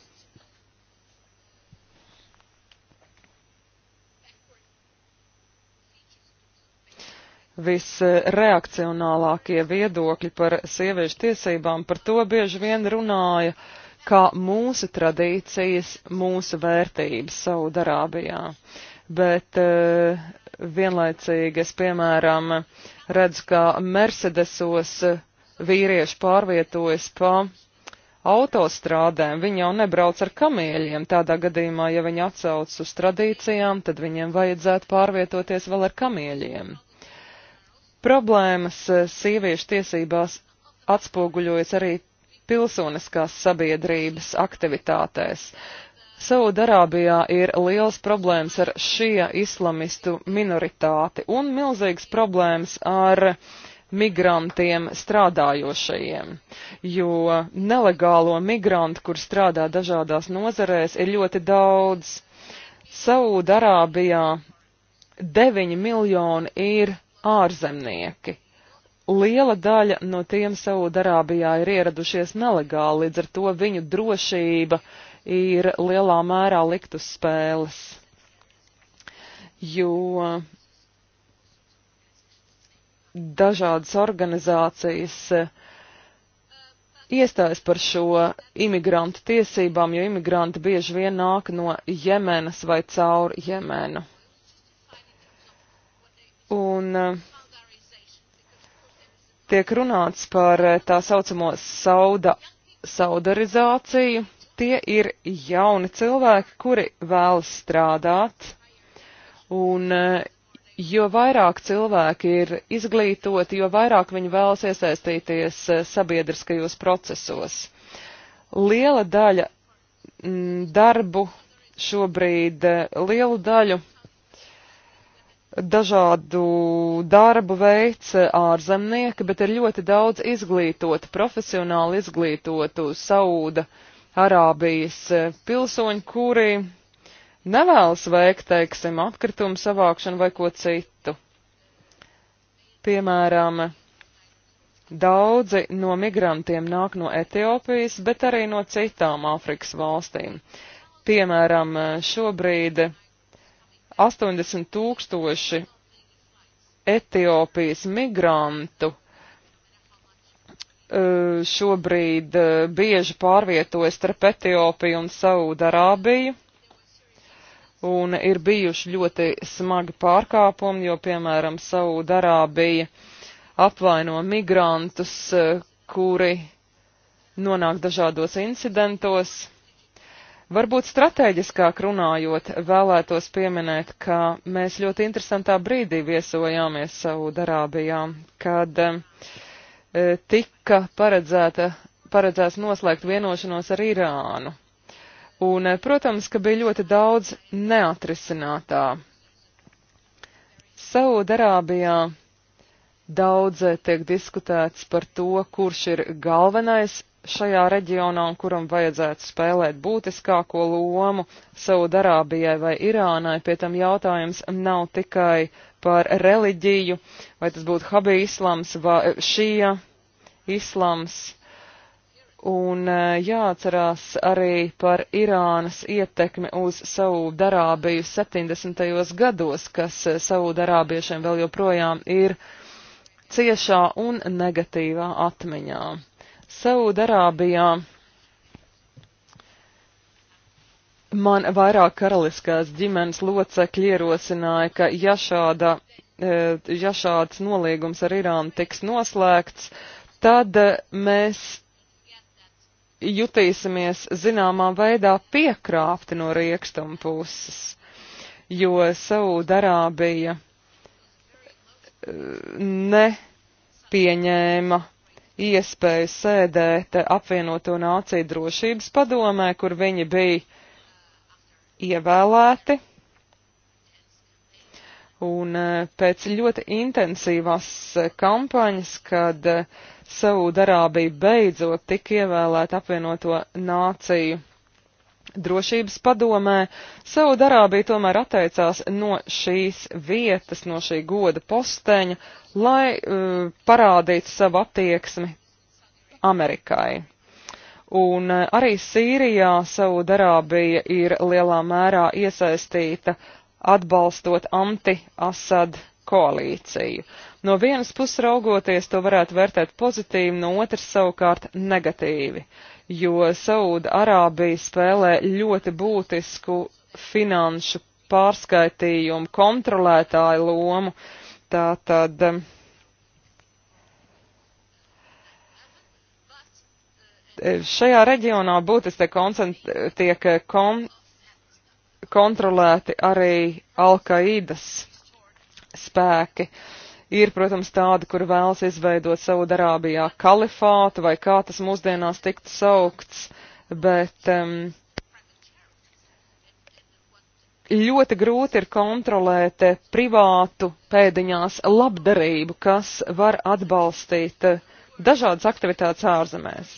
visreakcionālākie viedokļi par sieviešu tiesībām, par to bieži vien runāja, kā mūsu tradīcijas, mūsu vērtības Saudarābijā. Bet eh, vienlaicīgi es, piemēram, redzu, ka Mercedesos eh, vīrieši pārvietojas pa autostrādēm, viņi jau nebrauc ar kamieļiem. Tādā gadījumā, ja viņi atsauc uz tradīcijām, tad viņiem vajadzētu pārvietoties vēl ar kamieļiem. Problēmas eh, sieviešu tiesībās atspoguļojas arī pilsoniskās sabiedrības aktivitātēs. Saudarābijā ir liels problēmas ar šie islamistu minoritāti un milzīgas problēmas ar migrantiem strādājošajiem, jo nelegālo migrantu, kur strādā dažādās nozarēs, ir ļoti daudz. Saudarābijā 9 miljoni ir ārzemnieki. Liela daļa no tiem Saudarābijā ir ieradušies nelegāli, līdz ar to viņu drošība ir lielā mērā likt uz spēles. Jo dažādas organizācijas eh, iestājas par šo imigrantu tiesībām, jo imigranti bieži vien nāk no Jemenas vai caur Jemenu. Un e, tiek runāts par e, tā saucamo sauda, saudarizāciju. Tie ir jauni cilvēki, kuri vēlas strādāt. Un e, jo vairāk cilvēki ir izglītoti, jo vairāk viņi vēlas iesaistīties sabiedriskajos procesos. Liela daļa darbu šobrīd, lielu daļu dažādu darbu veids eh, ārzemnieki, bet ir ļoti daudz izglītotu, profesionāli izglītotu Sauda Arābijas eh, pilsoņu, kuri nevēlas veikt, teiksim, atkritumu savākšanu vai ko citu. Piemēram, daudzi no migrantiem nāk no Etiopijas, bet arī no citām Āfrikas valstīm. Piemēram, eh, šobrīd 80 tūkstoši Etiopijas migrantu eh, šobrīd eh, bieži pārvietojas starp Etiopiju un Saudarābiju. Un ir bijuši ļoti smagi pārkāpumi, jo, piemēram, Saudarābija apvaino migrantus, eh, kuri nonāk dažādos incidentos. Varbūt strateģiskāk runājot, vēlētos pieminēt, ka mēs ļoti interesantā brīdī viesojāmies Saudarābijā, kad e, tika paredzēta, paredzēts noslēgt vienošanos ar Irānu. Un, e, protams, ka bija ļoti daudz neatrisinātā. Saudarābijā daudz eh, tiek diskutēts par to, kurš ir galvenais šajā reģionā un kuram vajadzētu spēlēt būtiskāko lomu Saudarābijai vai Irānai, pie tam jautājums nav tikai par reliģiju, vai tas būtu habī islams vai eh, šija islams. Un eh, jāatcerās arī par Irānas ietekmi uz Saudarābiju 70. gados, kas Saudarābiešiem vēl joprojām ir uh, ciešā un negatīvā atmiņā. Saudarābijā man vairāk karaliskās ģimenes locekļi ierosināja, ka ja, šāda, e, ja šāds nolīgums ar Irānu tiks noslēgts, tad mēs jutīsimies zināmā veidā piekrāpti no riekstuma puses, jo Saudarābija nepieņēma iespēju sēdēt apvienoto nāciju drošības padomē, kur viņi bija ievēlēti. Un e, pēc ļoti intensīvās e, kampaņas, kad e, Saudarābija beidzot tika ievēlēta apvienoto nāciju drošības padomē, Saudarābija tomēr atteicās no šīs vietas, no šī goda posteņa, lai uh, parādītu savu attieksmi Amerikai. Un uh, arī Sīrijā Saudarābija ir lielā mērā iesaistīta atbalstot anti-Asad koalīciju. No vienas puses raugoties to varētu vērtēt pozitīvi, no otras savukārt negatīvi jo Sauda Arābija spēlē ļoti būtisku finanšu pārskaitījumu kontrolētāju lomu. Tātad. Um, šajā reģionā būtiski tiek kon kontrolēti arī Alkaidas spēki. Uh, Ir, protams, tādi, kur vēlas izveidot savu darābijā kalifātu vai kā tas mūsdienās tiktu saukts, bet um, ļoti grūti ir kontrolēt privātu pēdiņās labdarību, kas var atbalstīt dažādas aktivitātes ārzemēs.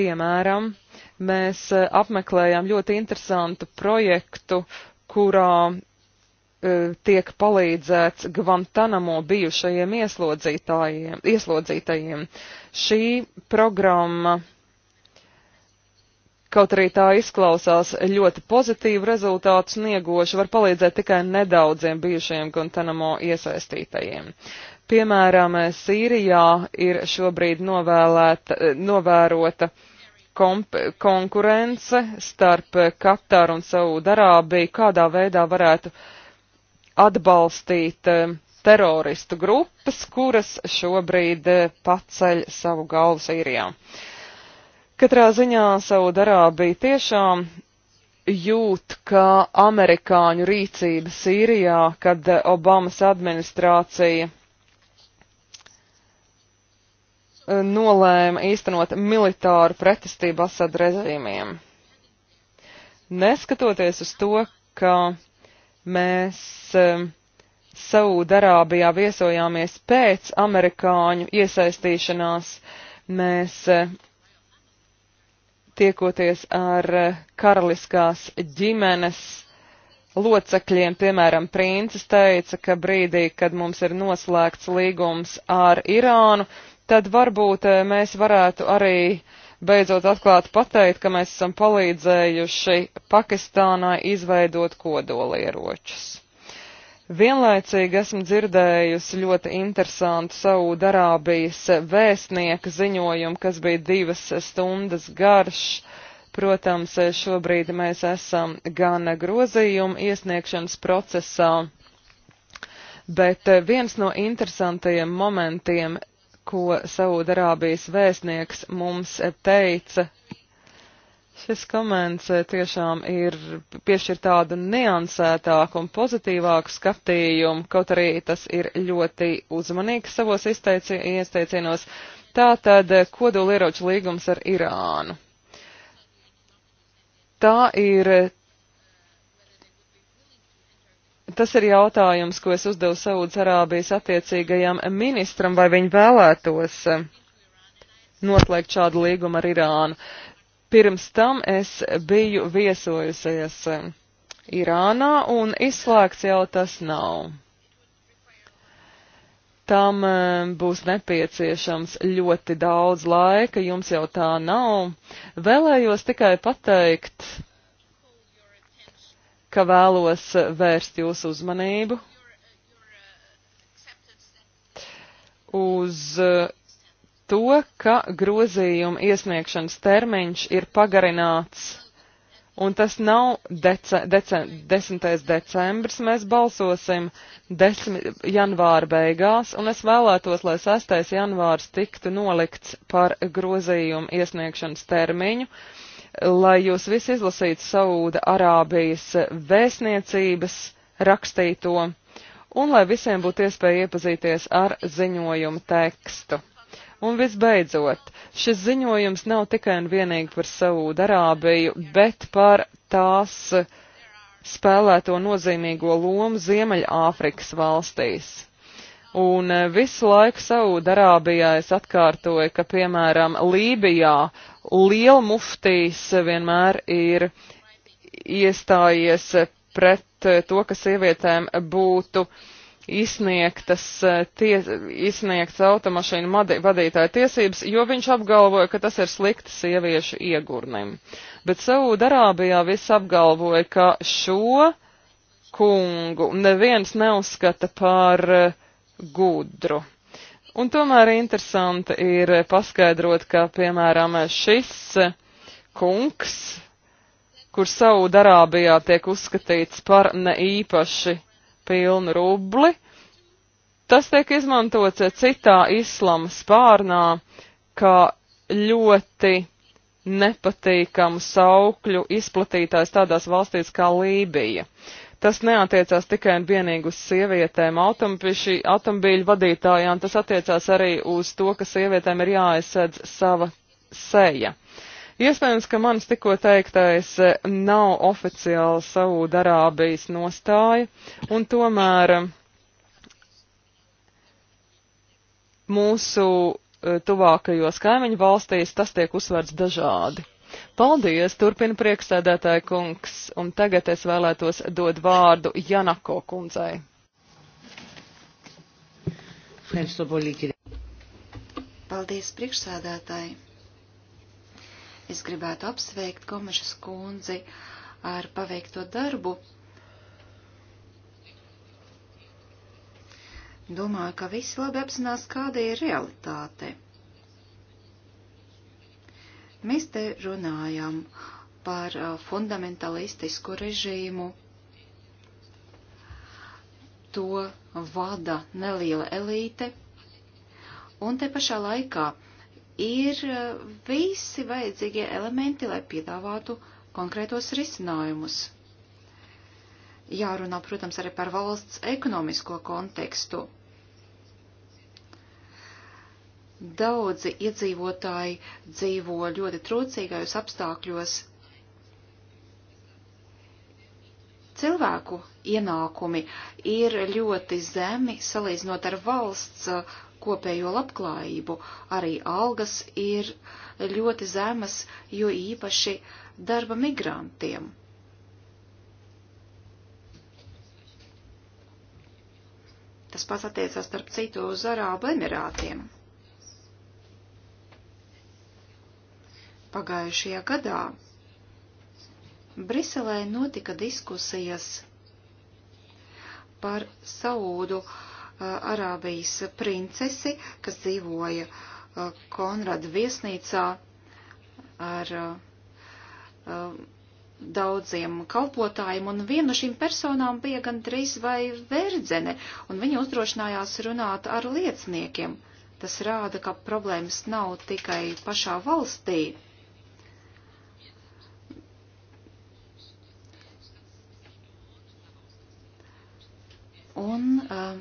Piemēram, mēs eh, apmeklējām ļoti interesantu projektu, kurā E, tiek palīdzēts Guantanamo bijušajiem ieslodzītajiem. Šī programma, kaut arī tā izklausās ļoti pozitīvu rezultātu sniegoša, var palīdzēt tikai nedaudziem bijušajiem Guantanamo iesaistītajiem. Piemēram, Sīrijā ir šobrīd novēlēta, e, novērota konkurence starp Kataru un Saudarābiju, kādā veidā varētu uh, atbalstīt eh, teroristu grupas, kuras šobrīd eh, paceļ savu galvu Sīrijā. Katrā ziņā Saudarābija tiešām jūt, ka amerikāņu rīcība Sīrijā, kad eh, Obamas administrācija nolēma īstenot militāru pretestību Asad režīmiem. Neskatoties uz to, ka Mēs um, Saūdarābijā viesojāmies pēc amerikāņu iesaistīšanās. Mēs uh, tiekoties ar uh, karaliskās ģimenes locekļiem, piemēram, princis teica, ka brīdī, kad mums ir noslēgts līgums ar Irānu, tad varbūt uh, mēs varētu arī uh, beidzot atklāti pateikt, ka mēs esam palīdzējuši Pakistānai izveidot kodolieročus. Vienlaicīgi esmu dzirdējusi ļoti interesantu Saudarābijas vēstnieka ziņojumu, kas bija divas stundas garš. Protams, šobrīd mēs esam gan grozījumu iesniegšanas procesā, bet viens no interesantajiem momentiem ko Saudarābijas vēstnieks mums teica. Šis koments tiešām ir piešķir tādu niansētāku un pozitīvāku skatījumu, kaut arī tas ir ļoti uzmanīgs savos izteici, izteicienos. Tātad kodolieroču līgums ar Irānu. Tā ir Tas ir jautājums, ko es uzdevu Saudas Arābijas attiecīgajam ministram, vai viņi vēlētos eh, noslēgt šādu līgumu ar Irānu. Pirms tam es biju viesojusies eh, Irānā un izslēgts jau tas nav. Tam eh, būs nepieciešams ļoti daudz laika, jums jau tā nav. Vēlējos tikai pateikt, ka vēlos vērst jūsu uzmanību uz uh, to, ka grozījuma iesniegšanas termiņš ir pagarināts, un tas nav dece, dece, 10. decembris, mēs balsosim 10. janvāra beigās, un es vēlētos, lai 6. janvārs tiktu nolikts par grozījuma iesniegšanas termiņu, uh, lai jūs visi izlasītu Saūda Arābijas vēstniecības rakstīto un lai visiem būtu iespēja iepazīties ar ziņojumu tekstu. Un visbeidzot, šis ziņojums nav tikai un vienīgi par Saūdarābiju, bet par tās spēlēto nozīmīgo lomu Ziemeļāfrikas valstīs. Un eh, visu laiku Saūdarābijā es atkārtoju, ka piemēram Lībijā liela muftīs vienmēr ir iestājies pret to, ka sievietēm būtu izsniegtas, eh, ties, izsniegts automašīnu vadītāja tiesības, jo viņš apgalvoja, ka tas ir slikti sieviešu iegurnim. Bet Saūdarābijā viss apgalvoja, ka šo kungu neviens neuzskata par eh, gudru. Un tomēr interesanti ir paskaidrot, ka, piemēram, šis kungs, kur Saudarābijā tiek uzskatīts par ne īpaši pilnu rubli, tas tiek izmantots citā islama spārnā, kā ļoti nepatīkamu saukļu izplatītājs tādās valstīs kā Lībija. Uh, Tas neatiecās tikai un vienīgi uz sievietēm automobīļu vadītājām, tas attiecās arī uz to, ka sievietēm ir jāaizsēdz sava seja. Iespējams, ka mans tikko teiktais nav oficiāli Saūdarābijas nostāja, un tomēr mūsu eh, tuvākajos kaimiņu valstīs tas tiek uzsvērts dažādi. Paldies, turpina priekšsēdētāja kungs, un tagad es vēlētos dod vārdu Janako kundzei. Paldies, priekšsēdētāji. Es gribētu apsveikt Komešas kundzi ar paveikto darbu. Domāju, ka visi labi apzinās, kāda ir realitāte. Mēs te runājam par uh, fundamentalistisku režīmu. To vada neliela elīte. Un te pašā laikā ir uh, visi vajadzīgie elementi, lai piedāvātu konkrētos risinājumus. Jārunā, protams, arī par valsts ekonomisko kontekstu. Daudzi iedzīvotāji dzīvo ļoti trūcīgajos apstākļos. Cilvēku ienākumi ir ļoti zemi salīdzinot ar valsts uh, kopējo labklājību. Arī algas ir ļoti zemas, jo īpaši darba migrantiem. Tas pats attiecās starp citu uz Arābu Emirātiem. Pagājušajā gadā Briselē notika diskusijas par Saūdu uh, Arābijas princesi, kas dzīvoja uh, Konrada viesnīcā ar uh, um, daudziem kalpotājiem, un viena no šīm personām bija gan trīs vai verdzene, un viņa uzdrošinājās runāt ar lieciniekiem. Tas rāda, ka problēmas nav tikai pašā valstī. Un uh,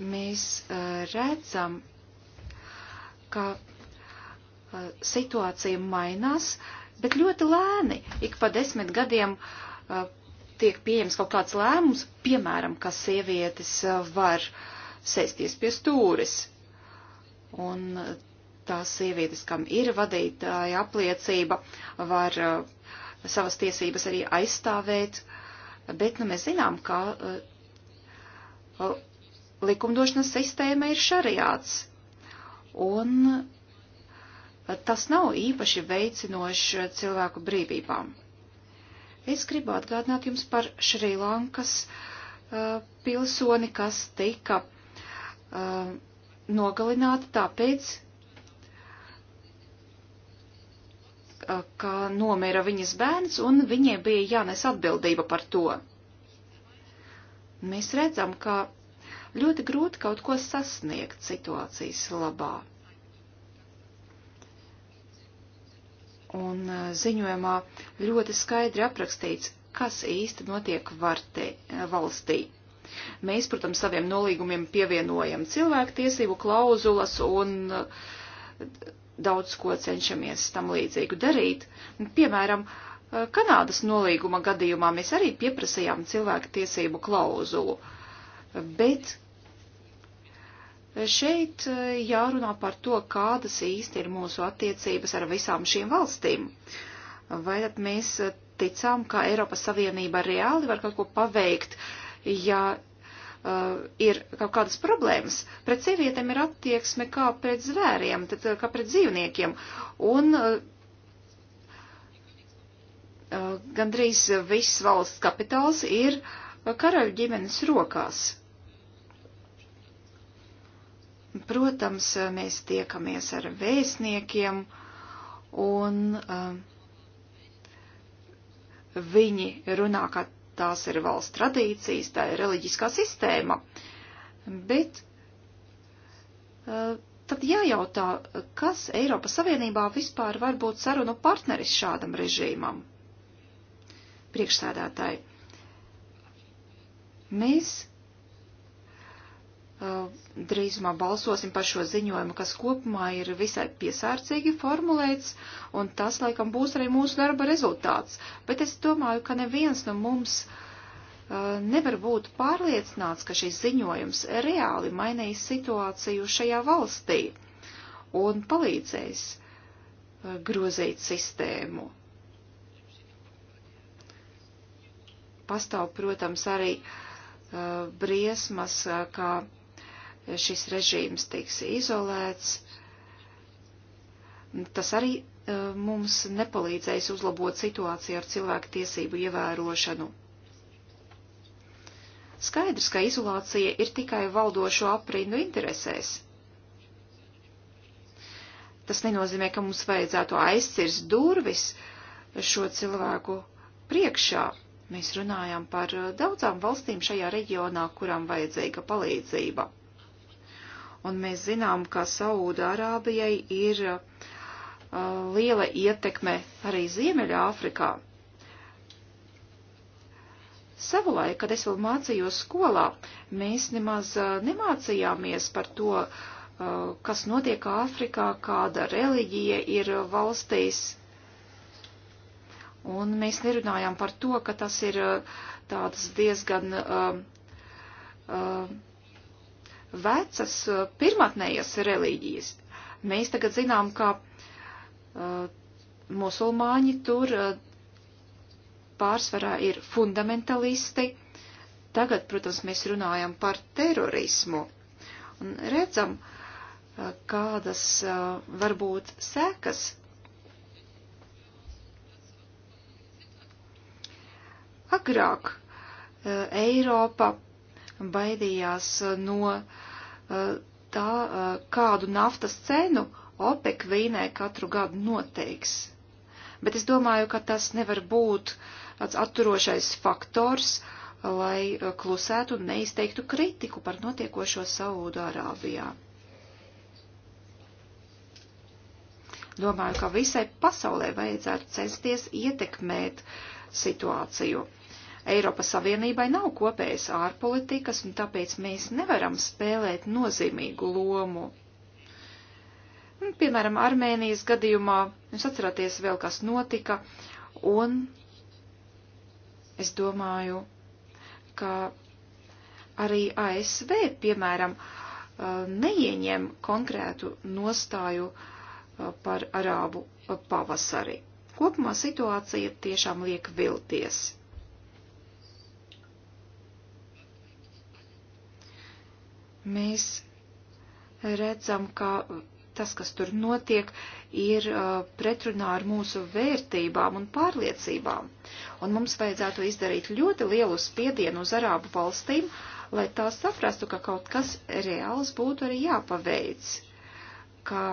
mēs uh, redzam, ka uh, situācija mainās, bet ļoti lēni. Ik pa desmit gadiem uh, tiek pieņems kaut kāds lēmums, piemēram, ka sievietes uh, var sēsties pie stūres. Un uh, tās sievietes, kam ir vadītāja apliecība, var uh, savas tiesības arī aizstāvēt. Bet nu, mēs zinām, ka uh, likumdošanas sistēma ir šariāts. Un tas nav īpaši veicinošs cilvēku brīvībām. Es gribu atgādināt jums par Šrilankas uh, pilsoni, kas tika uh, nogalināta tāpēc, uh, ka nomira viņas bērns un viņiem bija jānes atbildība par to. Mēs redzam, ka ļoti grūti kaut ko sasniegt situācijas labā. Un eh, ziņojumā ļoti skaidri aprakstīts, kas īsti notiek vartē, eh, valstī. Mēs, protams, saviem nolīgumiem pievienojam cilvēktiesību klauzulas un eh, daudz ko cenšamies tam līdzīgu darīt. Piemēram, uh, Eh, Kanādas nolīguma gadījumā mēs arī pieprasījām cilvēku tiesību klauzulu, bet šeit eh, jārunā par to, kādas īsti ir mūsu attiecības ar visām šīm valstīm. Vai tad mēs eh, ticām, ka Eiropas Savienība reāli var kaut ko paveikt, ja uh, ir kaut kādas problēmas. Pret sievietēm ir attieksme kā pret zvēriem, tad, kā pret dzīvniekiem. Un uh, Eh, gandrīz viss valsts kapitāls ir eh, karaļu ģimenes rokās. Protams, eh, mēs tiekamies ar vēstniekiem un viņi runā, ka tās ir valsts tradīcijas, tā ir reliģiskā sistēma. Bet tad jājautā, kas Eiropas Savienībā vispār var būt sarunu partneris šādam režīmam? priekšsēdētāji. Mēs uh, drīzumā balsosim par šo ziņojumu, kas kopumā ir visai piesārcīgi formulēts, un tas, laikam, būs arī mūsu darba rezultāts. Bet es domāju, ka neviens no mums uh, nevar būt pārliecināts, ka šis ziņojums reāli mainīs situāciju šajā valstī un palīdzēs uh, grozīt sistēmu pastāv, protams, arī uh, briesmas, uh, ka šis režīms tiks izolēts. Tas arī uh, mums nepalīdzēs uzlabot situāciju ar cilvēku tiesību ievērošanu. Skaidrs, ka izolācija ir tikai valdošo aprindu interesēs. Tas nenozīmē, ka mums vajadzētu aizcirst durvis šo cilvēku priekšā. Mēs runājam par uh, daudzām valstīm šajā reģionā, kurām vajadzīga palīdzība. Un mēs zinām, ka Saūda Arābijai ir uh, liela ietekme arī Ziemeļa Āfrikā. Savulaik, kad es vēl mācījos skolā, mēs nemaz uh, nemācījāmies par to, uh, kas notiek Āfrikā, kāda reliģija ir valstīs Un mēs nerunājām par to, ka tas ir uh, tādas diezgan uh, uh, vecas uh, pirmatnējas reliģijas. Mēs tagad zinām, ka uh, musulmāņi tur uh, pārsvarā ir fundamentalisti. Tagad, protams, mēs runājam par terorismu un redzam, kādas varbūt sekas Agrāk eh, Eiropa baidījās eh, no eh, tā, kādu naftas cenu OPEC vīnē katru gadu noteiks. Bet es domāju, ka tas nevar būt tāds atturošais faktors, lai klusētu un neizteiktu kritiku par notiekošo Saūdu Arābijā. Domāju, ka visai pasaulē vajadzētu censties ietekmēt situāciju. Eiropas Savienībai nav kopējas ārpolitikas, un tāpēc mēs nevaram spēlēt nozīmīgu lomu. Un, piemēram, Armēnijas gadījumā, jūs atceraties vēl, kas notika, un es domāju, ka arī ASV, piemēram, uh, neieņem konkrētu nostāju uh, par arābu pavasari. Kopumā situācija tiešām liek vilties. Mēs redzam, ka tas, kas tur notiek, ir uh, pretrunā ar mūsu vērtībām un pārliecībām. Un mums vajadzētu izdarīt ļoti lielu spiedienu uz arābu valstīm, lai tās saprastu, ka kaut kas reāls būtu arī jāpaveic, ka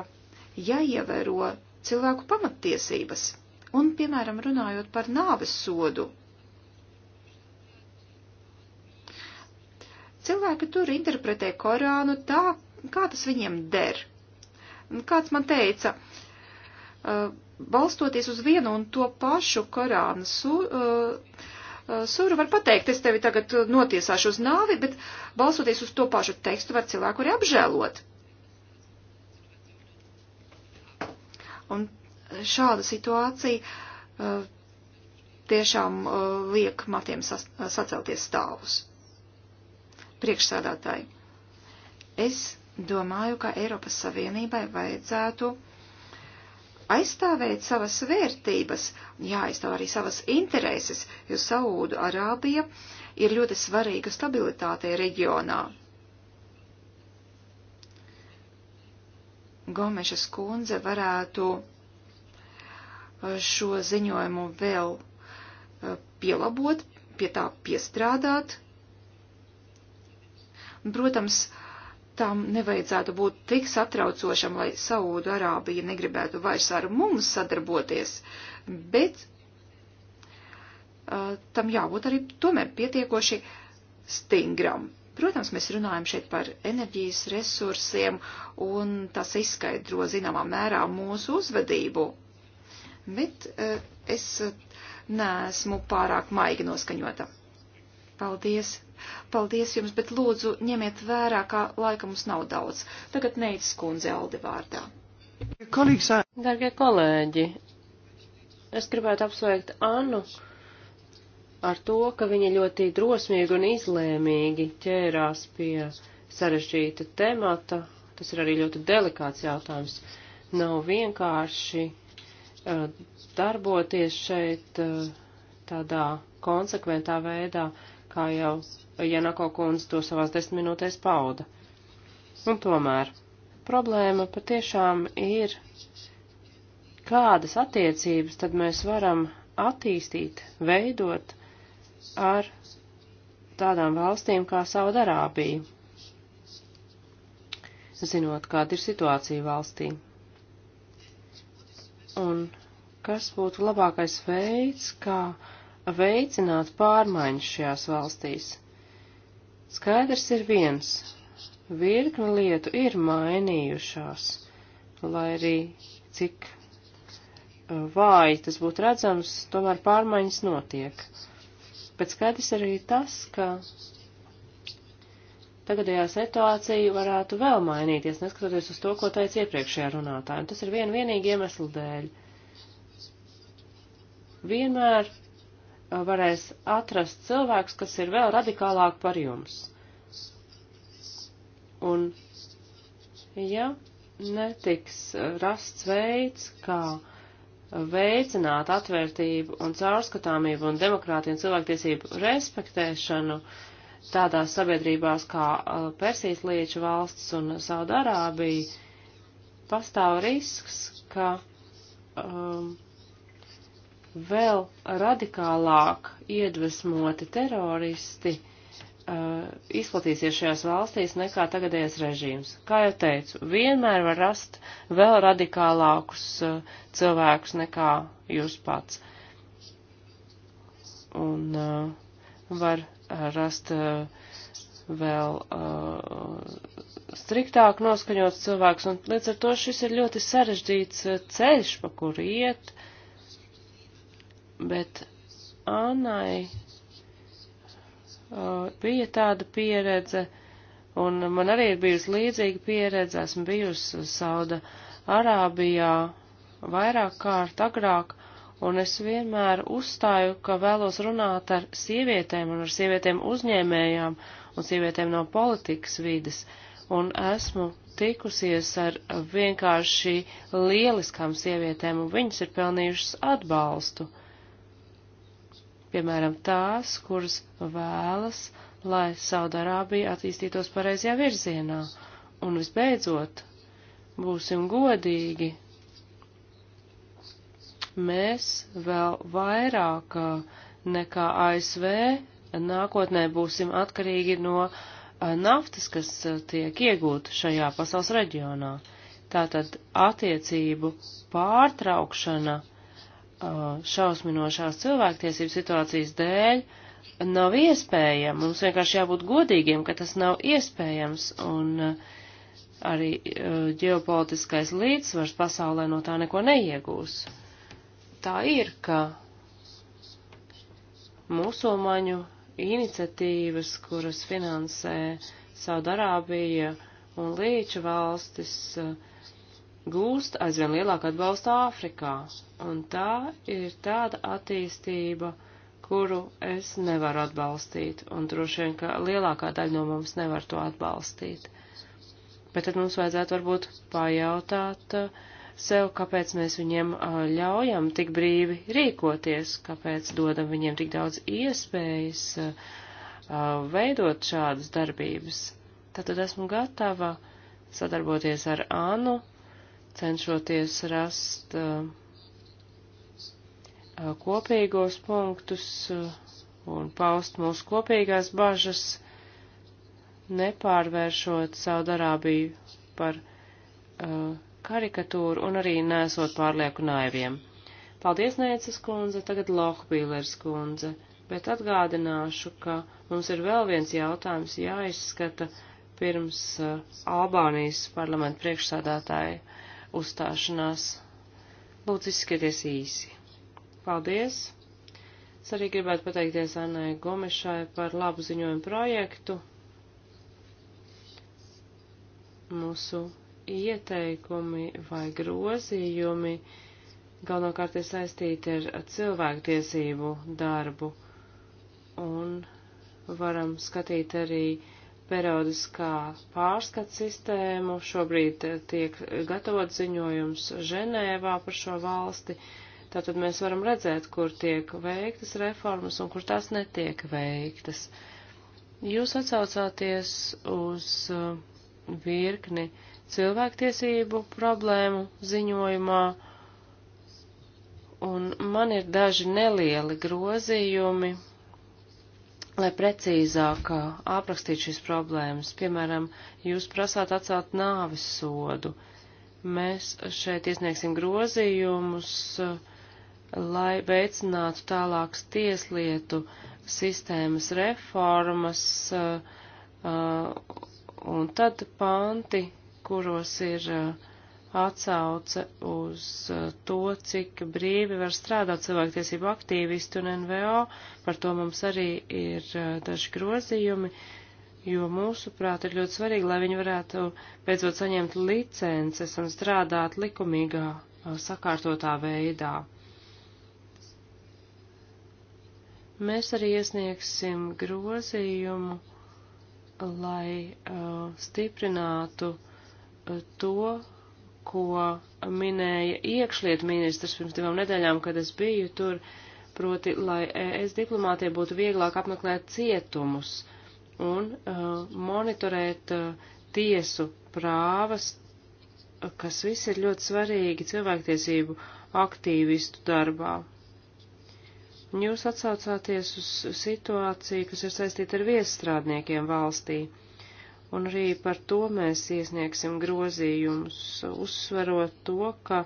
jāievēro cilvēku pamattiesības. Un, piemēram, runājot par nāves sodu, Cilvēki tur interpretē Korānu tā, kā tas viņiem der. Kāds man teica, balstoties uz vienu un to pašu Korānu su, suru, var pateikt, es tevi tagad notiesāšu uz nāvi, bet balstoties uz to pašu tekstu var cilvēku arī apžēlot. Un šāda situācija uh, tiešām uh, liek matiem sacelties stāvus priekšsādātāji. Es domāju, ka Eiropas Savienībai vajadzētu aizstāvēt savas vērtības, jāaizstāv arī savas intereses, jo Saūdu Arābija ir ļoti svarīga stabilitātei reģionā. Gomešas kundze varētu uh, šo ziņojumu vēl uh, pielabot, pie tā piestrādāt, Protams, tam nevajadzētu būt tik satraucošam, lai Saūda Arābija negribētu vairs ar mums sadarboties, bet uh, tam jābūt arī tomēr pietiekoši stingram. Protams, mēs runājam šeit par enerģijas resursiem, un tas izskaidro zināmā mērā mūsu uzvedību. Bet uh, es eh, neesmu pārāk maigi noskaņota. Paldies! Paldies jums, bet lūdzu ņemiet vērā, ka laika mums nav daudz. Tagad neicis kundze Aldi vārdā. Dargie kolēģi, es gribētu apsveikt Annu ar to, ka viņa ļoti drosmīgi un izlēmīgi ķērās pie sarežģīta temata. Tas ir arī ļoti delikāts jautājums. Nav vienkārši uh, darboties šeit uh, tādā konsekventā veidā. Uh, kā jau Janako kundze to savās desmit minūtēs pauda. Un tomēr problēma patiešām ir, kādas attiecības tad mēs varam attīstīt, veidot ar tādām valstīm kā Saudarābija, zinot, kāda ir situācija valstī. Un kas būtu labākais veids, kā veicināt pārmaiņas šajās valstīs. Skaidrs ir viens - virkni lietu ir mainījušās, lai arī cik uh, vāji tas būtu redzams, tomēr pārmaiņas notiek. Bet skaidrs arī tas, ka tagadējā situācija varētu vēl mainīties, neskatoties uz to, ko teica iepriekšējā runātāja. Un tas ir vien vienīgi iemeslu dēļ. Vienmēr Uh, varēs atrast cilvēks, kas ir vēl radikālāk par jums. Un, ja netiks rasts veids, kā veicināt atvērtību un caurskatāmību un demokrātiju un cilvēktiesību respektēšanu tādās sabiedrībās kā uh, Persijas lieču valsts un Saudarābija, pastāv risks, ka um, vēl radikālāk iedvesmoti teroristi uh, izplatīsies šajās valstīs nekā tagadējais režīms. Kā jau teicu, vienmēr var rast vēl radikālākus uh, cilvēkus nekā jūs pats. Un uh, var uh, rast uh, vēl uh, striktāk noskaņots cilvēks, un līdz ar to šis ir ļoti sarežģīts ceļš, pa kuru iet bet Annai uh, bija tāda pieredze, un man arī ir bijusi līdzīga pieredze, esmu bijusi Sauda Arābijā vairāk kārt agrāk, un es vienmēr uzstāju, ka vēlos runāt ar sievietēm un ar sievietēm uzņēmējām un sievietēm no politikas vides, un esmu tikusies ar vienkārši lieliskām sievietēm, un viņas ir pelnījušas atbalstu. Uh, piemēram tās, kuras vēlas, lai Saudarābija attīstītos pareizajā virzienā. Un visbeidzot, būsim godīgi, mēs vēl vairāk uh, nekā ASV nākotnē būsim atkarīgi no uh, naftas, kas uh, tiek iegūta šajā pasaules reģionā. Tātad attiecību pārtraukšana Uh, šausminošās cilvēktiesību situācijas dēļ nav iespējama. Mums vienkārši jābūt godīgiem, ka tas nav iespējams, un uh, arī uh, ģeopolitiskais līdzsvars pasaulē no tā neko neiegūs. Tā ir, ka musulmaņu iniciatīvas, kuras finansē Saudarābija un Līča valstis, gūst aizvien lielāku atbalstu Āfrikā Un tā ir tāda attīstība, kuru es nevaru atbalstīt, un droši vien, ka lielākā daļa no mums nevar to atbalstīt. Bet tad mums vajadzētu varbūt pajautāt uh, sev, kāpēc mēs viņiem uh, ļaujam tik brīvi rīkoties, kāpēc dodam viņiem tik daudz iespējas uh, veidot šādas darbības. Tātad esmu gatava sadarboties ar Anu, cenšoties rast uh, kopīgos punktus un paust mūsu kopīgās bažas, nepārvēršot Saudarābiju par uh, karikatūru un arī nesot pārlieku naiviem. Paldies, Nēcas kundze, tagad Lohbīlers kundze, bet atgādināšu, ka mums ir vēl viens jautājums jāizskata pirms uh, Albānijas parlamenta priekšsādātāja uzstāšanās. Lūdzu, izskaties īsi. Paldies! Es arī gribētu pateikties Annai Gomešai par labu ziņojumu projektu. Mūsu ieteikumi vai grozījumi galvenokārt ir saistīti ar cilvēktiesību darbu un varam skatīt arī periodiskā pārskat sistēmu. Šobrīd tiek gatavot ziņojums Ženēvā par šo valsti. Uh, Tātad mēs varam redzēt, kur tiek veiktas reformas un kur tās netiek veiktas. Jūs atsaucāties uz uh, virkni cilvēktiesību problēmu ziņojumā, un man ir daži nelieli grozījumi, lai precīzāk uh, aprakstītu šīs problēmas. Piemēram, jūs prasāt atcelt nāvis sodu. Mēs šeit iesniegsim grozījumus, uh, lai veicinātu tālākas tieslietu sistēmas reformas, uh, uh, un tad panti, kuros ir uh, atsauce uz to, cik brīvi var strādāt cilvēktiesību aktīvisti un NVO, par to mums arī ir daži grozījumi, jo mūsuprāt ir ļoti svarīgi, lai viņi varētu beidzot saņemt licences un strādāt likumīgā, sakārtotā veidā. Mēs arī iesniegsim grozījumu, lai uh, stiprinātu uh, to, ko minēja iekšlietu ministrs pirms divām nedēļām, kad es biju tur, proti, lai es diplomātie būtu vieglāk apmeklēt cietumus un uh, monitorēt uh, tiesu prāvas, kas viss ir ļoti svarīgi cilvēktiesību aktīvistu darbā. Jūs atsaucāties uz situāciju, kas ir saistīta ar viesstrādniekiem valstī, un arī par to mēs iesniegsim grozījumus, uzsverot to, ka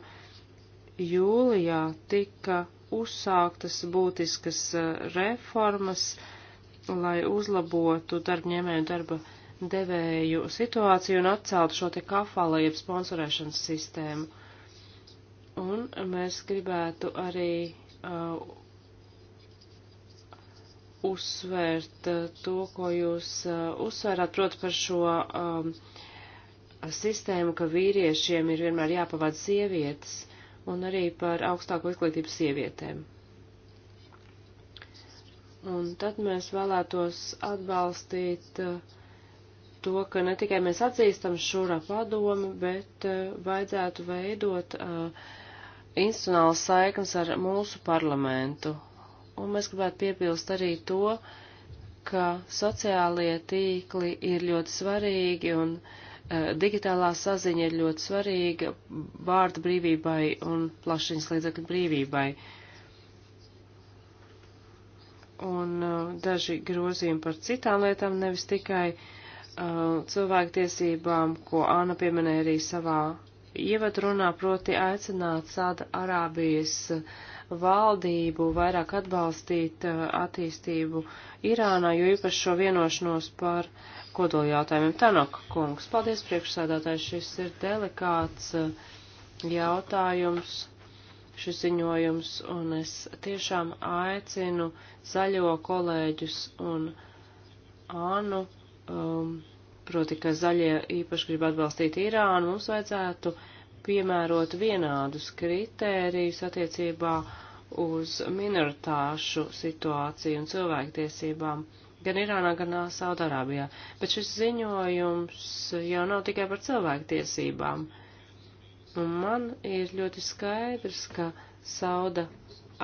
jūlijā tika uzsāktas būtiskas uh, reformas, lai uzlabotu darbņēmēju darba devēju situāciju un atceltu šo te kafala jeb sponsorēšanas sistēmu. Un mēs gribētu arī uh, uzsvērt eh, to, ko jūs eh, uzsvērāt, proti par šo um, sistēmu, ka vīriešiem ir vienmēr jāpavada sievietes un arī par augstāko izglītību sievietēm. Un tad mēs vēlētos atbalstīt eh, to, ka ne tikai mēs atzīstam šura padomi, bet vajadzētu veidot uh, institucionālas saiknes ar mūsu parlamentu, Un mēs gribētu piebilst arī to, ka sociālie tīkli ir ļoti svarīgi un e, digitālā saziņa ir ļoti svarīga vārda brīvībai un plašiņas līdzekļu brīvībai. Un e, daži grozījumi par citām lietām, nevis tikai e, cilvēktiesībām, ko Āna pieminēja arī savā ievadrunā, proti aicināt Sāda Arābijas valdību vairāk atbalstīt uh, attīstību Irānā, jo īpaši šo vienošanos par kodoli jautājumiem. Tanok kungs, paldies priekšsēdātājs, šis ir delikāts uh, jautājums, šis ziņojums, un es tiešām aicinu zaļo kolēģus un Ānu, um, proti, ka zaļie īpaši grib atbalstīt Irānu, mums vajadzētu uh, piemērot vienādus kritērijus attiecībā uz minoritāšu situāciju un cilvēktiesībām gan Irānā, gan Saudarābijā. Bet šis ziņojums jau nav tikai par cilvēktiesībām. Un man ir ļoti skaidrs, ka Sauda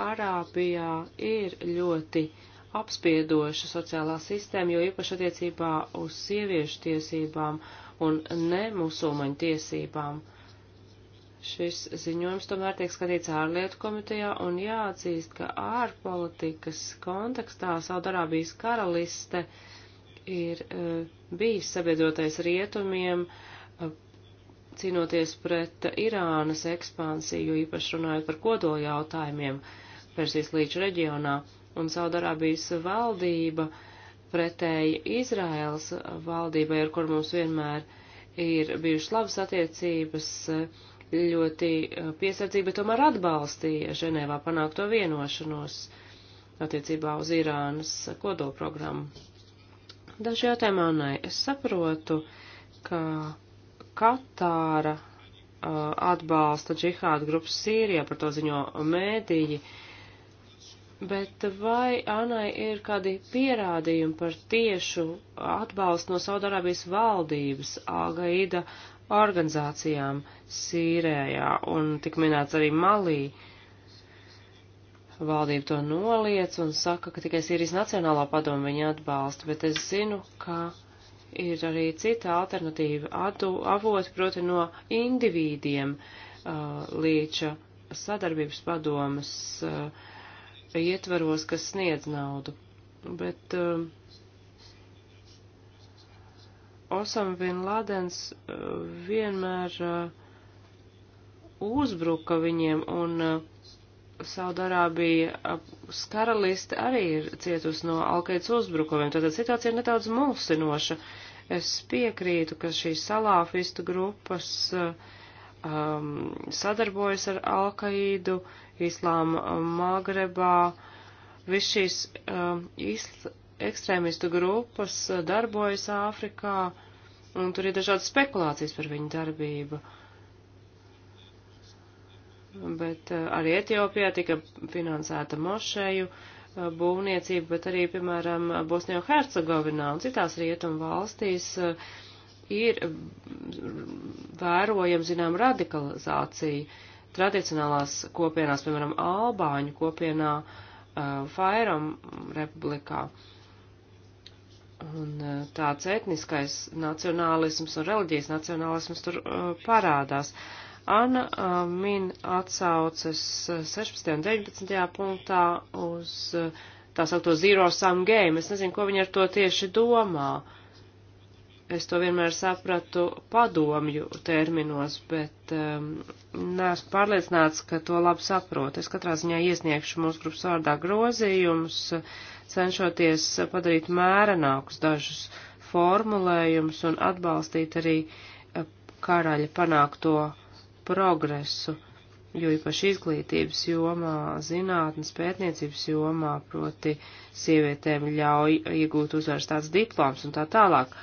Arābijā ir ļoti apspiedoša sociālā sistēma, jo īpaši attiecībā uz sieviešu tiesībām un nemusulmaņu tiesībām. Uh, Šis ziņojums tomēr tiek skatīts ārlietu komitejā un jāatzīst, ka ārpolitikas kontekstā Saudarābijas karaliste ir uh, bijis sabiedrotais rietumiem, uh, cīnoties pret Irānas ekspansiju, īpaši runājot par kodola jautājumiem Persijas līča reģionā, un Saudarābijas valdība pretēji Izraels valdībai, ar kur mums vienmēr ir bijušas labas attiecības, uh, ļoti eh, piesardzīgi, bet tomēr atbalstīja Ženēvā panākto vienošanos attiecībā uz Irānas kodolprogrammu. Daži jautājumi Annai. Es saprotu, ka Katāra uh, atbalsta džihādu grupu Sīrijā, par to ziņo mēdīji, bet vai Annai ir kādi pierādījumi par tiešu atbalstu no Saudarābijas valdības? Agaida organizācijām Sīrējā un tik minēts arī Malī. Valdība to noliec un saka, ka tikai Sīrijas Nacionālā padoma viņu atbalsta, bet es zinu, ka ir arī cita alternatīva adu, avot, proti no individiem uh, līča sadarbības padomas uh, ietvaros, kas sniedz naudu. Bet uh, Osama Bin Ladens eh, vienmēr eh, uzbruka viņiem, un eh, Saudarābija karaliste arī ir cietusi no Alkaidas uzbrukumiem, tātad situācija ir nedaudz mulsinoša. Es piekrītu, ka šīs salāfistu grupas um, sadarbojas ar Alkaidu, Islāma Magrebā, viss šīs um, isla ekstrēmistu grupas darbojas Āfrikā, un tur ir dažādas spekulācijas par viņu darbību. Bet eh, arī Etiopijā tika finansēta mošeju eh, būvniecība, bet arī, piemēram, Bosnijā Hercegovinā un citās rietumu valstīs eh, ir vērojama, zinām, radikalizācija. Tradicionālās kopienās, piemēram, Albāņu kopienā, uh, Fairam republikā. Uh, Un e, tāds etniskais nacionālisms un reliģijas nacionālisms tur uh, parādās. Anna uh, min atsaucas 16. un 19. punktā uz uh, tā saukto zero sum game. Es nezinu, ko viņa ar to tieši domā. Es to vienmēr sapratu padomju terminos, bet um, neesmu pārliecināts, ka to labi saprotu. Es katrā ziņā iesniegšu mūsu grupas vārdā grozījumus. Uh, cenšoties padarīt mērenākus dažus formulējumus un atbalstīt arī eh, karaļa panākto progresu, jo īpaši izglītības jomā, zinātnes pētniecības jomā, proti sievietēm ļauj iegūt uzvaras tāds diploms un tā tālāk.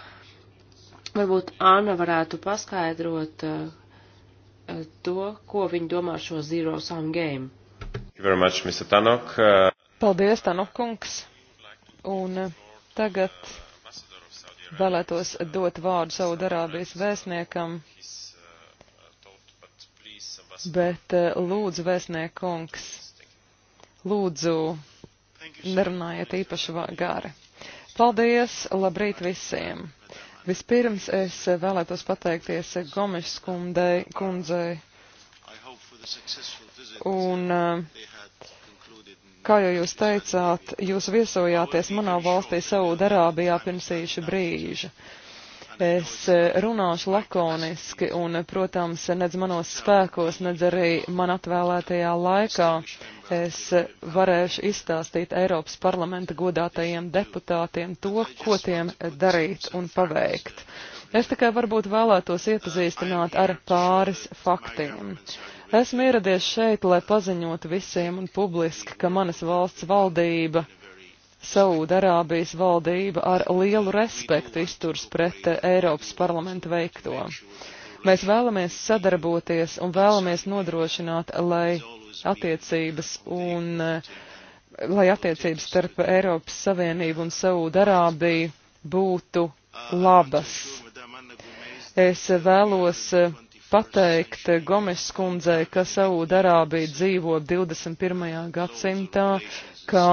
Varbūt Anna varētu paskaidrot uh, to, ko viņa domā ar šo zero sum game. Much, Tanok. Uh, Paldies, Tanok kungs. Un eh, tagad vēlētos dot vārdu Saudarābijas vēstniekam. Bet eh, lūdzu, vēstnieku kungs, lūdzu, nerunājiet īpaši gari. Paldies, labrīt visiem! Vispirms es eh, vēlētos pateikties Gomešs kundzei un uh, Kā jau jūs teicāt, jūs viesojāties manā valstī Saudarābijā pirms īša brīža. Es eh, runāšu lakoniski un, protams, nedz manos spēkos, nedz arī man atvēlētajā laikā es varēšu izstāstīt Eiropas parlamenta godātajiem deputātiem to, ko tiem darīt un paveikt. Es tikai varbūt vēlētos iepazīstināt ar pāris faktiem. Uh, Esmu ieradies šeit, lai paziņotu visiem un publiski, ka manas valsts valdība, Saudarābijas valdība ar lielu respektu izturs pret eh, Eiropas parlamentu veikto. Mēs vēlamies sadarboties un vēlamies nodrošināt, lai attiecības un uh, lai attiecības starp Eiropas Savienību un Saudarābiju būtu labas. Es vēlos eh, pateikt Gomes kundzei, ka Saudarābija dzīvo 21. gadsimtā, ka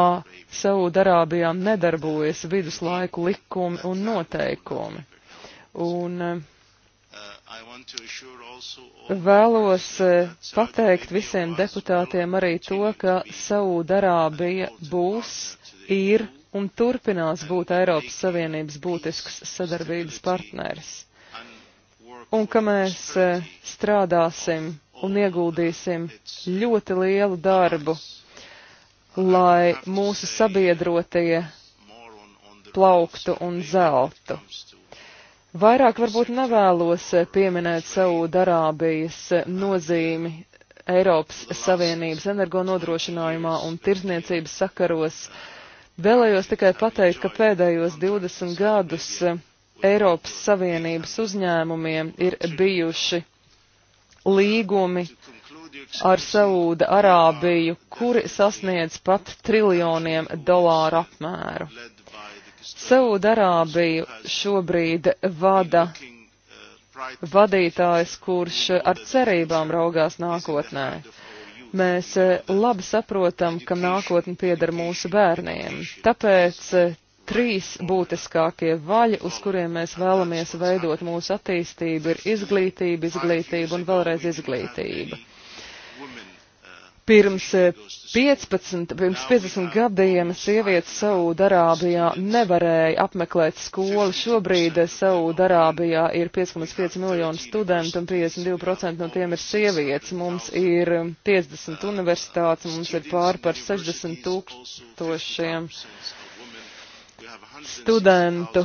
Saudarābijā nedarbojas viduslaiku likumi un noteikumi. Un eh, vēlos eh, pateikt visiem deputātiem arī to, ka Saudarābija būs, ir un turpinās būt Eiropas Savienības būtisks sadarbības partners un ka mēs eh, strādāsim un ieguldīsim ļoti lielu darbu, lai mūsu sabiedrotie plauktu un zeltu. Vairāk varbūt nevēlos eh, pieminēt savu darābijas eh, nozīmi Eiropas Savienības energonodrošinājumā un tirzniecības sakaros. Vēlējos tikai pateikt, ka pēdējos 20 gadus Eiropas Savienības uzņēmumiem ir bijuši līgumi ar Saūda Arābiju, kuri sasniedz pat triljoniem dolāru apmēru. Saūda Arābiju šobrīd vada vadītājs, kurš ar cerībām raugās nākotnē. Mēs eh, labi saprotam, ka nākotne pieder mūsu bērniem, tāpēc eh, trīs būtiskākie vaļi, uz kuriem mēs vēlamies veidot mūsu attīstību, ir izglītība, izglītība un vēlreiz izglītība. Pirms 15, eh, pirms 50 gadiem sievietes Saudarābijā nevarēja apmeklēt skolu. Šobrīd Saudarābijā ir 5,5 miljonu studentu un 52% no tiem ir sievietes. Mums ir 50 universitātes, mums ir pār par 60 tūkstošiem. 000 studentu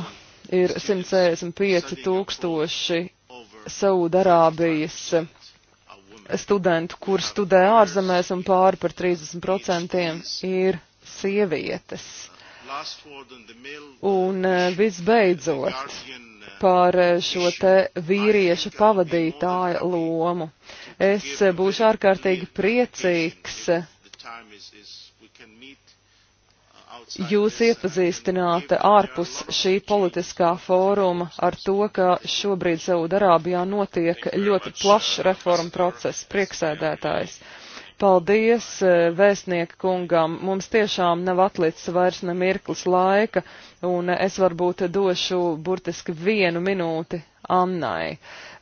ir 165 tūkstoši Saudarābijas studentu, kur studē ārzemēs un pāri par 30% ir sievietes. Un eh, visbeidzot par eh, šo te vīriešu pavadītāja lomu. Es eh, būšu ārkārtīgi priecīgs jūs iepazīstināta ārpus šī politiskā fóruma ar to, ka šobrīd Saudarābijā notiek ļoti plašs reformu process, prieksēdētājs. Paldies eh, vēstnieku kungam, mums tiešām nav atlicis vairs ne mirklis laika, un es varbūt došu burtiski vienu minūti Annai.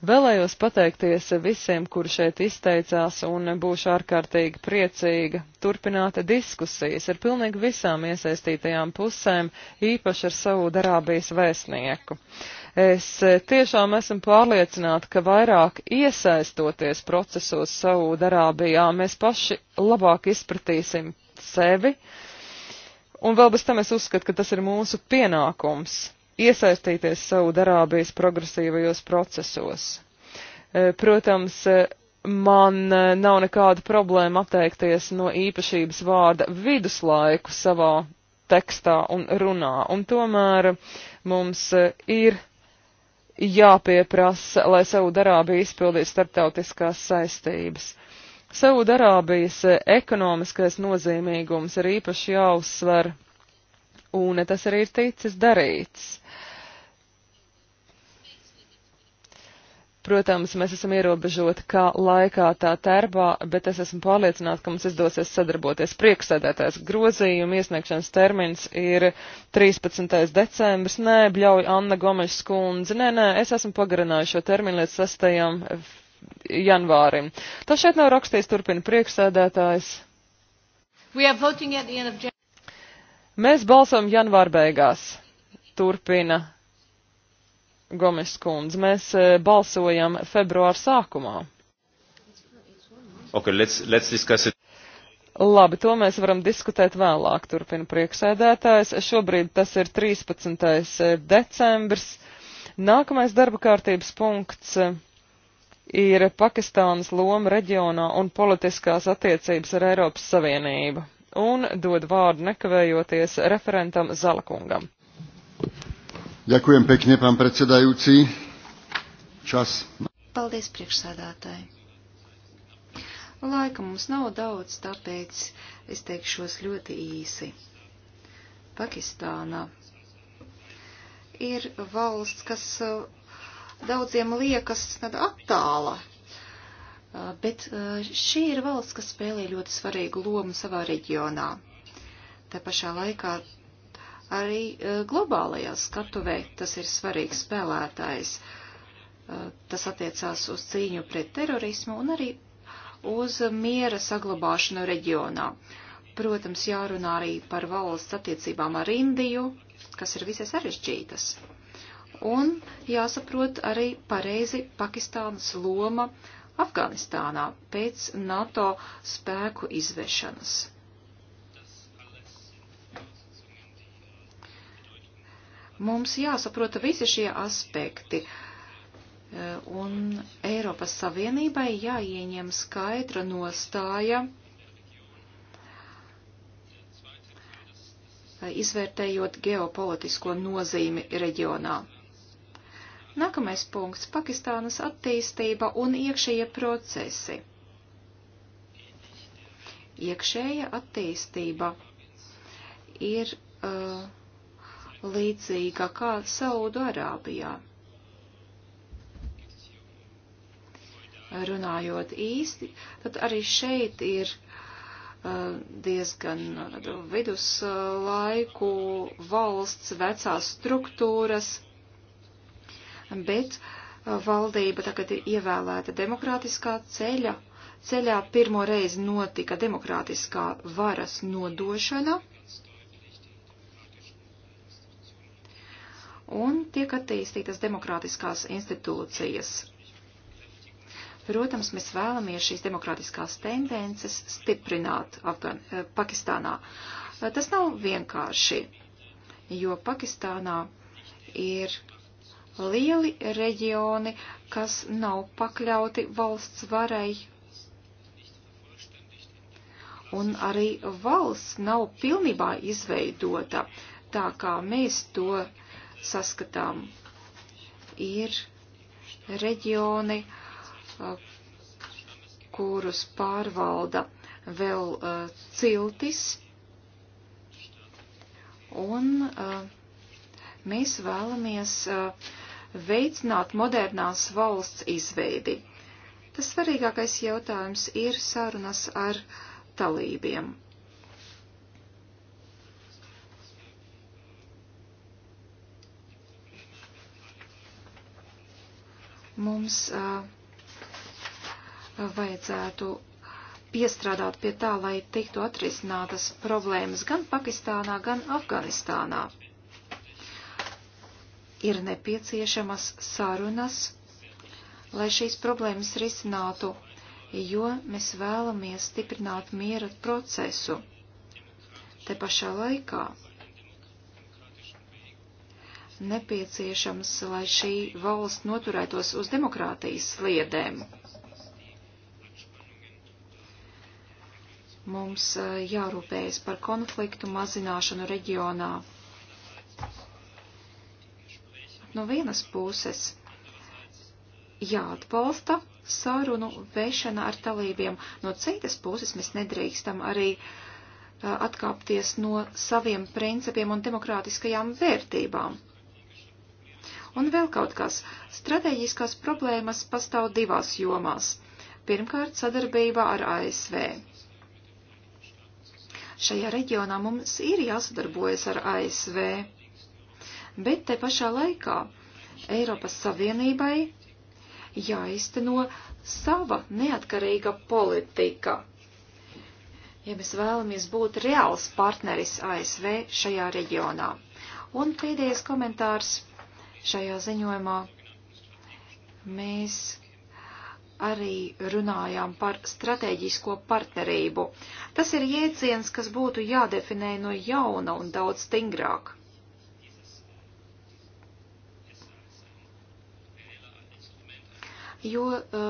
Vēlējos pateikties visiem, kur šeit izteicās, un būšu ārkārtīgi priecīga turpināt diskusijas ar pilnīgi visām iesaistītajām pusēm, īpaši ar savu darābijas vēstnieku. Es tiešām esmu pārliecināta, ka vairāk iesaistoties procesos savu darābijā, mēs paši labāk izpratīsim sevi, uh, Un vēl bez tam es uzskatu, ka tas ir mūsu pienākums iesaistīties Saudarābijas progresīvajos procesos. E, protams, e, man e, nav nekāda problēma atteikties no īpašības vārda viduslaiku savā tekstā un runā, un tomēr mums ir jāpieprasa, lai Saudarābija izpildītu starptautiskās saistības. Saudarābijas eh, ekonomiskais nozīmīgums ir īpaši jāuzsver, un tas arī ir ticis darīts. Protams, mēs esam ierobežoti kā laikā tā tērbā, bet es esmu pārliecināta, ka mums izdosies sadarboties. Prieksēdētājs grozījuma iesniegšanas termins ir 13. decembris. Nē, bļauj Anna Gomeša skundze. Nē, nē, es esmu pagarinājuši šo terminu līdz 6 janvārim. Tas šeit nav rakstīts, turpina priekšsēdētājs. Of... Mēs balsam janvāra beigās, turpina Gomes kundze. Mēs eh, balsojam februāra sākumā. Okay, let's, let's discuss it. Labi, to mēs varam diskutēt vēlāk, turpina prieksēdētājs. Šobrīd tas ir 13. Eh, decembris. Nākamais darba kārtības punkts eh, ir Pakistānas loma reģionā un politiskās attiecības ar Eiropas Savienību. Un dod vārdu nekavējoties referentam Zalakungam. Ďakujem pekne, pán predsedajúci. Čas. Paldies, priekšsādātāji. Laika mums nav daudz, tāpēc es teikšos ļoti īsi. Pakistāna ir valsts, kas daudziem liekas tāda attāla. Uh, bet uh, šī ir valsts, kas spēlē ļoti svarīgu lomu savā reģionā. Te pašā laikā arī uh, globālajā skatuvē tas ir svarīgs spēlētājs. Tas attiecās uz cīņu pret terorismu un arī uz miera saglabāšanu reģionā. Protams, jārunā arī par valsts attiecībām ar Indiju, kas ir visai sarežģītas un jāsaprot arī pareizi Pakistānas loma Afganistānā pēc NATO spēku izvešanas. Mums jāsaprota visi šie aspekti, eh, un Eiropas Savienībai jāieņem skaidra nostāja eh, izvērtējot ģeopolitisko nozīmi reģionā. Nākamais punkts - Pakistānas attīstība un iekšējie procesi. Iekšēja attīstība ir uh, līdzīga kā Saudu Arābijā. Runājot īsti, tad arī šeit ir uh, diezgan uh, viduslaiku uh, valsts vecās struktūras, bet uh, valdība tagad ir ievēlēta demokrātiskā ceļa. Ceļā pirmo reizi notika demokrātiskā varas nodošana. Un tiek attīstītas demokrātiskās institūcijas. Protams, mēs vēlamies šīs demokrātiskās tendences stiprināt Afgan eh, Pakistānā. Eh, tas nav vienkārši, jo Pakistānā ir lieli reģioni, kas nav pakļauti valsts varai. Un arī valsts nav pilnībā izveidota tā, kā mēs to saskatām. Ir reģioni, kurus pārvalda vēl ciltis, un mēs vēlamies uh, veicināt modernās valsts izveidi. Tas svarīgākais jautājums ir sarunas ar talībiem. Mums uh, vajadzētu piestrādāt pie tā, lai tiktu atrisinātas problēmas gan Pakistānā, gan Afganistānā ir nepieciešamas sarunas, lai šīs problēmas risinātu, jo mēs vēlamies stiprināt miera procesu. Te pašā laikā nepieciešams, lai šī valsts noturētos uz demokrātijas sliedēm. Mums jārūpējas par konfliktu mazināšanu reģionā No vienas puses jāatbalsta sarunu vešana ar dalībiem, no citas puses mēs nedrīkstam arī atkāpties no saviem principiem un demokrātiskajām vērtībām. Un vēl kaut kas. Stratēģiskās problēmas pastāv divās jomās. Pirmkārt, sadarbība ar ASV. Šajā reģionā mums ir jāsadarbojas ar ASV bet te pašā laikā Eiropas Savienībai jāizteno sava neatkarīga politika. Ja mēs vēlamies būt reāls partneris ASV šajā reģionā. Un pēdējais komentārs šajā ziņojumā. Mēs arī runājām par strateģisko partnerību. Tas ir jēdziens, kas būtu jādefinē no jauna un daudz stingrāk. jo eh,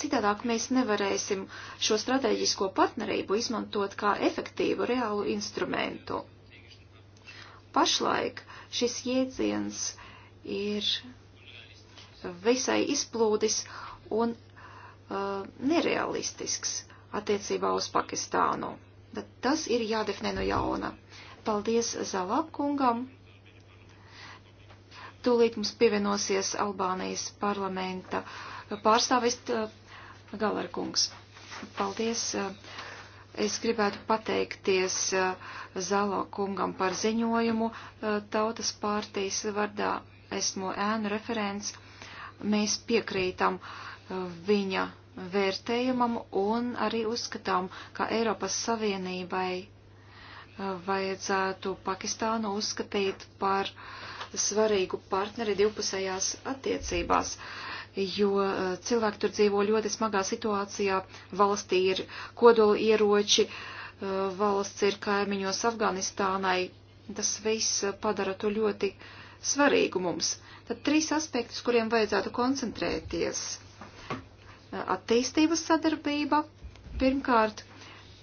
citādāk mēs nevarēsim šo strateģisko partnerību izmantot kā efektīvu reālu instrumentu. Pašlaik šis jēdziens ir visai izplūdis un uh, nerealistisks attiecībā uz Pakistānu. Bet tas ir jādefinē no jauna. Paldies Zalapkungam. Tūlīt mums pievienosies Albānijas parlamenta uh, pārstāvist eh, Galerkungs. Paldies! Eh, es gribētu pateikties eh, Zalo kungam par ziņojumu Tautas pārtīs vardā. Esmu ēnu referents. Mēs piekrītam viņa vērtējumam un arī uzskatām, ka Eiropas Savienībai vajadzētu Pakistānu uzskatīt par svarīgu partneri divpusējās attiecībās. Uh, jo eh, cilvēki tur dzīvo ļoti smagā situācijā, valstī ir kodola ieroči, eh, valsts ir kaimiņos Afganistānai, tas viss eh, padara to ļoti svarīgu mums. Tad trīs aspekti, uz kuriem vajadzētu koncentrēties. Attīstības sadarbība, pirmkārt,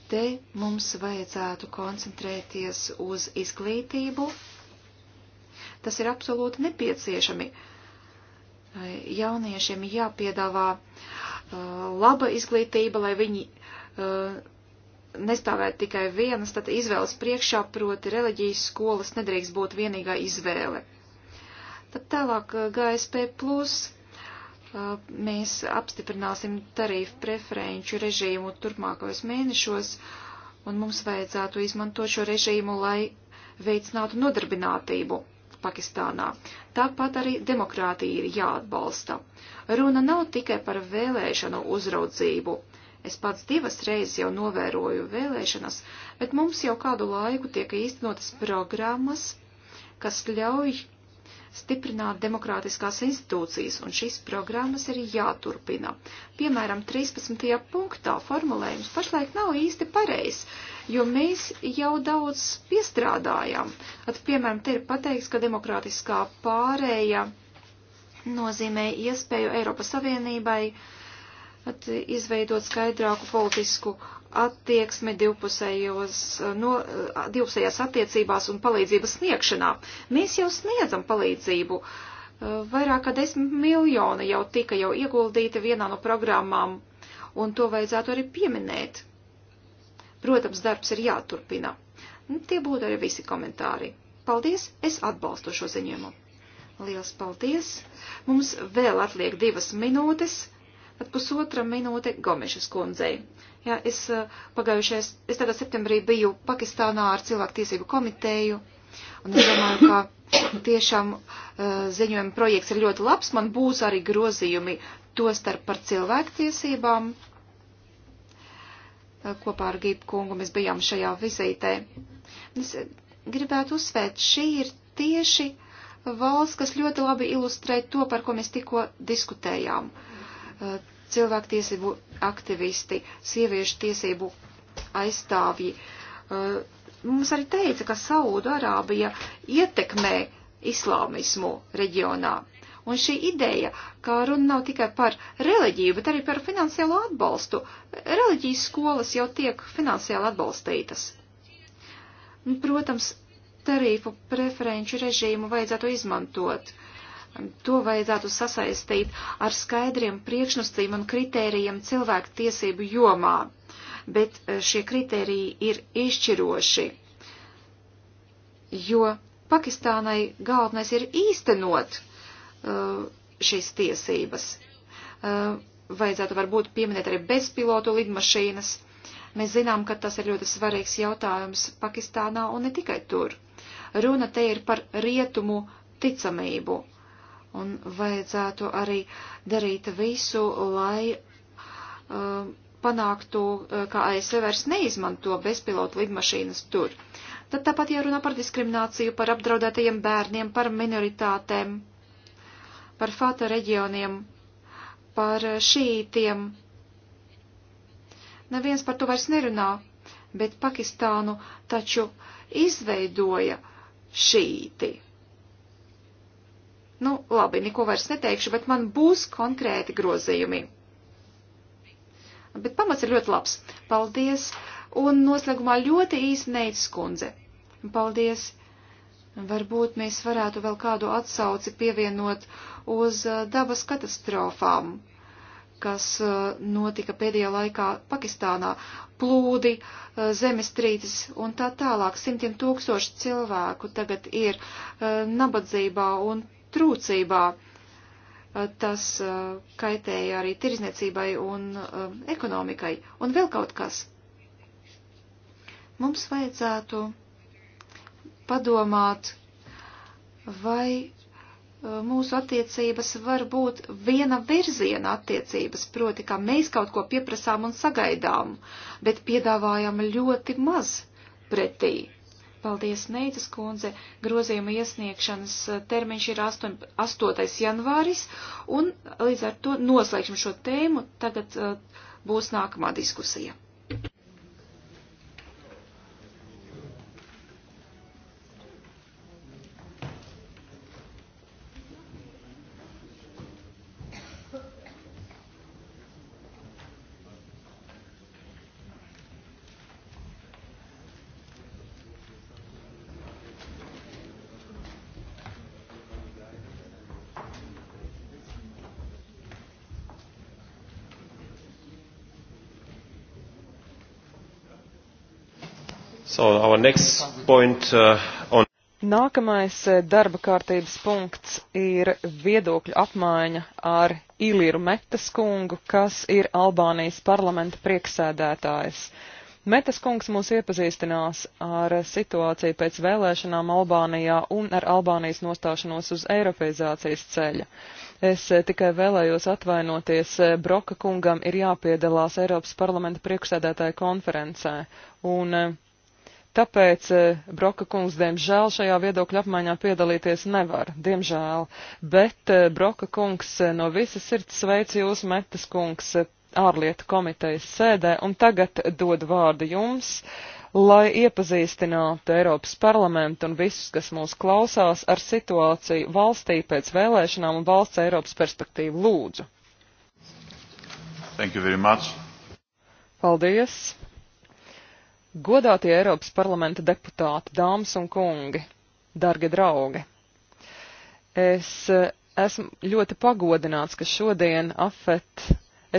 te mums vajadzētu koncentrēties uz izglītību. Tas ir absolūti nepieciešami. Uh, jauniešiem jāpiedāvā uh, laba izglītība, lai viņi uh, nestāvētu tikai vienas, tad izvēles priekšā, proti reliģijas skolas nedrīkst būt vienīgā izvēle. Tad tālāk uh, GSP plus mēs apstiprināsim tarifu preferenču režīmu turpmākajos mēnešos, un mums vajadzētu izmantot šo režīmu, lai veicinātu nodarbinātību. Pakistānā. Tāpat arī demokrātija ir jāatbalsta. Runa nav tikai par vēlēšanu uzraudzību. Es pats divas reizes jau novēroju vēlēšanas, bet mums jau kādu laiku tiek īstenotas programmas, kas ļauj stiprināt demokrātiskās institūcijas, un šīs programmas ir jāturpina. Piemēram, 13. punktā formulējums pašlaik nav īsti pareizs, jo mēs jau daudz piestrādājām. At, piemēram, te ir pateikts, ka demokrātiskā pārēja nozīmē iespēju Eiropas Savienībai uh, pat izveidot skaidrāku politisku attieksmi divpusējos, eh, no, eh, divpusējās attiecībās un palīdzības sniegšanā. Mēs jau sniedzam palīdzību. Eh, vairāk kā desmit miljoni jau tika jau ieguldīta vienā no programmām, un to vajadzētu arī pieminēt. Protams, darbs ir jāturpina. Nu, tie būtu arī visi komentāri. Paldies, es atbalstu šo ziņojumu. Liels paldies! Mums vēl atliek divas minūtes pat pusotra minūte Gomešas kundzei. Jā, es eh, pagājušais, es tagad septembrī biju Pakistānā ar cilvēktiesību komiteju, un es domāju, ka tiešām eh, ziņojuma projekts ir ļoti labs, man būs arī grozījumi tostarp par cilvēktiesībām. Eh, kopā ar Gību kungu mēs bijām šajā vizītē. Es gribētu uzsvērt, šī ir tieši valsts, kas ļoti labi ilustrē to, par ko mēs tikko diskutējām. Uh, Uh, cilvēktiesību aktivisti, sieviešu tiesību aizstāvji. Uh, mums arī teica, ka Saūda Arābija ietekmē islāmismu reģionā. Un šī ideja, kā runa nav tikai par reliģiju, bet arī par finansiālo atbalstu, reliģijas skolas jau tiek finansiāli atbalstītas. Un, protams, tarifu preferenču režīmu vajadzētu izmantot uh, to vajadzētu sasaistīt ar skaidriem priekšnostīm un kritērijiem cilvēku tiesību jomā, bet e, šie kritēriji ir izšķiroši, jo Pakistānai galvenais ir īstenot e, šīs tiesības. E, vajadzētu varbūt pieminēt arī bezpilotu lidmašīnas. Mēs zinām, ka tas ir ļoti svarīgs jautājums Pakistānā un ne tikai tur. Runa te ir par rietumu ticamību. Uh, Un vajadzētu arī darīt visu, lai uh, panāktu, uh, ka ASV vairs neizmanto bezpilotu lidmašīnas tur. Tad tāpat jārunā par diskrimināciju, par apdraudētajiem bērniem, par minoritātēm, par fata reģioniem, par uh, šītiem. Neviens par to vairs nerunā, bet Pakistānu taču izveidoja šīti. Nu, labi, neko vairs neteikšu, bet man būs konkrēti grozījumi. Bet pamats ir ļoti labs. Paldies! Un noslēgumā ļoti īsi neicis kundze. Paldies! Varbūt mēs varētu vēl kādu atsauci pievienot uz uh, dabas katastrofām, kas uh, notika pēdējā laikā Pakistānā. Plūdi, uh, zemestrīces un tā tālāk. Simtiem tūkstoši cilvēku tagad ir nabadzībā un trūcībā. Eh, tas eh, kaitēja arī tirzniecībai un eh, ekonomikai. Un vēl kaut kas. Mums vajadzētu padomāt, vai mūsu attiecības var būt viena virziena attiecības, proti, kā mēs kaut ko pieprasām un sagaidām, bet piedāvājam ļoti maz pretī. Paldies, Neitas kundze. Grozījuma iesniegšanas eh, termiņš ir 8, 8. janvāris, un līdz ar to noslēgšam šo tēmu. Tagad uh, būs nākamā diskusija. So our next point uh, on. Nākamais uh, darba kārtības punkts ir viedokļu apmaiņa ar Ilīru Metas kungu, kas ir Albānijas parlamenta prieksēdētājs. Metas kungs mūs iepazīstinās ar situāciju pēc vēlēšanām Albānijā un ar Albānijas nostāšanos uz Eiropeizācijas ceļa. Es uh, tikai vēlējos atvainoties, uh, Broka kungam ir jāpiedalās Eiropas parlamenta priekšsēdētāja konferencē, un Tāpēc e, Broka kungs, diemžēl, šajā viedokļa apmaiņā piedalīties nevar, diemžēl, bet e, Broka kungs e, no visas sirds sveic jūs, Metas kungs, ārlietu komitejas sēdē, un tagad dod vārdu jums, lai iepazīstinātu Eiropas parlamentu un visus, kas mūs klausās, ar situāciju valstī pēc vēlēšanām un valsts Eiropas perspektīvu lūdzu. Thank you very much. Paldies. Godātie Eiropas parlamenta deputāti, dāmas un kungi, dargi draugi! Es eh, esmu ļoti pagodināts, ka šodien afet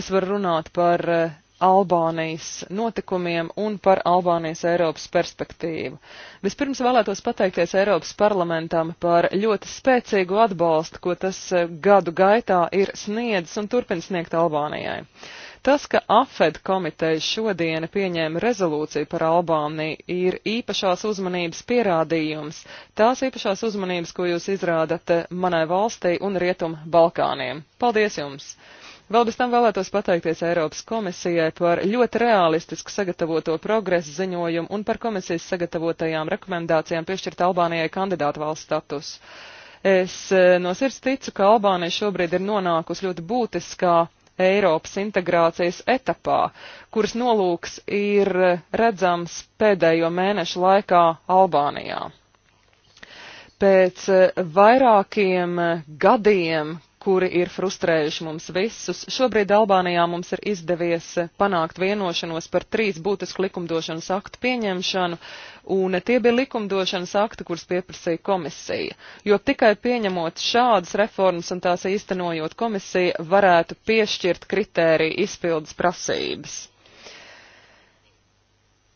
es varu runāt par eh, Albānijas notikumiem un par Albānijas Eiropas perspektīvu. Vispirms vēlētos pateikties Eiropas parlamentam par ļoti spēcīgu atbalstu, ko tas eh, gadu gaitā ir sniedzis un turpin sniegt Albānijai. Uh, Tas, ka AFED komiteja šodien pieņēma rezolūciju par Albāniju, ir īpašās uzmanības pierādījums. Tās īpašās uzmanības, ko jūs izrādat manai valstī un Rietumu Balkāniem. Paldies jums! Vēl bez tam vēlētos pateikties Eiropas komisijai par ļoti realistisku sagatavoto progresu ziņojumu un par komisijas sagatavotajām rekomendācijām piešķirt Albānijai kandidātu valsts statusu. Es eh, no sirds ticu, ka Albānija šobrīd ir nonākusi ļoti būtiskā Eiropas integrācijas etapā, kuras nolūks ir redzams pēdējo mēnešu laikā Albānijā. Pēc vairākiem gadiem, kuri ir frustrējuši mums visus. Šobrīd Albānijā mums ir izdevies panākt vienošanos par trīs būtisku likumdošanas aktu pieņemšanu, un tie bija likumdošanas akti, kurus pieprasīja komisija. Jo tikai pieņemot šādas reformas un tās īstenojot komisija varētu piešķirt kritēriju izpildes prasības.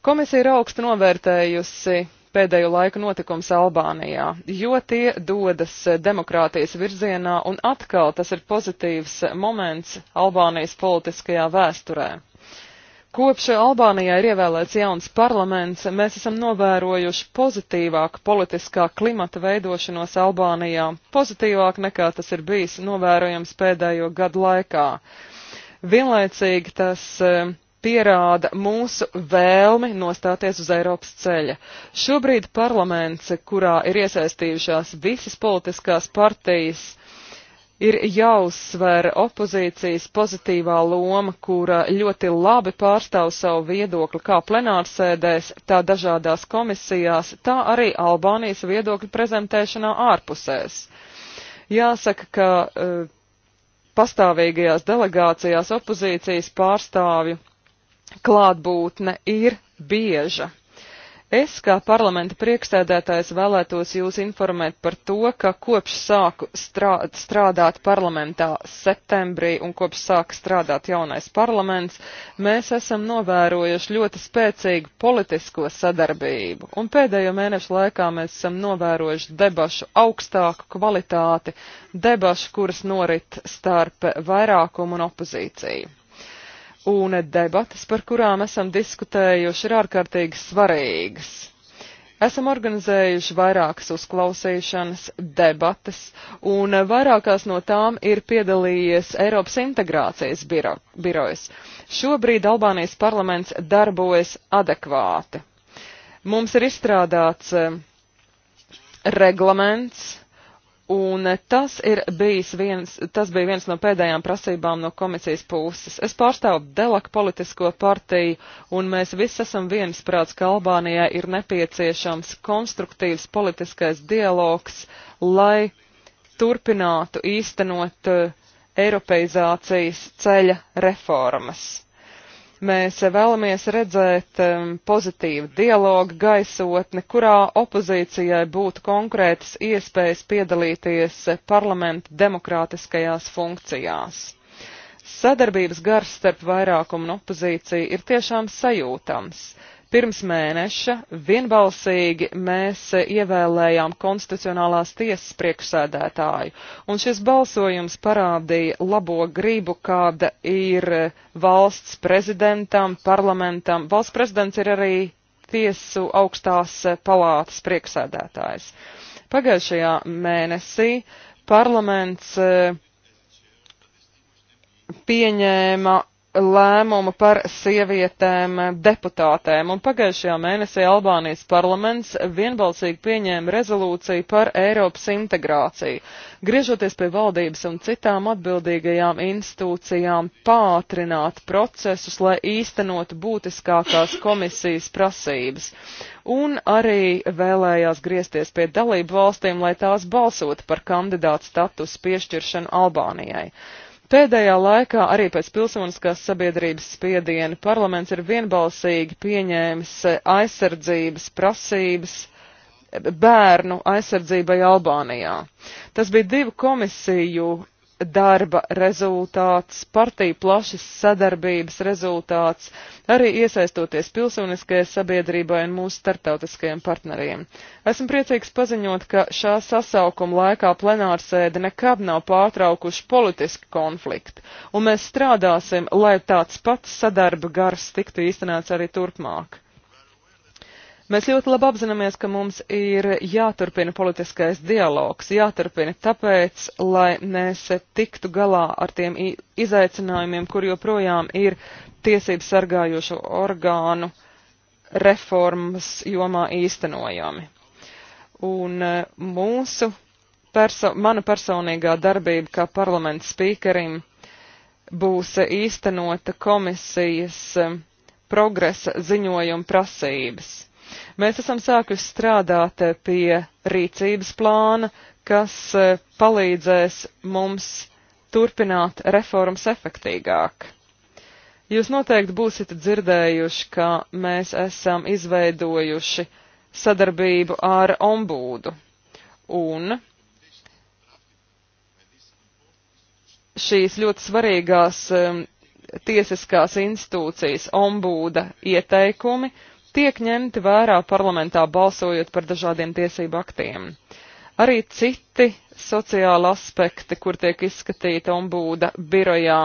Komisija ir augstu novērtējusi pēdējo laiku notikums Albānijā, jo tie dodas demokrātijas virzienā un atkal tas ir pozitīvs moments Albānijas politiskajā vēsturē. Kopš Albānijā ir ievēlēts jauns parlaments, mēs esam novērojuši pozitīvāku politiskā klimata veidošanos Albānijā, pozitīvāk nekā tas ir bijis novērojams pēdējo gadu laikā. Vienlaicīgi tas uh, pierāda mūsu vēlmi nostāties uz Eiropas ceļa. Šobrīd parlaments, kurā ir iesaistījušās visas politiskās partijas, ir jāuzsver opozīcijas pozitīvā loma, kura ļoti labi pārstāv savu viedokli kā plenārsēdēs, tā dažādās komisijās, tā arī Albānijas viedokļu prezentēšanā ārpusēs. Jāsaka, ka uh, pastāvīgajās delegācijās opozīcijas pārstāvju klātbūtne ir bieža. Es, kā parlamenta priekšsēdētājs, vēlētos jūs informēt par to, ka kopš sāku strādāt parlamentā septembrī un kopš sāk strādāt jaunais parlaments, mēs esam novērojuši ļoti spēcīgu politisko sadarbību, un pēdējo mēnešu laikā mēs esam novērojuši debašu augstāku kvalitāti, debašu, kuras norit starp vairākumu un opozīciju un debatas, par kurām esam diskutējuši, ir ārkārtīgi svarīgas. Esam organizējuši vairākas uzklausīšanas, debatas, un vairākās no tām ir piedalījies Eiropas integrācijas biro, birojas. Šobrīd Albānijas parlaments darbojas adekvāti. Mums ir izstrādāts eh, reglaments, Un tas, ir bijis viens, tas bija viens no pēdējām prasībām no komisijas puses. Es pārstāvu Delak politisko partiju, un mēs visi esam viensprāts, ka Albānijai ir nepieciešams konstruktīvs politiskais dialogs, lai turpinātu īstenot eiropeizācijas eh, ceļa reformas. Mēs vēlamies redzēt um, pozitīvu dialogu gaisotni, kurā opozīcijai būtu konkrētas iespējas piedalīties parlamenta demokrātiskajās funkcijās. Sadarbības gars starp vairākumu un opozīciju ir tiešām sajūtams Pirms mēneša vienbalsīgi mēs ievēlējām konstitucionālās tiesas priekšsēdētāju, un šis balsojums parādīja labo gribu, kāda ir valsts prezidentam, parlamentam. Valsts prezidents ir arī tiesu augstās palātas priekšsēdētājs. Pagājušajā mēnesī parlaments eh, pieņēma lēmumu par sievietēm deputātēm, un pagājušajā mēnesī Albānijas parlaments vienbalsīgi pieņēma rezolūciju par Eiropas integrāciju. Griežoties pie valdības un citām atbildīgajām institūcijām, pātrināt procesus, lai īstenotu būtiskākās komisijas prasības. Un arī vēlējās griezties pie dalību valstīm, lai tās balsotu par kandidātu statusu piešķiršanu Albānijai. Pēdējā laikā arī pēc pilsoniskās sabiedrības spiediena parlaments ir vienbalsīgi pieņēmis aizsardzības prasības bērnu aizsardzībai Albānijā. Tas bija divu komisiju darba rezultāts, partiju plašas sadarbības rezultāts, arī iesaistoties pilsoniskajai sabiedrībai un mūsu startautiskajiem partneriem. Esmu priecīgs paziņot, ka šā sasaukuma laikā plenārsēde nekad nav pārtraukuši politiski konflikti, un mēs strādāsim, lai tāds pats sadarba gars tiktu īstenots arī turpmāk. Mēs ļoti labi apzināmies, ka mums ir jāturpina politiskais dialogs, jāturpina tāpēc, lai mēs tiktu galā ar tiem izaicinājumiem, kur joprojām ir tiesību sargājošo orgānu reformas jomā īstenojami. Un e, mūsu, perso mana personīgā darbība kā parlamenta spīkerim būs īstenota komisijas e, progresa ziņojuma prasības Mēs esam sākuši strādāt eh, pie rīcības plāna, kas eh, palīdzēs mums turpināt reformas efektīgāk. Jūs noteikti būsiet dzirdējuši, ka mēs esam izveidojuši sadarbību ar ombūdu. Un šīs ļoti svarīgās um, tiesiskās institūcijas ombūda ieteikumi tiek ņemti vērā parlamentā balsojot par dažādiem tiesību aktiem. Arī citi sociāli aspekti, kur tiek izskatīta ombūda birojā,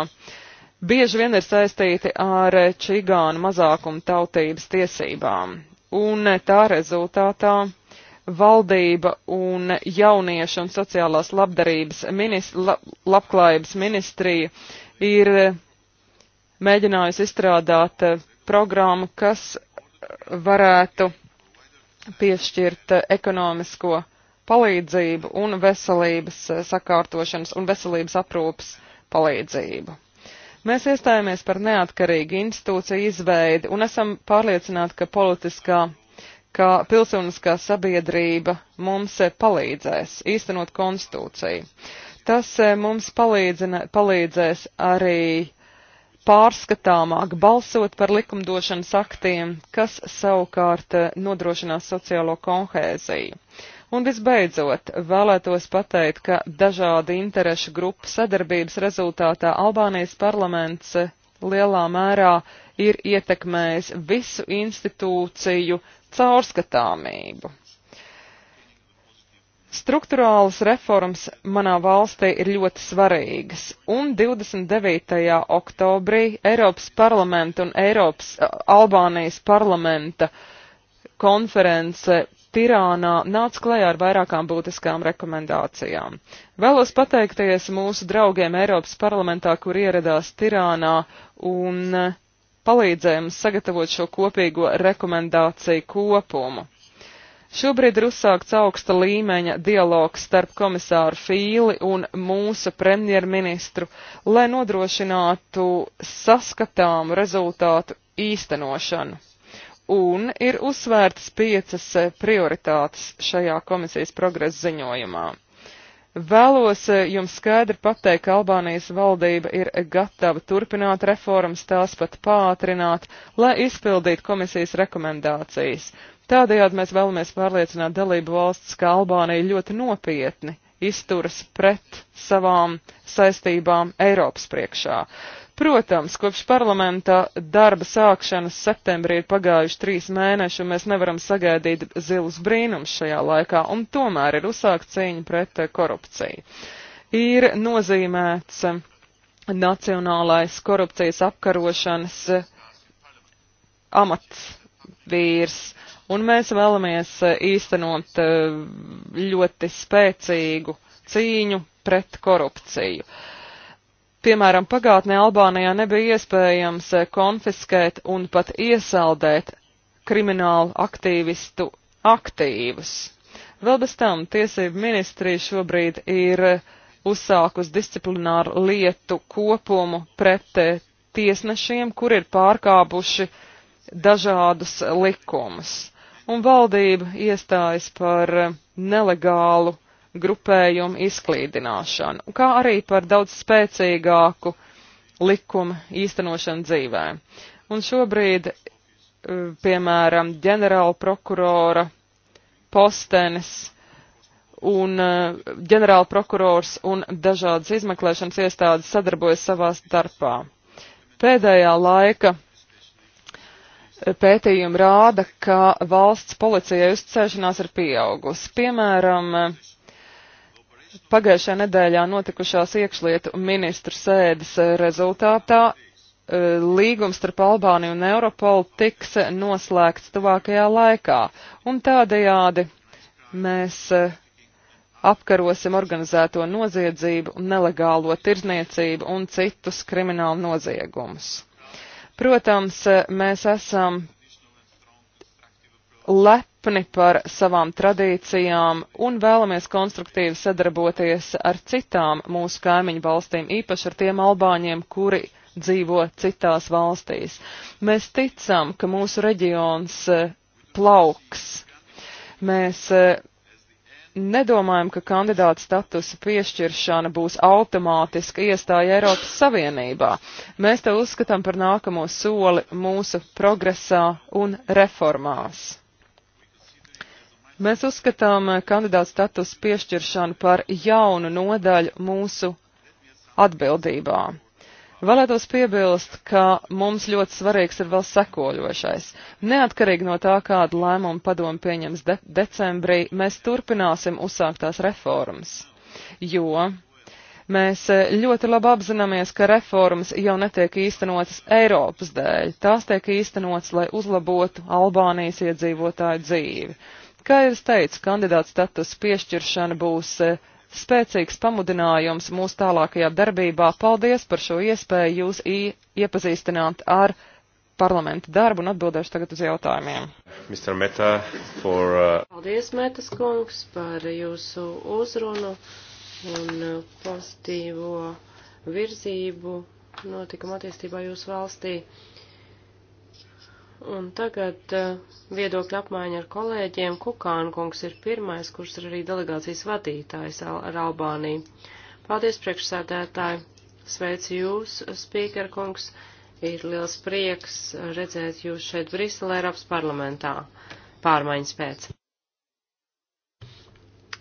bieži vien ir saistīti ar čigānu mazākumu tautības tiesībām. Un tā rezultātā valdība un jauniešu un sociālās labdarības ministri, lab, labklājības ministrija ir mēģinājusi izstrādāt eh, programmu, kas varētu piešķirt ekonomisko palīdzību un veselības sakārtošanas un veselības aprūpas palīdzību. Mēs iestājāmies par neatkarīgu institūciju izveidi un esam pārliecināti, ka politiskā, ka pilsoniskā sabiedrība mums palīdzēs īstenot konstitūciju. Tas mums palīdzina, palīdzēs arī pārskatāmāk balsot par likumdošanas aktiem, kas savukārt eh, nodrošinās sociālo kohēziju. Un visbeidzot, vēlētos pateikt, ka dažādu interešu grupu sadarbības rezultātā Albānijas parlaments eh, lielā mērā ir ietekmējis visu institūciju caurskatāmību. Struktūrālas reformas manā valstī ir ļoti svarīgas, un 29. oktobrī Eiropas parlamenta un Eiropas Albānijas parlamenta konference Tirānā nāca klajā ar vairākām būtiskām rekomendācijām. Vēlos pateikties mūsu draugiem Eiropas parlamentā, kur ieradās Tirānā un palīdzēja mums sagatavot šo kopīgo rekomendāciju kopumu. Šobrīd ir uzsākts augsta līmeņa dialogs starp komisāru Fīli un mūsu premjerministru, lai nodrošinātu saskatāmu rezultātu īstenošanu. Un ir uzsvērtas piecas eh, prioritātes šajā komisijas progresa ziņojumā. Vēlos eh, jums skaidri pateikt, ka Albānijas valdība ir gatava turpināt reformas, tās pat pātrināt, lai izpildītu komisijas rekomendācijas Tādējādi mēs vēlamies pārliecināt dalību valsts, ka Albānija ļoti nopietni izturas pret savām saistībām Eiropas priekšā. Protams, kopš parlamenta darba sākšanas septembrī ir pagājuši trīs mēneši, un mēs nevaram sagaidīt zilus brīnums šajā laikā, un tomēr ir uzsākt cīņa pret korupciju. Ir nozīmēts nacionālais korupcijas apkarošanas amats vīrs. Un mēs vēlamies eh, īstenot eh, ļoti spēcīgu cīņu pret korupciju. Piemēram, pagātnē Albānijā nebija iespējams eh, konfiskēt un pat iesaldēt kriminālu aktīvistu aktīvus. Vēl bez tam tiesību ministrija šobrīd ir uzsākus disciplināru lietu kopumu pret tiesnešiem, kur ir pārkāpuši dažādus likumus un valdība iestājas par eh, nelegālu grupējumu izklīdināšanu, kā arī par daudz spēcīgāku likumu īstenošanu dzīvē. Un šobrīd, eh, piemēram, ģenerāla prokurora postenis un eh, ģenerāla prokurors un dažādas izmeklēšanas iestādes sadarbojas savā starpā. Pēdējā laika pētījumi rāda, ka valsts policijai uzticēšanās ir pieaugusi. Piemēram, pagājušajā nedēļā notikušās iekšlietu ministru sēdes rezultātā e, līgums starp Albāniju un Europolu tiks noslēgts tuvākajā laikā, un tādējādi mēs e, apkarosim organizēto noziedzību, nelegālo tirzniecību un citus kriminālu noziegumus. Protams, mēs esam lepni par savām tradīcijām un vēlamies konstruktīvi sadarboties ar citām mūsu kaimiņu valstīm, īpaši ar tiem albāņiem, kuri dzīvo citās valstīs. Mēs ticam, ka mūsu reģions eh, plauks. Mēs eh, nedomājam, ka kandidāta statusa piešķiršana būs automātiska iestāja Eiropas Savienībā. Mēs to uzskatām par nākamo soli mūsu progresā un reformās. Mēs uzskatām eh, kandidāta statusa piešķiršanu par jaunu nodaļu mūsu atbildībā. Vēlētos piebilst, ka mums ļoti svarīgs ir vēl sekojošais. Neatkarīgi no tā, kādu lēmumu padomu pieņems de decembrī, mēs turpināsim uzsāktās reformas, jo mēs e, ļoti labi apzināmies, ka reformas jau netiek īstenotas Eiropas dēļ. Tās tiek īstenotas, lai uzlabotu Albānijas iedzīvotāju dzīvi. Kā jau es teicu, kandidāts status piešķiršana būs e, spēcīgs pamudinājums mūsu tālākajā darbībā. Paldies par šo iespēju jūs iepazīstināt ar parlamenta darbu un atbildēšu tagad uz jautājumiem. Mr. Meta, for, uh... Paldies, Metas kungs, par jūsu uzrunu un uh, pozitīvo virzību notikuma attīstībā jūsu valstī. Un tagad uh, viedokļa apmaiņa ar kolēģiem. Kukāna kungs ir pirmais, kurš ir arī delegācijas vadītājs ar, ar Albāniju. Paldies, priekšsēdētāji! Sveicu jūs, spīker kungs! Ir liels prieks redzēt jūs šeit Briselē, Eiropas parlamentā, pārmaiņas pēc.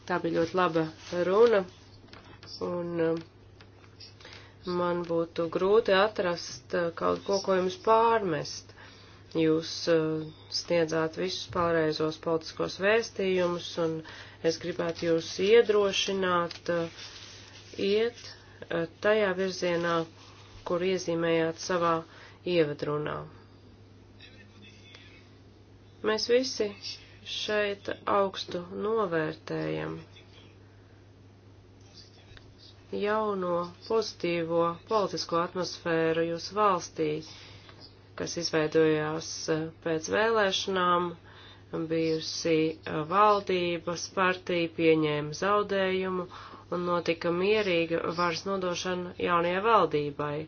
Tā bija ļoti laba runa, un uh, man būtu grūti atrast uh, kaut ko, ko jums pārmest Jūs uh, sniedzāt visus pārreizos politiskos vēstījumus, un es gribētu jūs iedrošināt uh, iet uh, tajā virzienā, kur iezīmējāt savā ievadrunā. Mēs visi šeit augstu novērtējam jauno pozitīvo politisko atmosfēru jūsu valstī. Uh, kas izveidojās eh, pēc vēlēšanām, bijusi eh, valdības partija pieņēma zaudējumu un notika mierīga varas nodošana jaunajai valdībai.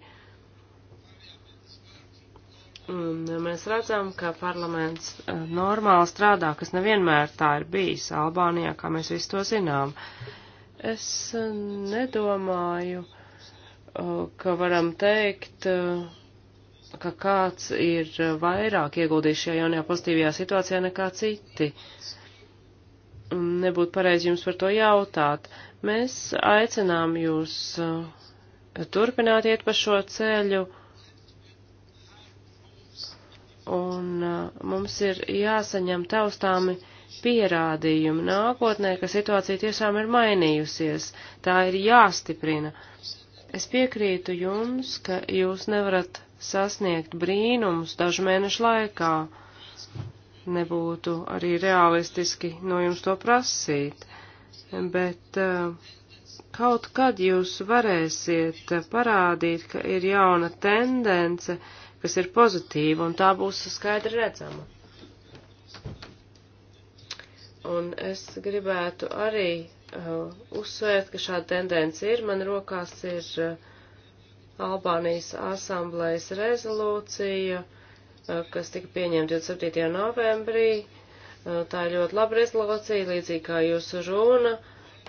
Un eh, mēs redzam, ka parlaments normāli strādā, kas nevienmēr tā ir bijis Albānijā, kā mēs visi to zinām. Es nedomāju, ka varam teikt, ka kāds ir vairāk ieguldījis šajā jaunajā pozitīvajā situācijā nekā citi. Nebūtu pareizi jums par to jautāt. Mēs aicinām jūs uh, turpināt iet pa šo ceļu, un uh, mums ir jāsaņem taustāmi pierādījumi nākotnē, ka situācija tiešām ir mainījusies. Tā ir jāstiprina. Es piekrītu jums, ka jūs nevarat sasniegt brīnumus dažu mēnešu laikā. Nebūtu arī realistiski no jums to prasīt, bet eh, kaut kad jūs varēsiet parādīt, ka ir jauna tendence, kas ir pozitīva, un tā būs skaidri redzama. Un es gribētu arī uh, uzsvērt, ka šāda tendence ir. Man rokās ir uh, Albānijas asamblējas rezolūcija, eh, kas tika pieņemta 27. novembrī. Eh, tā ir ļoti laba rezolūcija, līdzīgi kā jūsu runa,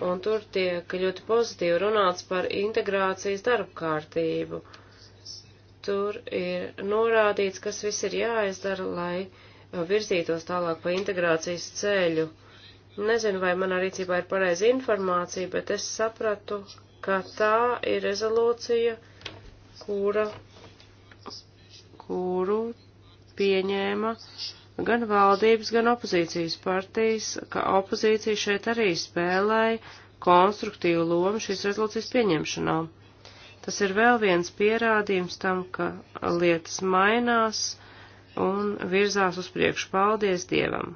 un tur tiek ļoti pozitīvi runāts par integrācijas darba kārtību. Tur ir norādīts, kas viss ir jāizdara, lai eh, virzītos tālāk pa integrācijas ceļu. Nezinu, vai manā rīcībā ir pareiza informācija, bet es sapratu, ka tā ir rezolūcija, uh, kura, kuru pieņēma gan valdības, gan opozīcijas partijas, ka opozīcija šeit arī spēlēja konstruktīvu lomu šīs rezolūcijas pieņemšanā. Tas ir vēl viens pierādījums tam, ka lietas mainās un virzās uz priekšu. Paldies Dievam!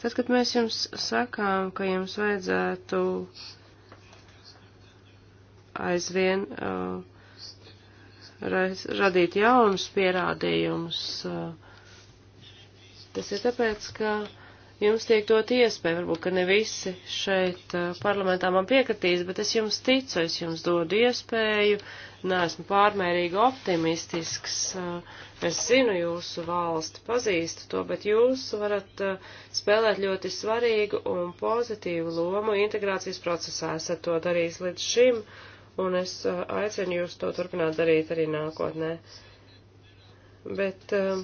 Tad, kad mēs jums sakām, ka jums vajadzētu uh, aizvien uh, radīt jaunus pierādījumus. Uh, tas ir tāpēc, ka jums tiek dot iespēja, varbūt, ka ne visi šeit uh, parlamentā man piekritīs, bet es jums ticu, es jums dodu iespēju, neesmu pārmērīgi optimistisks, es zinu jūsu valsti, pazīstu to, bet jūs varat spēlēt ļoti svarīgu un pozitīvu lomu integrācijas procesā, esat to darījis līdz šim. Uh, un es uh, aicinu jūs to turpināt darīt arī nākotnē. Bet uh,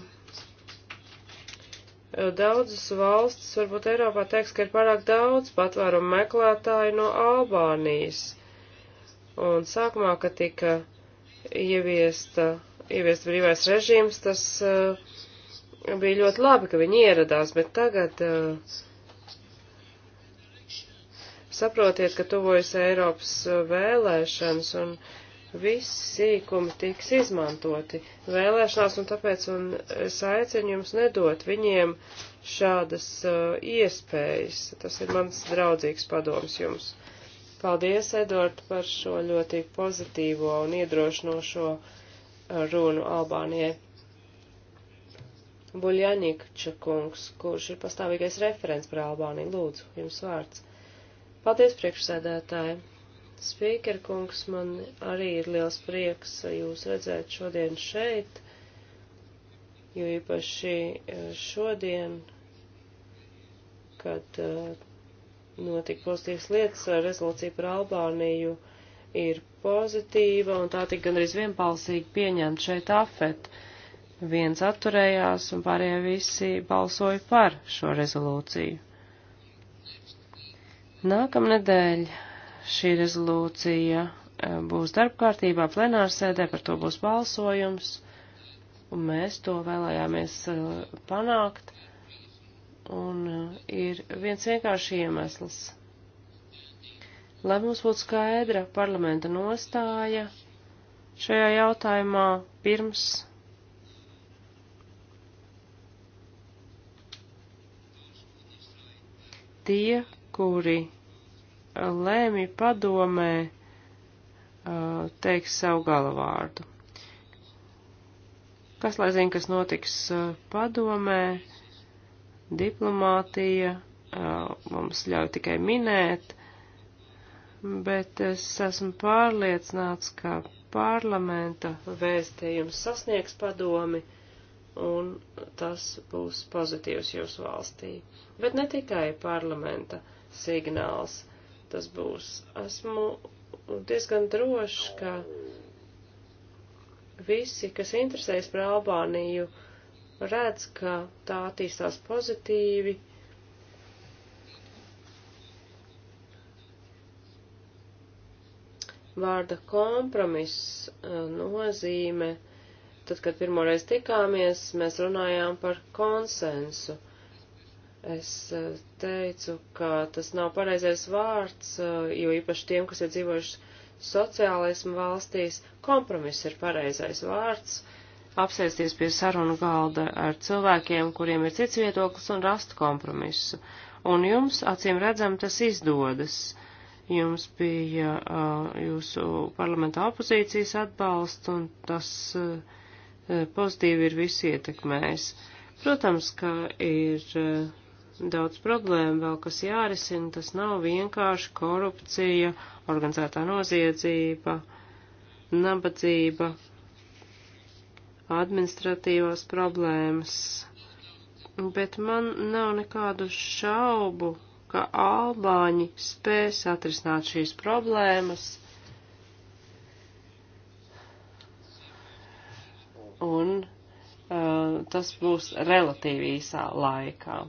daudzas valstis, varbūt Eiropā teiks, ka ir pārāk daudz patvērumu meklētāju no Albānijas. Un sākumā, kad tika ieviesta, ieviest brīvais režīms, tas uh, bija ļoti labi, ka viņi ieradās, bet tagad uh, Saprotiet, ka tuvojas Eiropas uh, vēlēšanas un visi sīkumi tiks izmantoti vēlēšanās, un tāpēc un es aicinu jums nedot viņiem šādas uh, iespējas. Tas ir mans draudzīgs padoms jums. Paldies, Edvard, par šo ļoti pozitīvo un iedrošinošo uh, runu Albānijai. Buļjaņikča kungs, kurš ir pastāvīgais referents par Albāniju, lūdzu, jums vārds. Paldies, priekšsēdētāji! Spīker kungs, man arī ir liels prieks jūs redzēt šodien šeit, jo īpaši e, šodien, kad e, notika pozitīvas lietas, rezolūcija par Albāniju ir pozitīva, un tā tika gandrīz vienbalsīgi pieņemta šeit afet. Viens atturējās, un pārējie visi balsoja par šo rezolūciju. Nākamnedēļ šī rezolūcija e, būs darbkārtībā plenārsēdē, par to būs balsojums, un mēs to vēlējāmies e, panākt, un e, ir viens vienkārši iemesls. Lai mums būtu skaidra parlamenta nostāja šajā jautājumā pirms tie, kuri uh, lēmi padomē uh, teiks savu galavārdu. Kas lai zina, kas notiks uh, padomē, diplomātija mums ļauj tikai minēt, bet es esmu pārliecināts, ka parlamenta vēstījums sasniegs padomi un tas būs pozitīvs jūsu valstī. Bet ne tikai parlamenta vēstījums signāls tas būs. Esmu diezgan drošs, ka visi, kas interesējas par Albāniju, redz, ka tā attīstās pozitīvi. Vārda kompromiss eh, nozīme, tad, kad pirmoreiz tikāmies, mēs runājām par konsensu Es eh, teicu, ka tas nav pareizais vārds, eh, jo īpaši tiem, kas ir dzīvojuši sociālismu valstīs, kompromiss ir pareizais vārds, apsēsties pie sarunu galda ar cilvēkiem, kuriem ir cits viedoklis un rast kompromisu. Un jums, acīm redzam, tas izdodas. Jums bija uh, jūsu parlamentā opozīcijas atbalsts, un tas uh, pozitīvi ir visi ietekmējis. Protams, ka ir. Uh, daudz problēmu vēl, kas jārisina. Tas nav vienkārši korupcija, organizētā noziedzība, nabadzība, administratīvās problēmas. Bet man nav nekādu šaubu, ka Albāņi spēs atrisināt šīs problēmas. Un uh, tas būs relatīvi īsā laikā.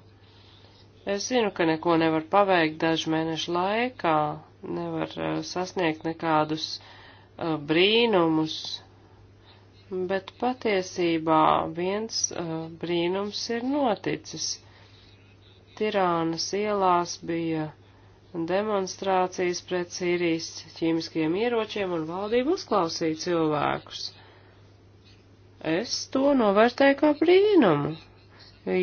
Es zinu, ka neko nevar paveikt dažu mēnešu laikā, nevar eh, sasniegt nekādus eh, brīnumus, bet patiesībā viens eh, brīnums ir noticis. Tirānas ielās bija demonstrācijas pret Sīrijas ķīmiskiem ieročiem un valdību uzklausīja cilvēkus. Es to novērtēju kā brīnumu,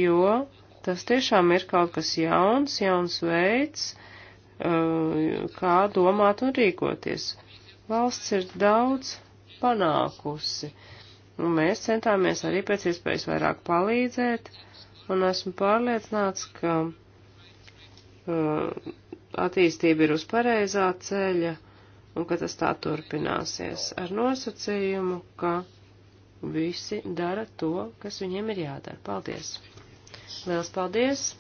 jo Tas tiešām ir kaut kas jauns, jauns veids, uh, kā domāt un rīkoties. Valsts ir daudz panākusi, un mēs centāmies arī pēc iespējas vairāk palīdzēt, un esmu pārliecināts, ka uh, attīstība ir uz pareizā ceļa un ka tas tā turpināsies ar nosacījumu, ka visi dara to, kas viņiem ir jādara. Paldies! Liels paldies,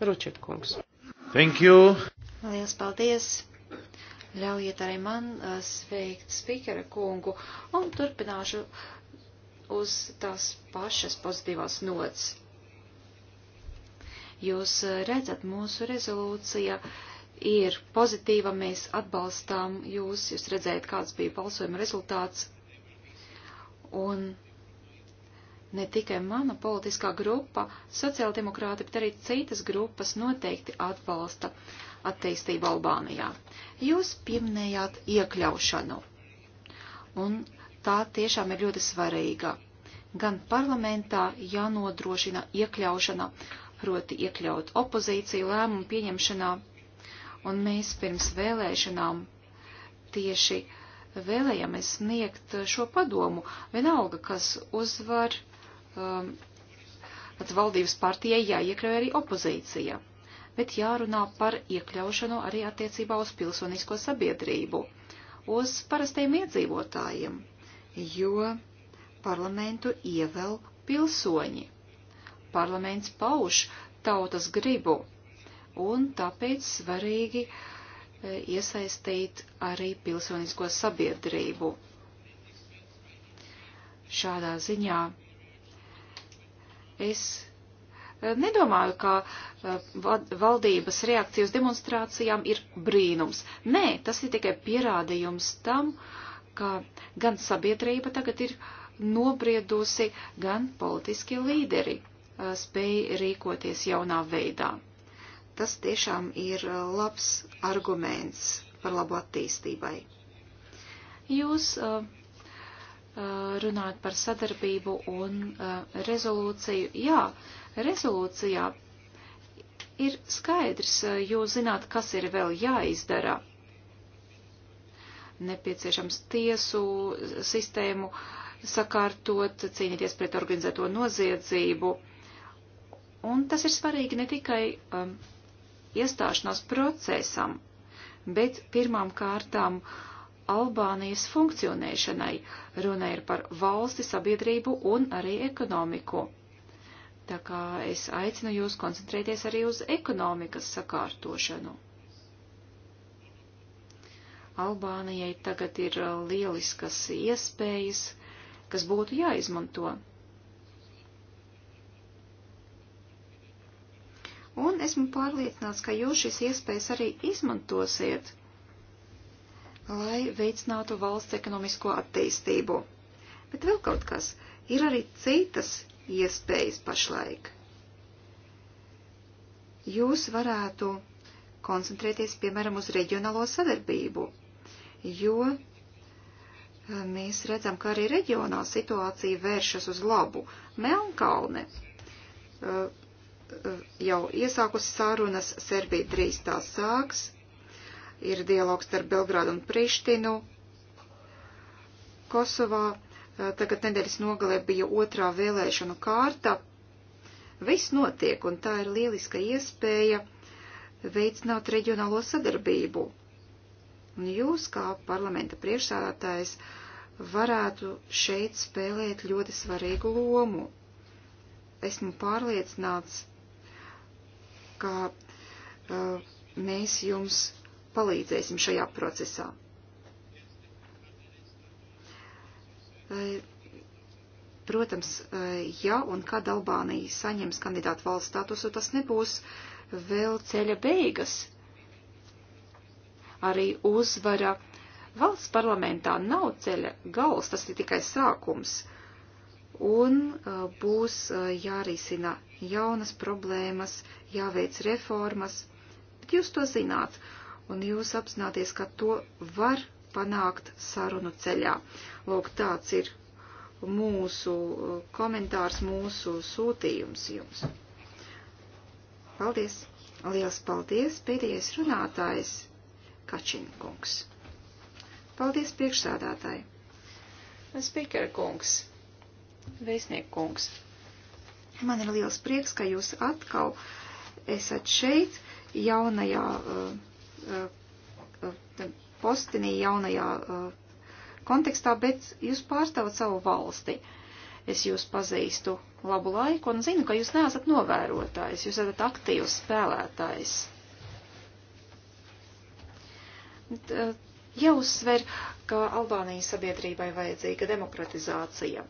Ručet kungs. Thank you. Liels paldies. Ļaujiet arī man uh, sveikt spīkera kungu un turpināšu uz tās pašas pozitīvās nots. Jūs uh, redzat, mūsu rezolūcija ir pozitīva, mēs atbalstām jūs, jūs redzējat, kāds bija balsojuma rezultāts. Un Ne tikai mana politiskā grupa, sociāldemokrāti, bet arī citas grupas noteikti atbalsta attīstību Albānijā. Jūs pieminējāt iekļaušanu, un tā tiešām ir ļoti svarīga. Gan parlamentā jānodrošina iekļaušana, proti iekļaut opozīciju lēmumu pieņemšanā, un mēs pirms vēlēšanām tieši vēlējamies sniegt šo padomu, vienalga, kas uzvar um, valdības partijai jāiekļauj arī opozīcija, bet jārunā par iekļaušanu arī attiecībā uz pilsonisko sabiedrību, uz parastajiem iedzīvotājiem, jo parlamentu ievēl pilsoņi. Parlaments pauž tautas gribu, un tāpēc svarīgi e, iesaistīt arī pilsonisko sabiedrību. Šādā ziņā Es eh, nedomāju, ka eh, valdības reakcija uz demonstrācijām ir brīnums. Nē, tas ir tikai pierādījums tam, ka gan sabiedrība tagad ir nobriedusi, gan politiskie līderi eh, spēja rīkoties jaunā veidā. Tas tiešām ir labs arguments par labu attīstībai. Jūs runāt par sadarbību un rezolūciju. Jā, rezolūcijā ir skaidrs, jūs zināt, kas ir vēl jāizdara. Nepieciešams tiesu sistēmu sakārtot, cīnīties pret organizēto noziedzību. Un tas ir svarīgi ne tikai um, iestāšanās procesam, bet pirmām kārtām uh, Albānijas funkcionēšanai. Runa ir par valsti, sabiedrību un arī ekonomiku. Tā kā es aicinu jūs koncentrēties arī uz ekonomikas sakārtošanu. Albānijai tagad ir uh, lieliskas iespējas, kas būtu jāizmanto. Un esmu pārliecināts, ka jūs šīs iespējas arī izmantosiet lai veicinātu valsts ekonomisko attīstību. Bet vēl kaut kas, ir arī citas iespējas pašlaik. Jūs varētu koncentrēties, piemēram, uz reģionālo sadarbību, jo eh, mēs redzam, ka arī reģionā situācija vēršas uz labu. Melnkalne eh, eh, jau iesākus sārunas, Serbija drīz tās sāks, ir dialogs ar Belgrādu un Prištinu. Kosovā tagad nedēļas nogalē bija otrā vēlēšanu kārta. Viss notiek, un tā ir lieliska iespēja veicināt reģionālo sadarbību. Un jūs, kā parlamenta priekšsādātājs, varētu šeit spēlēt ļoti svarīgu lomu. Esmu pārliecināts, ka uh, mēs jums palīdzēsim šajā procesā. Protams, ja un kad Albānija saņems kandidātu valsts statusu, tas nebūs vēl ceļa beigas. Arī uzvara valsts parlamentā nav ceļa gals, tas ir tikai sākums. Un būs jārisina jaunas problēmas, jāveic reformas, bet jūs to zināt un jūs apzināties, ka to var panākt sarunu ceļā. Lūk, tāds ir mūsu uh, komentārs, mūsu sūtījums jums. Paldies! Liels paldies! Pēdējais runātājs Kačinkungs. Paldies priekšsādātāji! Spīkera kungs, vēstnieku kungs, man ir liels prieks, ka jūs atkal esat šeit jaunajā uh, Uh, uh, uh, postenī jaunajā kontekstā, bet jūs pārstāvat savu valsti. Es jūs pazīstu labu laiku un zinu, ka jūs neesat novērotājs, jūs esat aktīvs spēlētājs. Jāuzsver, ka Albānijas sabiedrībai vajadzīga demokratizācija.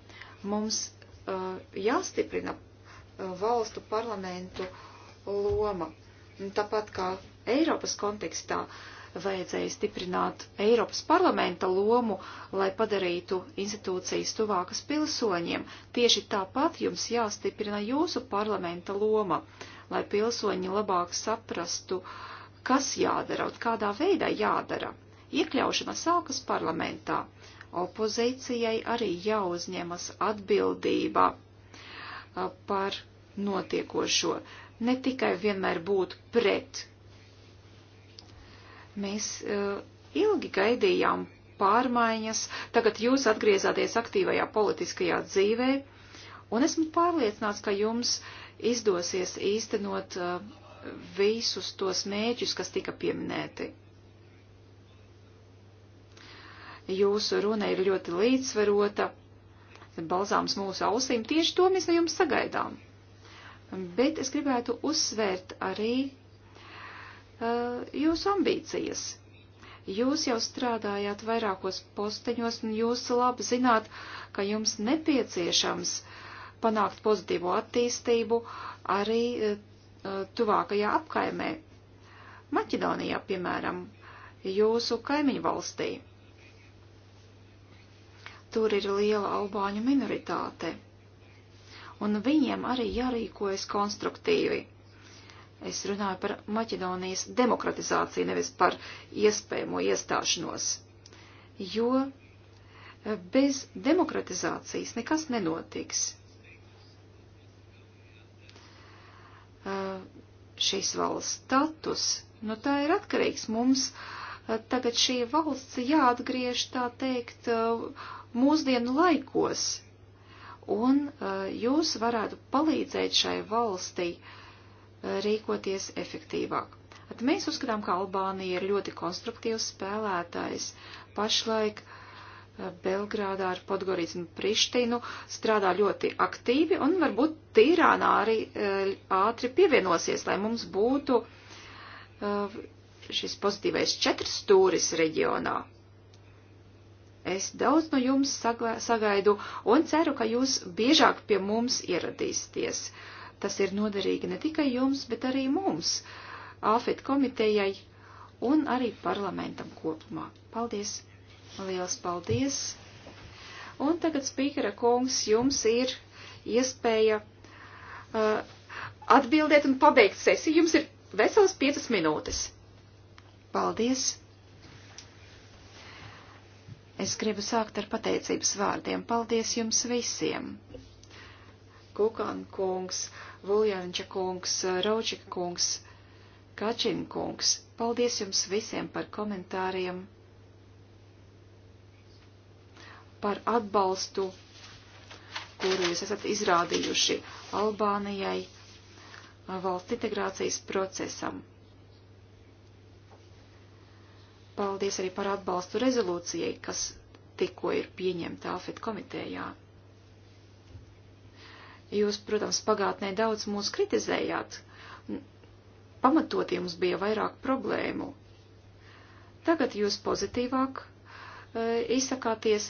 Mums uh, jāstiprina valstu parlamentu loma, tāpat kā Eiropas kontekstā vajadzēja stiprināt Eiropas parlamenta lomu, lai padarītu institūcijas tuvākas pilsoņiem. Tieši tāpat jums jāstiprina jūsu parlamenta loma, lai pilsoņi labāk saprastu, kas jādara un kādā veidā jādara. Iekļaušana sākas parlamentā. Opozīcijai arī jāuzņemas atbildība uh, par notiekošo. Ne tikai vienmēr būt pret Mēs uh, ilgi gaidījām pārmaiņas, tagad jūs atgriezāties aktīvajā politiskajā dzīvē, un esmu pārliecināts, ka jums izdosies īstenot uh, visus tos mēģus, kas tika pieminēti. Jūsu runa ir ļoti līdzsvarota, balzāms mūsu ausīm, tieši to mēs no jums sagaidām. Bet es gribētu uzsvērt arī Eh, jūsu ambīcijas. Jūs jau strādājāt vairākos posteņos, un jūs labi zināt, ka jums nepieciešams panākt pozitīvo attīstību arī eh, eh, tuvākajā apkaimē. Maķedonijā, piemēram, jūsu kaimiņu valstī. Tur ir liela albāņu minoritāte, un viņiem arī jārīkojas konstruktīvi Es runāju par Maķedonijas demokratizāciju, nevis par iespējamo iestāšanos. Jo eh, bez demokratizācijas nekas nenotiks. Eh, Šīs valsts status, nu tā ir atkarīgs mums. Eh, tagad šī valsts jāatgriež, tā teikt, mūsdienu laikos. Un jūs varētu palīdzēt šai valstī uh, rīkoties efektīvāk. At mēs uzskatām, ka Albānija ir ļoti konstruktīvs spēlētājs. Pašlaik eh, Belgrādā ar Podgorīts un Prištinu strādā ļoti aktīvi un varbūt Tīrānā arī eh, ātri pievienosies, lai mums būtu eh, šis pozitīvais četrs stūris reģionā. Es daudz no jums sagaidu un ceru, ka jūs biežāk pie mums ieradīsieties. Uh, Tas ir noderīgi ne tikai jums, bet arī mums, AFIT komitejai un arī parlamentam kopumā. Paldies! Liels paldies! Un tagad, spīkera kungs, jums ir iespēja uh, atbildēt un pabeigt sesiju. Jums ir veselas piecas minūtes. Paldies! Es gribu sākt ar pateicības vārdiem. Paldies jums visiem! Kukan kungs, Vuljanča kungs, Raučika kungs, Kačina kungs. Paldies jums visiem par komentāriem, par atbalstu, kuru jūs esat izrādījuši Albānijai valsts integrācijas procesam. Paldies arī par atbalstu rezolūcijai, kas tikko ir pieņemta AFET komitejā. Jūs, protams, pagātnē daudz mūs kritizējāt. Pamatotie mums bija vairāk problēmu. Tagad jūs pozitīvāk e, izsakāties,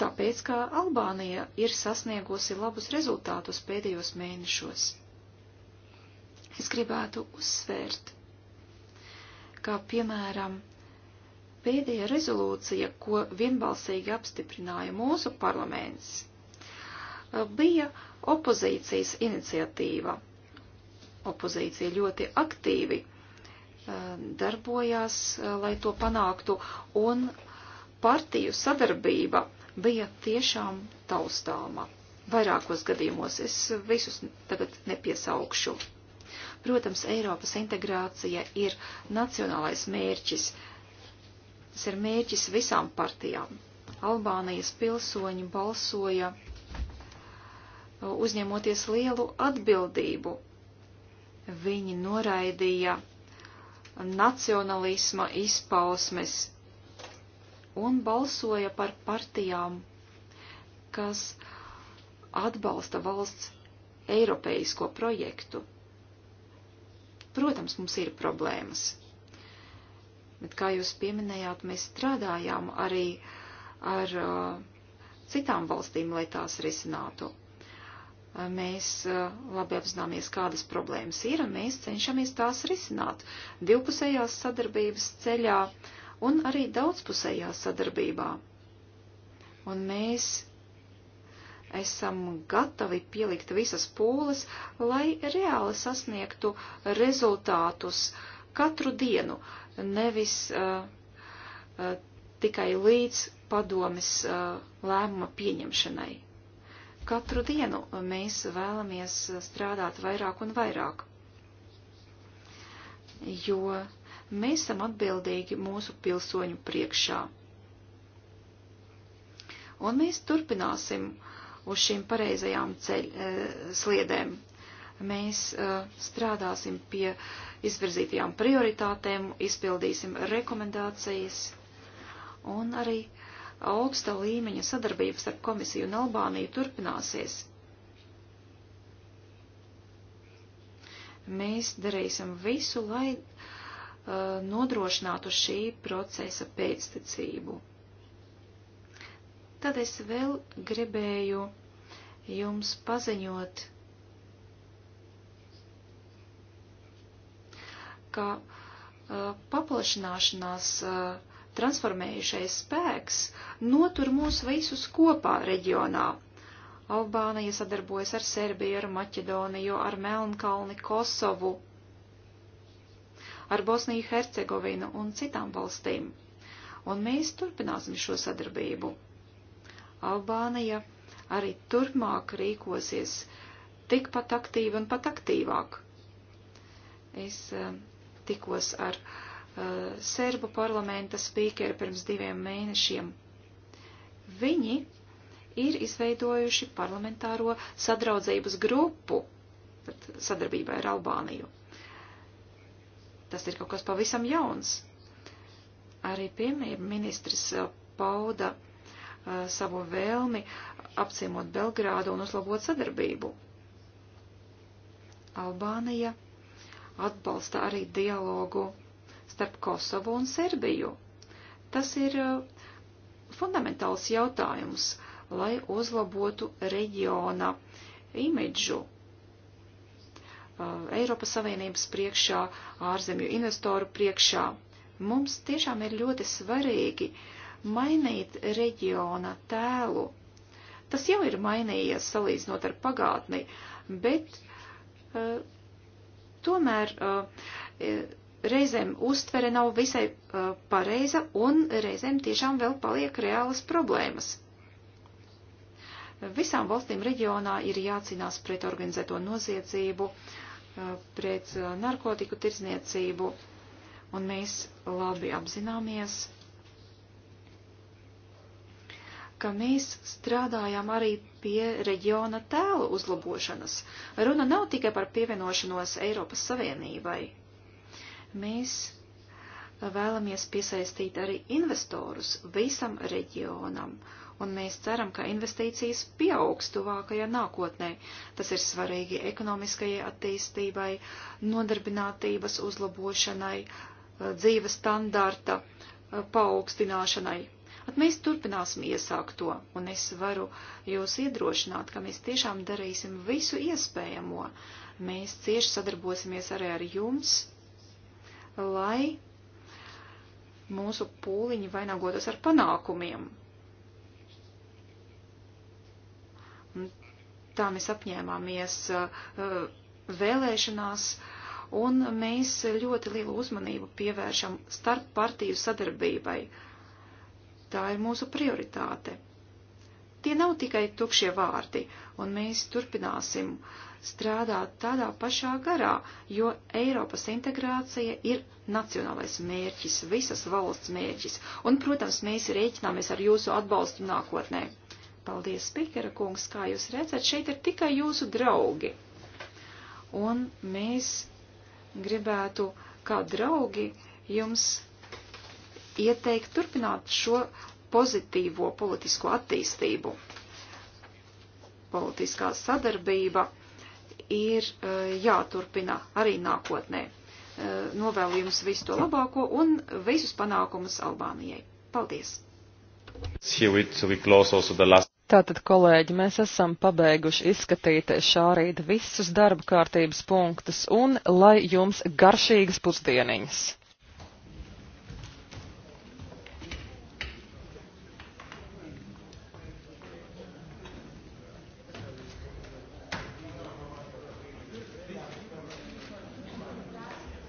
tāpēc, ka Albānija ir sasniegusi labus rezultātus pēdējos mēnešos. Es gribētu uzsvērt, kā piemēram pēdējā rezolūcija, ko vienbalsīgi apstiprināja mūsu parlaments bija opozīcijas iniciatīva. Opozīcija ļoti aktīvi eh, darbojās, eh, lai to panāktu, un partiju sadarbība bija tiešām taustāma. Vairākos gadījumos es visus tagad nepiesaukšu. Protams, Eiropas integrācija ir nacionālais mērķis. Tas ir mērķis visām partijām. Albānijas pilsoņi balsoja uzņemoties lielu atbildību. Viņi noraidīja nacionalisma izpausmes un balsoja par partijām, kas atbalsta valsts eiropeisko projektu. Protams, mums ir problēmas. Bet, kā jūs pieminējāt, mēs strādājām arī ar uh, citām valstīm, lai tās risinātu. Mēs labi apzināmies, kādas problēmas ir, un mēs cenšamies tās risināt divpusējās sadarbības ceļā un arī daudzpusējā sadarbībā. Un mēs esam gatavi pielikt visas pūles, lai reāli sasniegtu rezultātus katru dienu, nevis uh, uh, tikai līdz padomis uh, lēmuma pieņemšanai. Katru dienu mēs vēlamies strādāt vairāk un vairāk, jo mēs esam atbildīgi mūsu pilsoņu priekšā. Un mēs turpināsim uz šīm pareizajām ceļ, e, sliedēm. Mēs e, strādāsim pie izvirzītajām prioritātēm, izpildīsim rekomendācijas un arī uh, augsta līmeņa sadarbības ar komisiju un Albāniju turpināsies. Mēs darīsim visu, lai uh, nodrošinātu šī procesa pēcticību. Tad es vēl gribēju jums paziņot, ka uh, paplašināšanās uh, transformējušais spēks notur mūs visus kopā reģionā. Albānija sadarbojas ar Serbiju, ar Maķedoniju, ar Melnkalni, Kosovu, ar Bosniju, Hercegovinu un citām valstīm. Un mēs turpināsim šo sadarbību. Albānija arī turpmāk rīkosies tikpat aktīvi un pat aktīvāk. Es eh, tikos ar uh, Uh, serbu parlamenta spīkeri pirms diviem mēnešiem. Viņi ir izveidojuši parlamentāro sadraudzības grupu sadarbībā ar Albāniju. Tas ir kaut kas pavisam jauns. Arī piemēram ministrs uh, pauda uh, savu vēlmi apciemot Belgrādu un uzlabot sadarbību. Albānija atbalsta arī dialogu starp Kosovu un Serbiju. Tas ir uh, fundamentāls jautājums, lai uzlabotu reģiona imidžu. Uh, Eiropas Savienības priekšā, ārzemju investoru priekšā. Mums tiešām ir ļoti svarīgi mainīt reģiona tēlu. Tas jau ir mainījies salīdzinot ar pagātni, bet uh, tomēr uh, reizēm uztvere nav visai uh, pareiza un reizēm tiešām vēl paliek reālas problēmas. Visām valstīm reģionā ir jācīnās pret organizēto noziedzību, uh, pret uh, narkotiku tirdzniecību, un mēs labi apzināmies, ka mēs strādājām arī pie reģiona tēlu uzlabošanas. Runa nav tikai par pievienošanos Eiropas Savienībai Mēs vēlamies piesaistīt arī investorus visam reģionam, un mēs ceram, ka investīcijas pieaugs tuvākajā nākotnē. Tas ir svarīgi ekonomiskajai attīstībai, nodarbinātības uzlabošanai, eh, dzīves standarta eh, paaugstināšanai. At mēs turpināsim iesākt to, un es varu jūs iedrošināt, ka mēs tiešām darīsim visu iespējamo. Mēs cieši sadarbosimies arī ar jums, lai mūsu pūliņi vainagotos ar panākumiem. Un tā mēs apņēmāmies uh, uh, vēlēšanās, un mēs ļoti lielu uzmanību pievēršam starp partiju sadarbībai. Tā ir mūsu prioritāte tie nav tikai tukšie vārdi, un mēs turpināsim strādāt tādā pašā garā, jo Eiropas integrācija ir nacionālais mērķis, visas valsts mērķis. Un, protams, mēs rēķināmies ar jūsu atbalstu nākotnē. Paldies, Spikera kungs, kā jūs redzat, šeit ir tikai jūsu draugi. Un mēs gribētu, kā draugi, jums ieteikt turpināt šo pozitīvo politisko attīstību politiskā sadarbība ir eh, jāturpina arī nākotnē. Eh, novēlu jums visu to labāko un visus panākumus Albānijai. Paldies! Tātad, kolēģi, mēs esam pabeiguši izskatīt šā rīta visus darba kārtības punktus un lai jums garšīgas pusdieniņas!